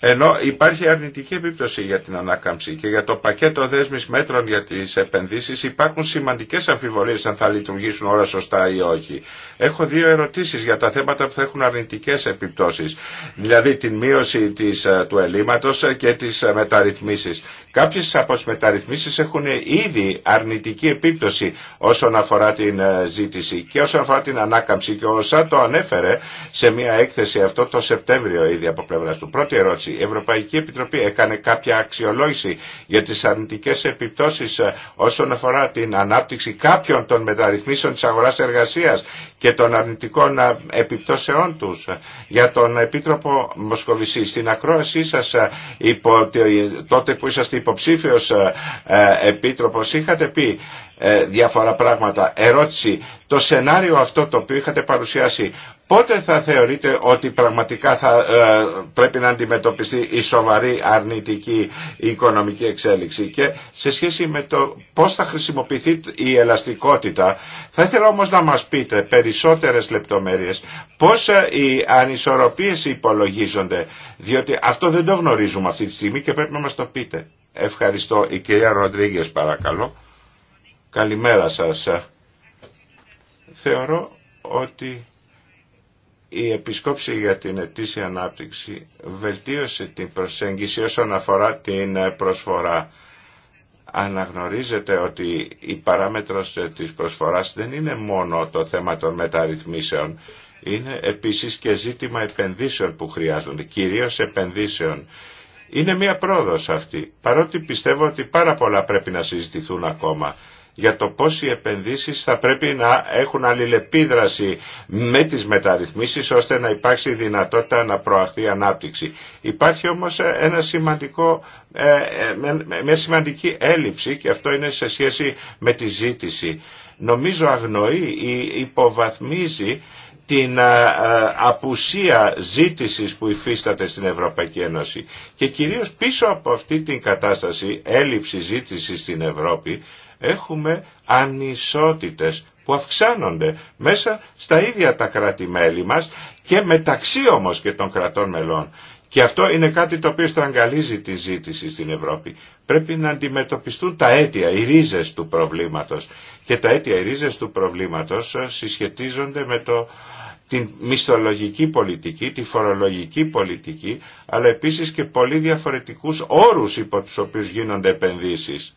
Ενώ υπάρχει αρνητική επίπτωση για την ανάκαμψη και για το πακέτο δέσμης μέτρων για τις επενδύσεις υπάρχουν σημαντικές αμφιβολίες αν θα λειτουργήσουν όλα σωστά ή όχι. Έχω δύο ερωτήσεις για τα θέματα που θα έχουν αρνητικές επιπτώσεις. Δηλαδή την μείωση της, ε, του και τις μήνες. Κάποιες από τις μεταρρυθμίσεις έχουν ήδη αρνητική επίπτωση όσον αφορά την ε, ζήτηση και όσον αφορά την ανάκαμψη και ο ΣΑ το ανέφερε σε μια έκθεση αυτό το Σεπτέμβριο ήδη από πλευρά του. Πρώτη ερώτηση, η Ευρωπαϊκή Επιτροπή έκανε κάποια αξιολόγηση για τις αρνητικές επιπτώσεις ε, όσον αφορά την ανάπτυξη κάποιων των μεταρρυθμίσεων της αγοράς εργασίας και των αρνητικών ε, επιπτώσεών τους. Για τον Επίτροπο Μοσκοβισή, στην ακρόασή σας υπό, τότε που είσαστε υποψήφιος ε, ε, επίτροπος είχατε πει ε, διάφορα πράγματα. Ερώτηση, το σενάριο αυτό το οποίο είχατε παρουσιάσει, πότε θα θεωρείτε ότι πραγματικά θα πρέπει να αντιμετωπιστεί η σοβαρή αρνητική οικονομική εξέλιξη και σε σχέση με το πώς θα χρησιμοποιηθεί η ελαστικότητα, θα ήθελα όμως να μας πείτε περισσότερες λεπτομέρειες πώς οι ανισορροπίες υπολογίζονται, διότι αυτό δεν το γνωρίζουμε αυτή τη στιγμή και πρέπει να μας το πείτε. Ευχαριστώ. Η κυρία Ροντρίγκε παρακαλώ. Καλημέρα σας. Θεωρώ ότι η επισκόψη για την ετήσια ανάπτυξη βελτίωσε την προσέγγιση όσον αφορά την προσφορά. Αναγνωρίζετε ότι η παράμετρος της προσφοράς δεν είναι μόνο το θέμα των μεταρρυθμίσεων, είναι επίσης και ζήτημα επενδύσεων που χρειάζονται, κυρίως επενδύσεων είναι μια πρόοδος αυτή, παρότι πιστεύω ότι πάρα πολλά πρέπει να συζητηθούν ακόμα για το πώς οι επενδύσεις θα πρέπει να έχουν αλληλεπίδραση με τις μεταρρυθμίσεις ώστε να υπάρξει δυνατότητα να προαχθεί ανάπτυξη. Υπάρχει όμως ένα σημαντικό, ε, ε, μια σημαντική έλλειψη και αυτό είναι σε σχέση με τη ζήτηση. Νομίζω αγνοεί ή υποβαθμίζει την ε, ε, απουσία ζήτησης που υφίσταται στην Ευρωπαϊκή Ένωση και κυρίως πίσω από αυτή την κατάσταση έλλειψη ζήτησης στην Ευρώπη έχουμε ανισότητες που αυξάνονται μέσα στα ίδια τα κράτη-μέλη μας και μεταξύ όμως και των κρατών μελών. Και αυτό είναι κάτι το οποίο στραγγαλίζει τη ζήτηση στην Ευρώπη. Πρέπει να αντιμετωπιστούν τα αίτια, οι ρίζες του προβλήματος. Και τα αίτια, οι ρίζες του προβλήματος συσχετίζονται με το την μισθολογική πολιτική, τη φορολογική πολιτική, αλλά επίσης και πολύ διαφορετικούς όρους υπό τους οποίους γίνονται επενδύσεις.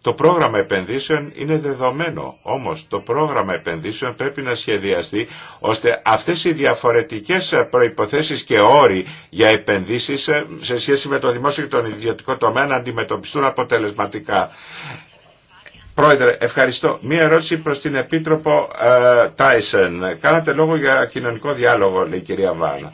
Το πρόγραμμα επενδύσεων είναι δεδομένο, όμως το πρόγραμμα επενδύσεων πρέπει να σχεδιαστεί ώστε αυτές οι διαφορετικές προϋποθέσεις και όροι για επενδύσεις σε σχέση με το δημόσιο και τον ιδιωτικό τομέα να αντιμετωπιστούν αποτελεσματικά. Πρόεδρε, ευχαριστώ. Μία ερώτηση προς την Επίτροπο ε, Τάισεν. Κάνατε λόγο για κοινωνικό διάλογο, λέει η κυρία Βάνα.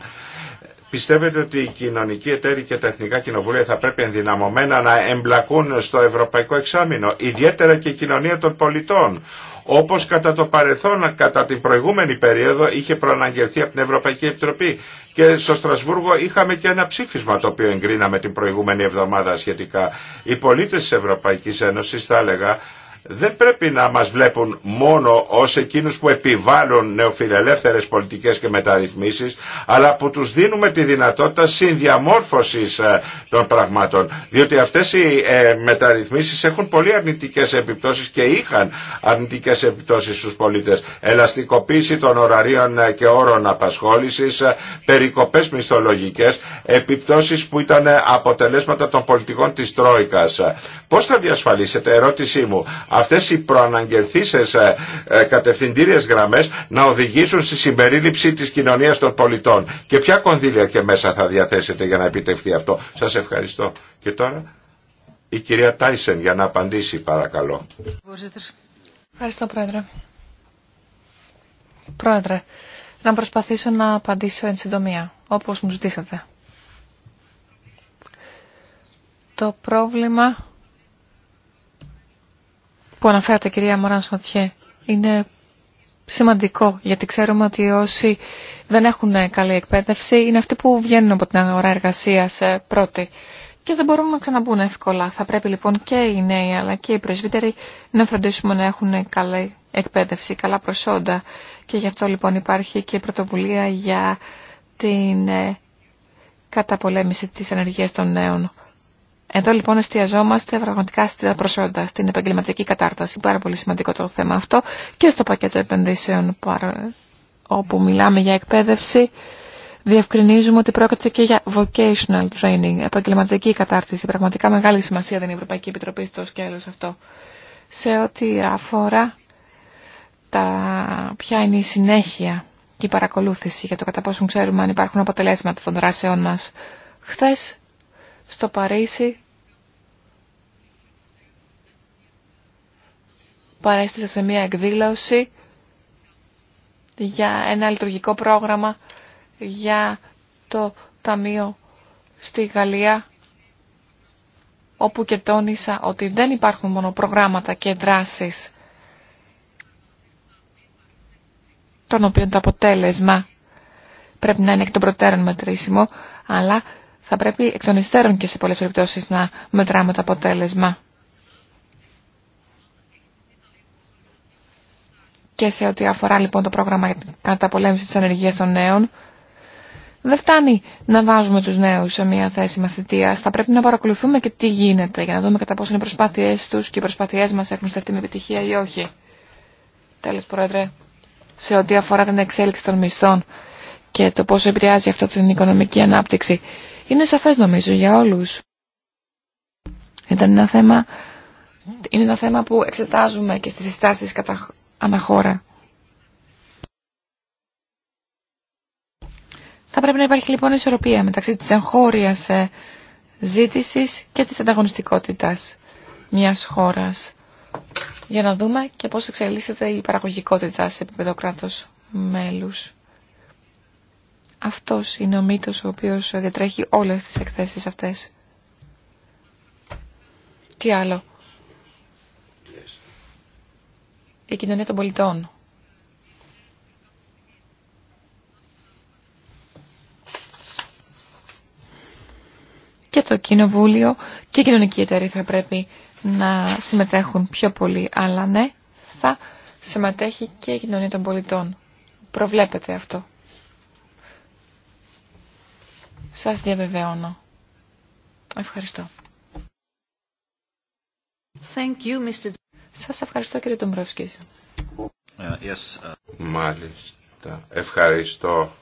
Πιστεύετε ότι οι κοινωνικοί εταίροι και τα εθνικά κοινοβούλια θα πρέπει ενδυναμωμένα να εμπλακούν στο ευρωπαϊκό εξάμεινο, ιδιαίτερα και η κοινωνία των πολιτών, όπως κατά το παρελθόν, κατά την προηγούμενη περίοδο, είχε προαναγγελθεί από την Ευρωπαϊκή Επιτροπή. Και στο Στρασβούργο είχαμε και ένα ψήφισμα το οποίο εγκρίναμε την προηγούμενη εβδομάδα σχετικά. Οι πολίτε τη Ευρωπαϊκής Ένωσης, θα έλεγα, δεν πρέπει να μας βλέπουν μόνο ως εκείνους που επιβάλλουν νεοφιλελεύθερες πολιτικές και μεταρρυθμίσεις, αλλά που τους δίνουμε τη δυνατότητα συνδιαμόρφωσης ε, των πραγμάτων. Διότι αυτές οι ε, μεταρρυθμίσεις έχουν πολύ αρνητικές επιπτώσεις και είχαν αρνητικές επιπτώσεις στους πολίτες. Ελαστικοποίηση των ωραρίων ε, και όρων απασχόλησης, περικοπές μισθολογικές, επιπτώσεις που ήταν αποτελέσματα των πολιτικών της Τρόικας. Πώς θα διασφαλίσετε, ερώτησή μου, αυτές οι προαναγγελθήσεις ε, ε, κατευθυντήριες γραμμές να οδηγήσουν στη συμπερίληψη της κοινωνίας των πολιτών. Και ποια κονδύλια και μέσα θα διαθέσετε για να επιτευχθεί αυτό. Σας ευχαριστώ. Και τώρα η κυρία Τάισεν για να απαντήσει παρακαλώ. Ευχαριστώ πρόεδρε. Πρόεδρε, να προσπαθήσω να απαντήσω εν συντομία, όπως μου ζητήσατε. Το πρόβλημα που αναφέρατε κυρία Μωράν Σματιέ είναι σημαντικό γιατί ξέρουμε ότι όσοι δεν έχουν καλή εκπαίδευση είναι αυτοί που βγαίνουν από την αγορά εργασία ε, πρώτοι και δεν μπορούν να ξαναμπούν εύκολα. Θα πρέπει λοιπόν και οι νέοι αλλά και οι πρεσβύτεροι να φροντίσουμε να έχουν καλή εκπαίδευση, καλά προσόντα και γι' αυτό λοιπόν υπάρχει και πρωτοβουλία για την ε, καταπολέμηση της ενεργείας των νέων εδώ λοιπόν εστιαζόμαστε πραγματικά στην προσόντα, στην επαγγελματική κατάρταση. Πάρα πολύ σημαντικό το θέμα αυτό και στο πακέτο επενδύσεων όπου μιλάμε για εκπαίδευση. Διευκρινίζουμε ότι πρόκειται και για vocational training, επαγγελματική κατάρτιση. Πραγματικά μεγάλη σημασία δεν η Ευρωπαϊκή Επιτροπή στο σκέλος αυτό. Σε ό,τι αφορά τα, ποια είναι η συνέχεια και η παρακολούθηση για το κατά πόσο ξέρουμε αν υπάρχουν αποτελέσματα των δράσεών μας. Χθες στο Παρίσι παρέστησα σε μια εκδήλωση για ένα λειτουργικό πρόγραμμα για το Ταμείο στη Γαλλία όπου και τόνισα ότι δεν υπάρχουν μόνο προγράμματα και δράσεις των οποίων το αποτέλεσμα πρέπει να είναι εκ των προτέρων μετρήσιμο, αλλά θα πρέπει εκ των υστέρων και σε πολλές περιπτώσεις να μετράμε το αποτέλεσμα. Και σε ό,τι αφορά λοιπόν το πρόγραμμα καταπολέμηση της ανεργίας των νέων, δεν φτάνει να βάζουμε τους νέους σε μια θέση μαθητείας. Θα πρέπει να παρακολουθούμε και τι γίνεται για να δούμε κατά πόσο είναι οι προσπάθειές τους και οι προσπάθειές μας έχουν στεφτεί με επιτυχία ή όχι. Τέλος, Πρόεδρε, σε ό,τι αφορά την εξέλιξη των μισθών και το πόσο επηρεάζει αυτό την οικονομική ανάπτυξη είναι σαφές νομίζω για όλους. θέμα, είναι ένα θέμα που εξετάζουμε και στις συστάσεις κατά αναχώρα. Θα πρέπει να υπάρχει λοιπόν ισορροπία μεταξύ της εγχώριας ε, ζήτησης και της ανταγωνιστικότητας μιας χώρας. Για να δούμε και πώς εξελίσσεται η παραγωγικότητα σε επίπεδο κράτος μέλους. Αυτός είναι ο μύτος ο οποίος διατρέχει όλες τις εκθέσεις αυτές. Τι άλλο. Η κοινωνία των πολιτών. Και το κοινοβούλιο και οι κοινωνικοί εταιρεία θα πρέπει να συμμετέχουν πιο πολύ. Αλλά ναι, θα συμμετέχει και η κοινωνία των πολιτών. Προβλέπετε αυτό. Σας διαβεβαιώνω. Ευχαριστώ. Thank Σας ευχαριστώ κύριε Τομπρόφσκη. Uh, ε, ε. Μάλιστα. Ευχαριστώ.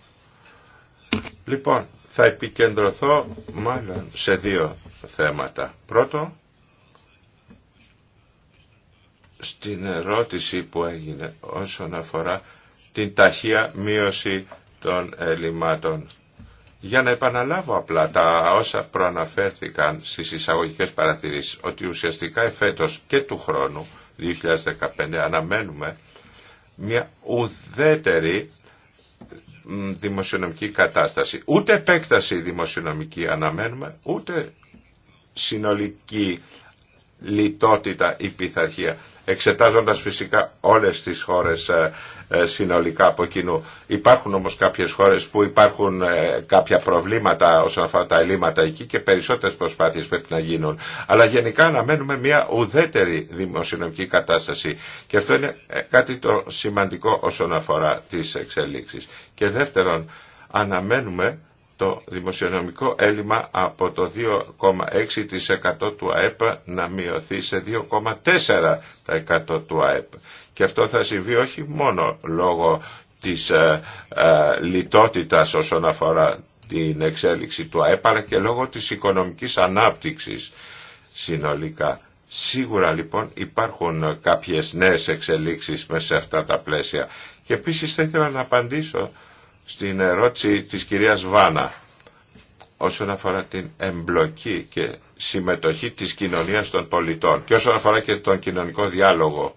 Λοιπόν, θα επικεντρωθώ μάλλον σε δύο θέματα. Πρώτο, στην ερώτηση που έγινε όσον αφορά την ταχεία μείωση των ελλημάτων. Για να επαναλάβω απλά τα όσα προαναφέρθηκαν στις εισαγωγικές παρατηρήσεις, ότι ουσιαστικά εφέτος και του χρόνου 2015 αναμένουμε μια ουδέτερη δημοσιονομική κατάσταση. Ούτε επέκταση δημοσιονομική αναμένουμε, ούτε συνολική λιτότητα ή πειθαρχία εξετάζοντας φυσικά όλες τις χώρες ε, ε, συνολικά από κοινού. Υπάρχουν όμως κάποιες χώρες που υπάρχουν ε, κάποια προβλήματα όσον αφορά τα ελλείμματα εκεί και περισσότερες προσπάθειες πρέπει να γίνουν. Αλλά γενικά αναμένουμε μια ουδέτερη δημοσιονομική κατάσταση και αυτό είναι κάτι το σημαντικό όσον αφορά τις εξελίξεις. Και δεύτερον, αναμένουμε το δημοσιονομικό έλλειμμα από το 2,6% του ΑΕΠ να μειωθεί σε 2,4% του ΑΕΠ. Και αυτό θα συμβεί όχι μόνο λόγω της ε, ε, λιτότητας όσον αφορά την εξέλιξη του ΑΕΠ αλλά και λόγω της οικονομικής ανάπτυξης συνολικά. Σίγουρα λοιπόν υπάρχουν κάποιες νέες εξελίξεις μέσα σε αυτά τα πλαίσια. Και επίσης θα ήθελα να απαντήσω στην ερώτηση της κυρίας Βάνα όσον αφορά την εμπλοκή και συμμετοχή της κοινωνίας των πολιτών και όσον αφορά και τον κοινωνικό διάλογο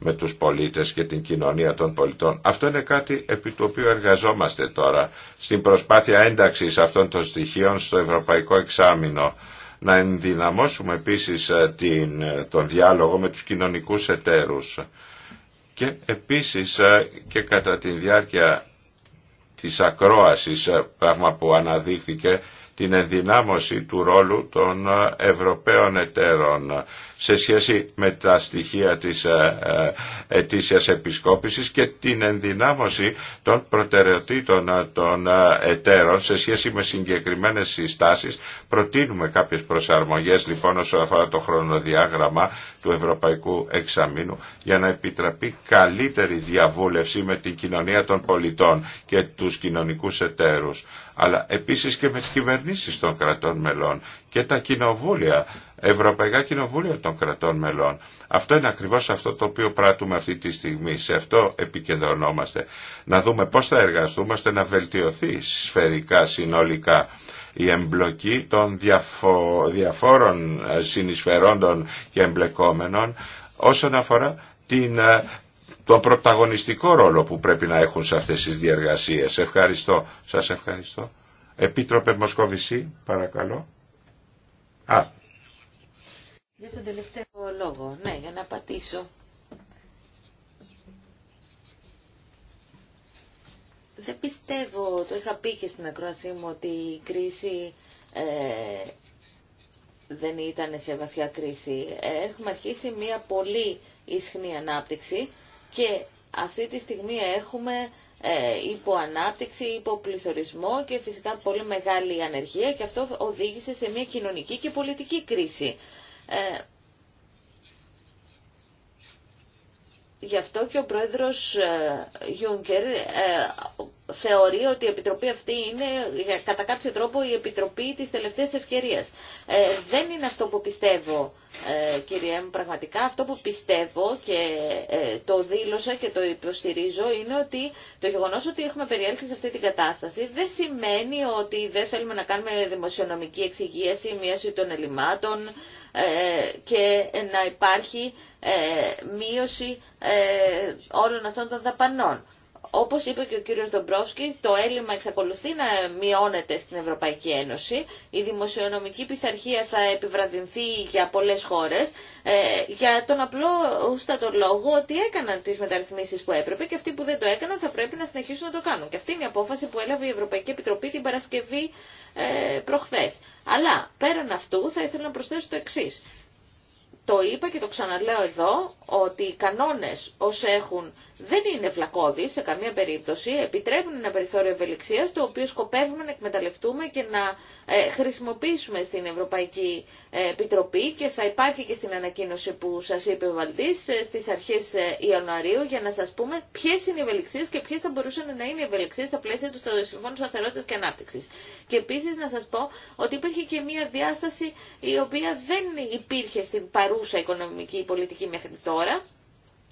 με τους πολίτες και την κοινωνία των πολιτών. Αυτό είναι κάτι επί του οποίου εργαζόμαστε τώρα στην προσπάθεια ένταξης αυτών των στοιχείων στο Ευρωπαϊκό Εξάμεινο να ενδυναμώσουμε επίσης ε, την, ε, τον διάλογο με τους κοινωνικούς εταίρους και επίσης ε, και κατά τη διάρκεια της ακρόασης, ε, πράγμα που αναδείχθηκε, την ενδυνάμωση του ρόλου των ε, Ευρωπαίων εταίρων σε σχέση με τα στοιχεία της ετήσιας ε, επισκόπησης και την ενδυνάμωση των προτεραιοτήτων ε, των ε, εταίρων σε σχέση με συγκεκριμένες συστάσεις. Προτείνουμε κάποιες προσαρμογές λοιπόν όσο αφορά το χρονοδιάγραμμα του Ευρωπαϊκού Εξαμήνου για να επιτραπεί καλύτερη διαβούλευση με την κοινωνία των πολιτών και τους κοινωνικούς εταίρους αλλά επίσης και με τις κυβερνήσεις των κρατών μελών και τα κοινοβούλια, ευρωπαϊκά κοινοβούλια των κρατών μελών. Αυτό είναι ακριβώς αυτό το οποίο πράττουμε αυτή τη στιγμή. Σε αυτό επικεντρωνόμαστε. Να δούμε πώς θα εργαστούμε ώστε να βελτιωθεί σφαιρικά, συνολικά η εμπλοκή των διαφόρων ε, συνεισφερόντων και εμπλεκόμενων όσον αφορά την ε, τον πρωταγωνιστικό ρόλο που πρέπει να έχουν σε αυτές τις διεργασίες. Ευχαριστώ. Σας ευχαριστώ. Επίτροπε Μοσκοβισή, παρακαλώ. Για τον τελευταίο λόγο. Ναι, για να πατήσω. Δεν πιστεύω, το είχα πει και στην ακρόασή μου, ότι η κρίση ε, δεν ήταν σε βαθιά κρίση. Ε, έχουμε αρχίσει μια πολύ ισχνή ανάπτυξη και αυτή τη στιγμή έχουμε ε, υπό ανάπτυξη, υπό και φυσικά πολύ μεγάλη ανεργία και αυτό οδήγησε σε μια κοινωνική και πολιτική κρίση. Ε, γι' αυτό και ο πρόεδρος ε, Γιούγκερ θεωρεί ότι η Επιτροπή αυτή είναι κατά κάποιο τρόπο η Επιτροπή της τελευταίας ευκαιρίας. Ε, δεν είναι αυτό που πιστεύω, ε, κυρία μου, πραγματικά. Αυτό που πιστεύω και ε, το δήλωσα και το υποστηρίζω είναι ότι το γεγονός ότι έχουμε περιέλθει σε αυτή την κατάσταση δεν σημαίνει ότι δεν θέλουμε να κάνουμε δημοσιονομική εξηγίαση, μείωση των ελλημάτων, και να υπάρχει μείωση όλων αυτών των δαπανών. Όπως είπε και ο κύριος Ντομπρόσκη, το έλλειμμα εξακολουθεί να μειώνεται στην Ευρωπαϊκή Ένωση. Η δημοσιονομική πειθαρχία θα επιβραδυνθεί για πολλές χώρες ε, για τον απλό ούστατο λόγο ότι έκαναν τις μεταρρυθμίσεις που έπρεπε και αυτοί που δεν το έκαναν θα πρέπει να συνεχίσουν να το κάνουν. Και αυτή είναι η απόφαση που έλαβε η Ευρωπαϊκή Επιτροπή την Παρασκευή ε, προχθές. Αλλά πέραν αυτού θα ήθελα να προσθέσω το εξής το είπα και το ξαναλέω εδώ, ότι οι κανόνες όσοι έχουν δεν είναι φλακώδεις σε καμία περίπτωση, επιτρέπουν ένα περιθώριο ευελιξία το οποίο σκοπεύουμε να εκμεταλλευτούμε και να ε, χρησιμοποιήσουμε στην Ευρωπαϊκή ε, Επιτροπή και θα υπάρχει και στην ανακοίνωση που σας είπε ο Βαλτής ε, στις αρχές Ιανουαρίου για να σας πούμε ποιες είναι οι ευελιξίες και ποιες θα μπορούσαν να είναι οι ευελιξίες στα πλαίσια του Συμφώνου Σταθερότητας και Ανάπτυξης. Και επίσης να σας πω ότι υπήρχε και μια διάσταση η οποία δεν υπήρχε στην παρούσα οικονομική πολιτική μέχρι τώρα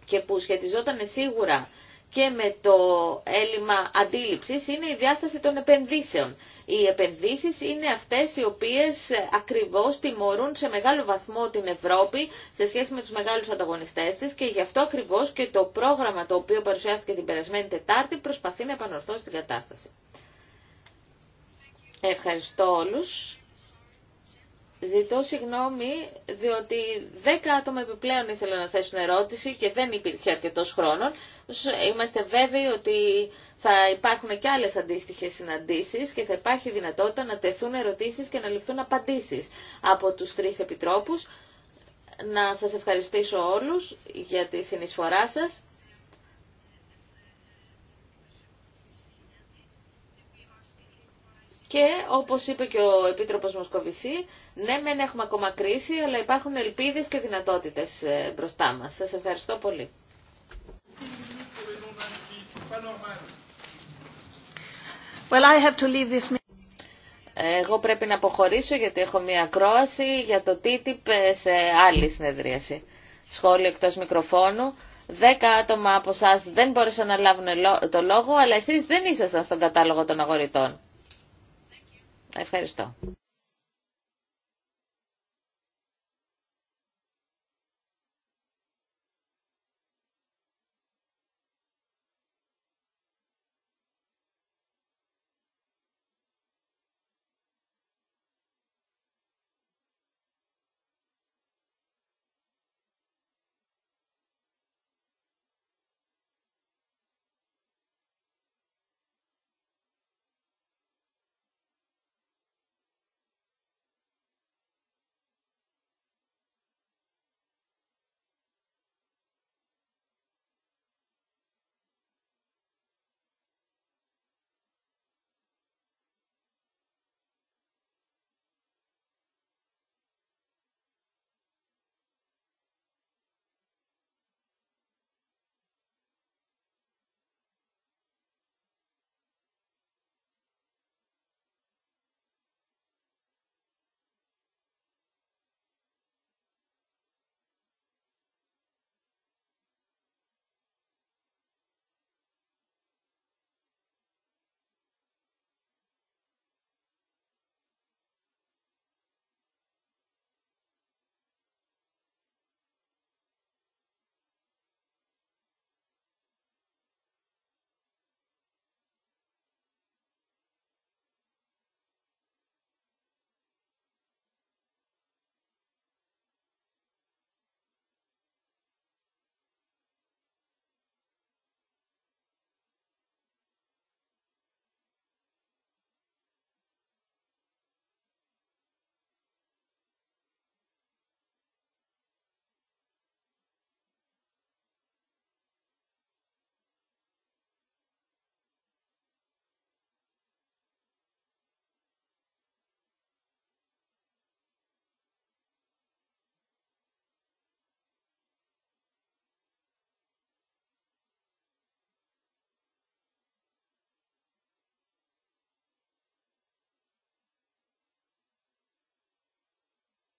και που σχετιζόταν σίγουρα και με το έλλειμμα αντίληψης είναι η διάσταση των επενδύσεων. Οι επενδύσεις είναι αυτές οι οποίες ακριβώς τιμωρούν σε μεγάλο βαθμό την Ευρώπη σε σχέση με τους μεγάλους ανταγωνιστές της και γι' αυτό ακριβώς και το πρόγραμμα το οποίο παρουσιάστηκε την περασμένη Τετάρτη προσπαθεί να επανορθώσει την κατάσταση. Ευχαριστώ όλους. Ζητώ συγγνώμη, διότι 10 άτομα επιπλέον ήθελαν να θέσουν ερώτηση και δεν υπήρχε αρκετό χρόνο. Είμαστε βέβαιοι ότι θα υπάρχουν και άλλες αντίστοιχες συναντήσεις και θα υπάρχει δυνατότητα να τεθούν ερωτήσεις και να ληφθούν απαντήσεις από τους τρεις επιτρόπους. Να σας ευχαριστήσω όλους για τη συνεισφορά σας. Και όπως είπε και ο Επίτροπος Μοσκοβισή, ναι μεν έχουμε ακόμα κρίση, αλλά υπάρχουν ελπίδες και δυνατότητες ε, μπροστά μα. Σα ευχαριστώ πολύ. Well, I have to leave this... Εγώ πρέπει να αποχωρήσω γιατί έχω μία ακρόαση για το TTIP σε άλλη συνεδρίαση. Σχόλιο εκτός μικροφώνου. Δέκα άτομα από εσά δεν μπόρεσαν να λάβουν το λόγο, αλλά εσείς δεν ήσασταν στον κατάλογο των αγορητών. Ευχαριστώ.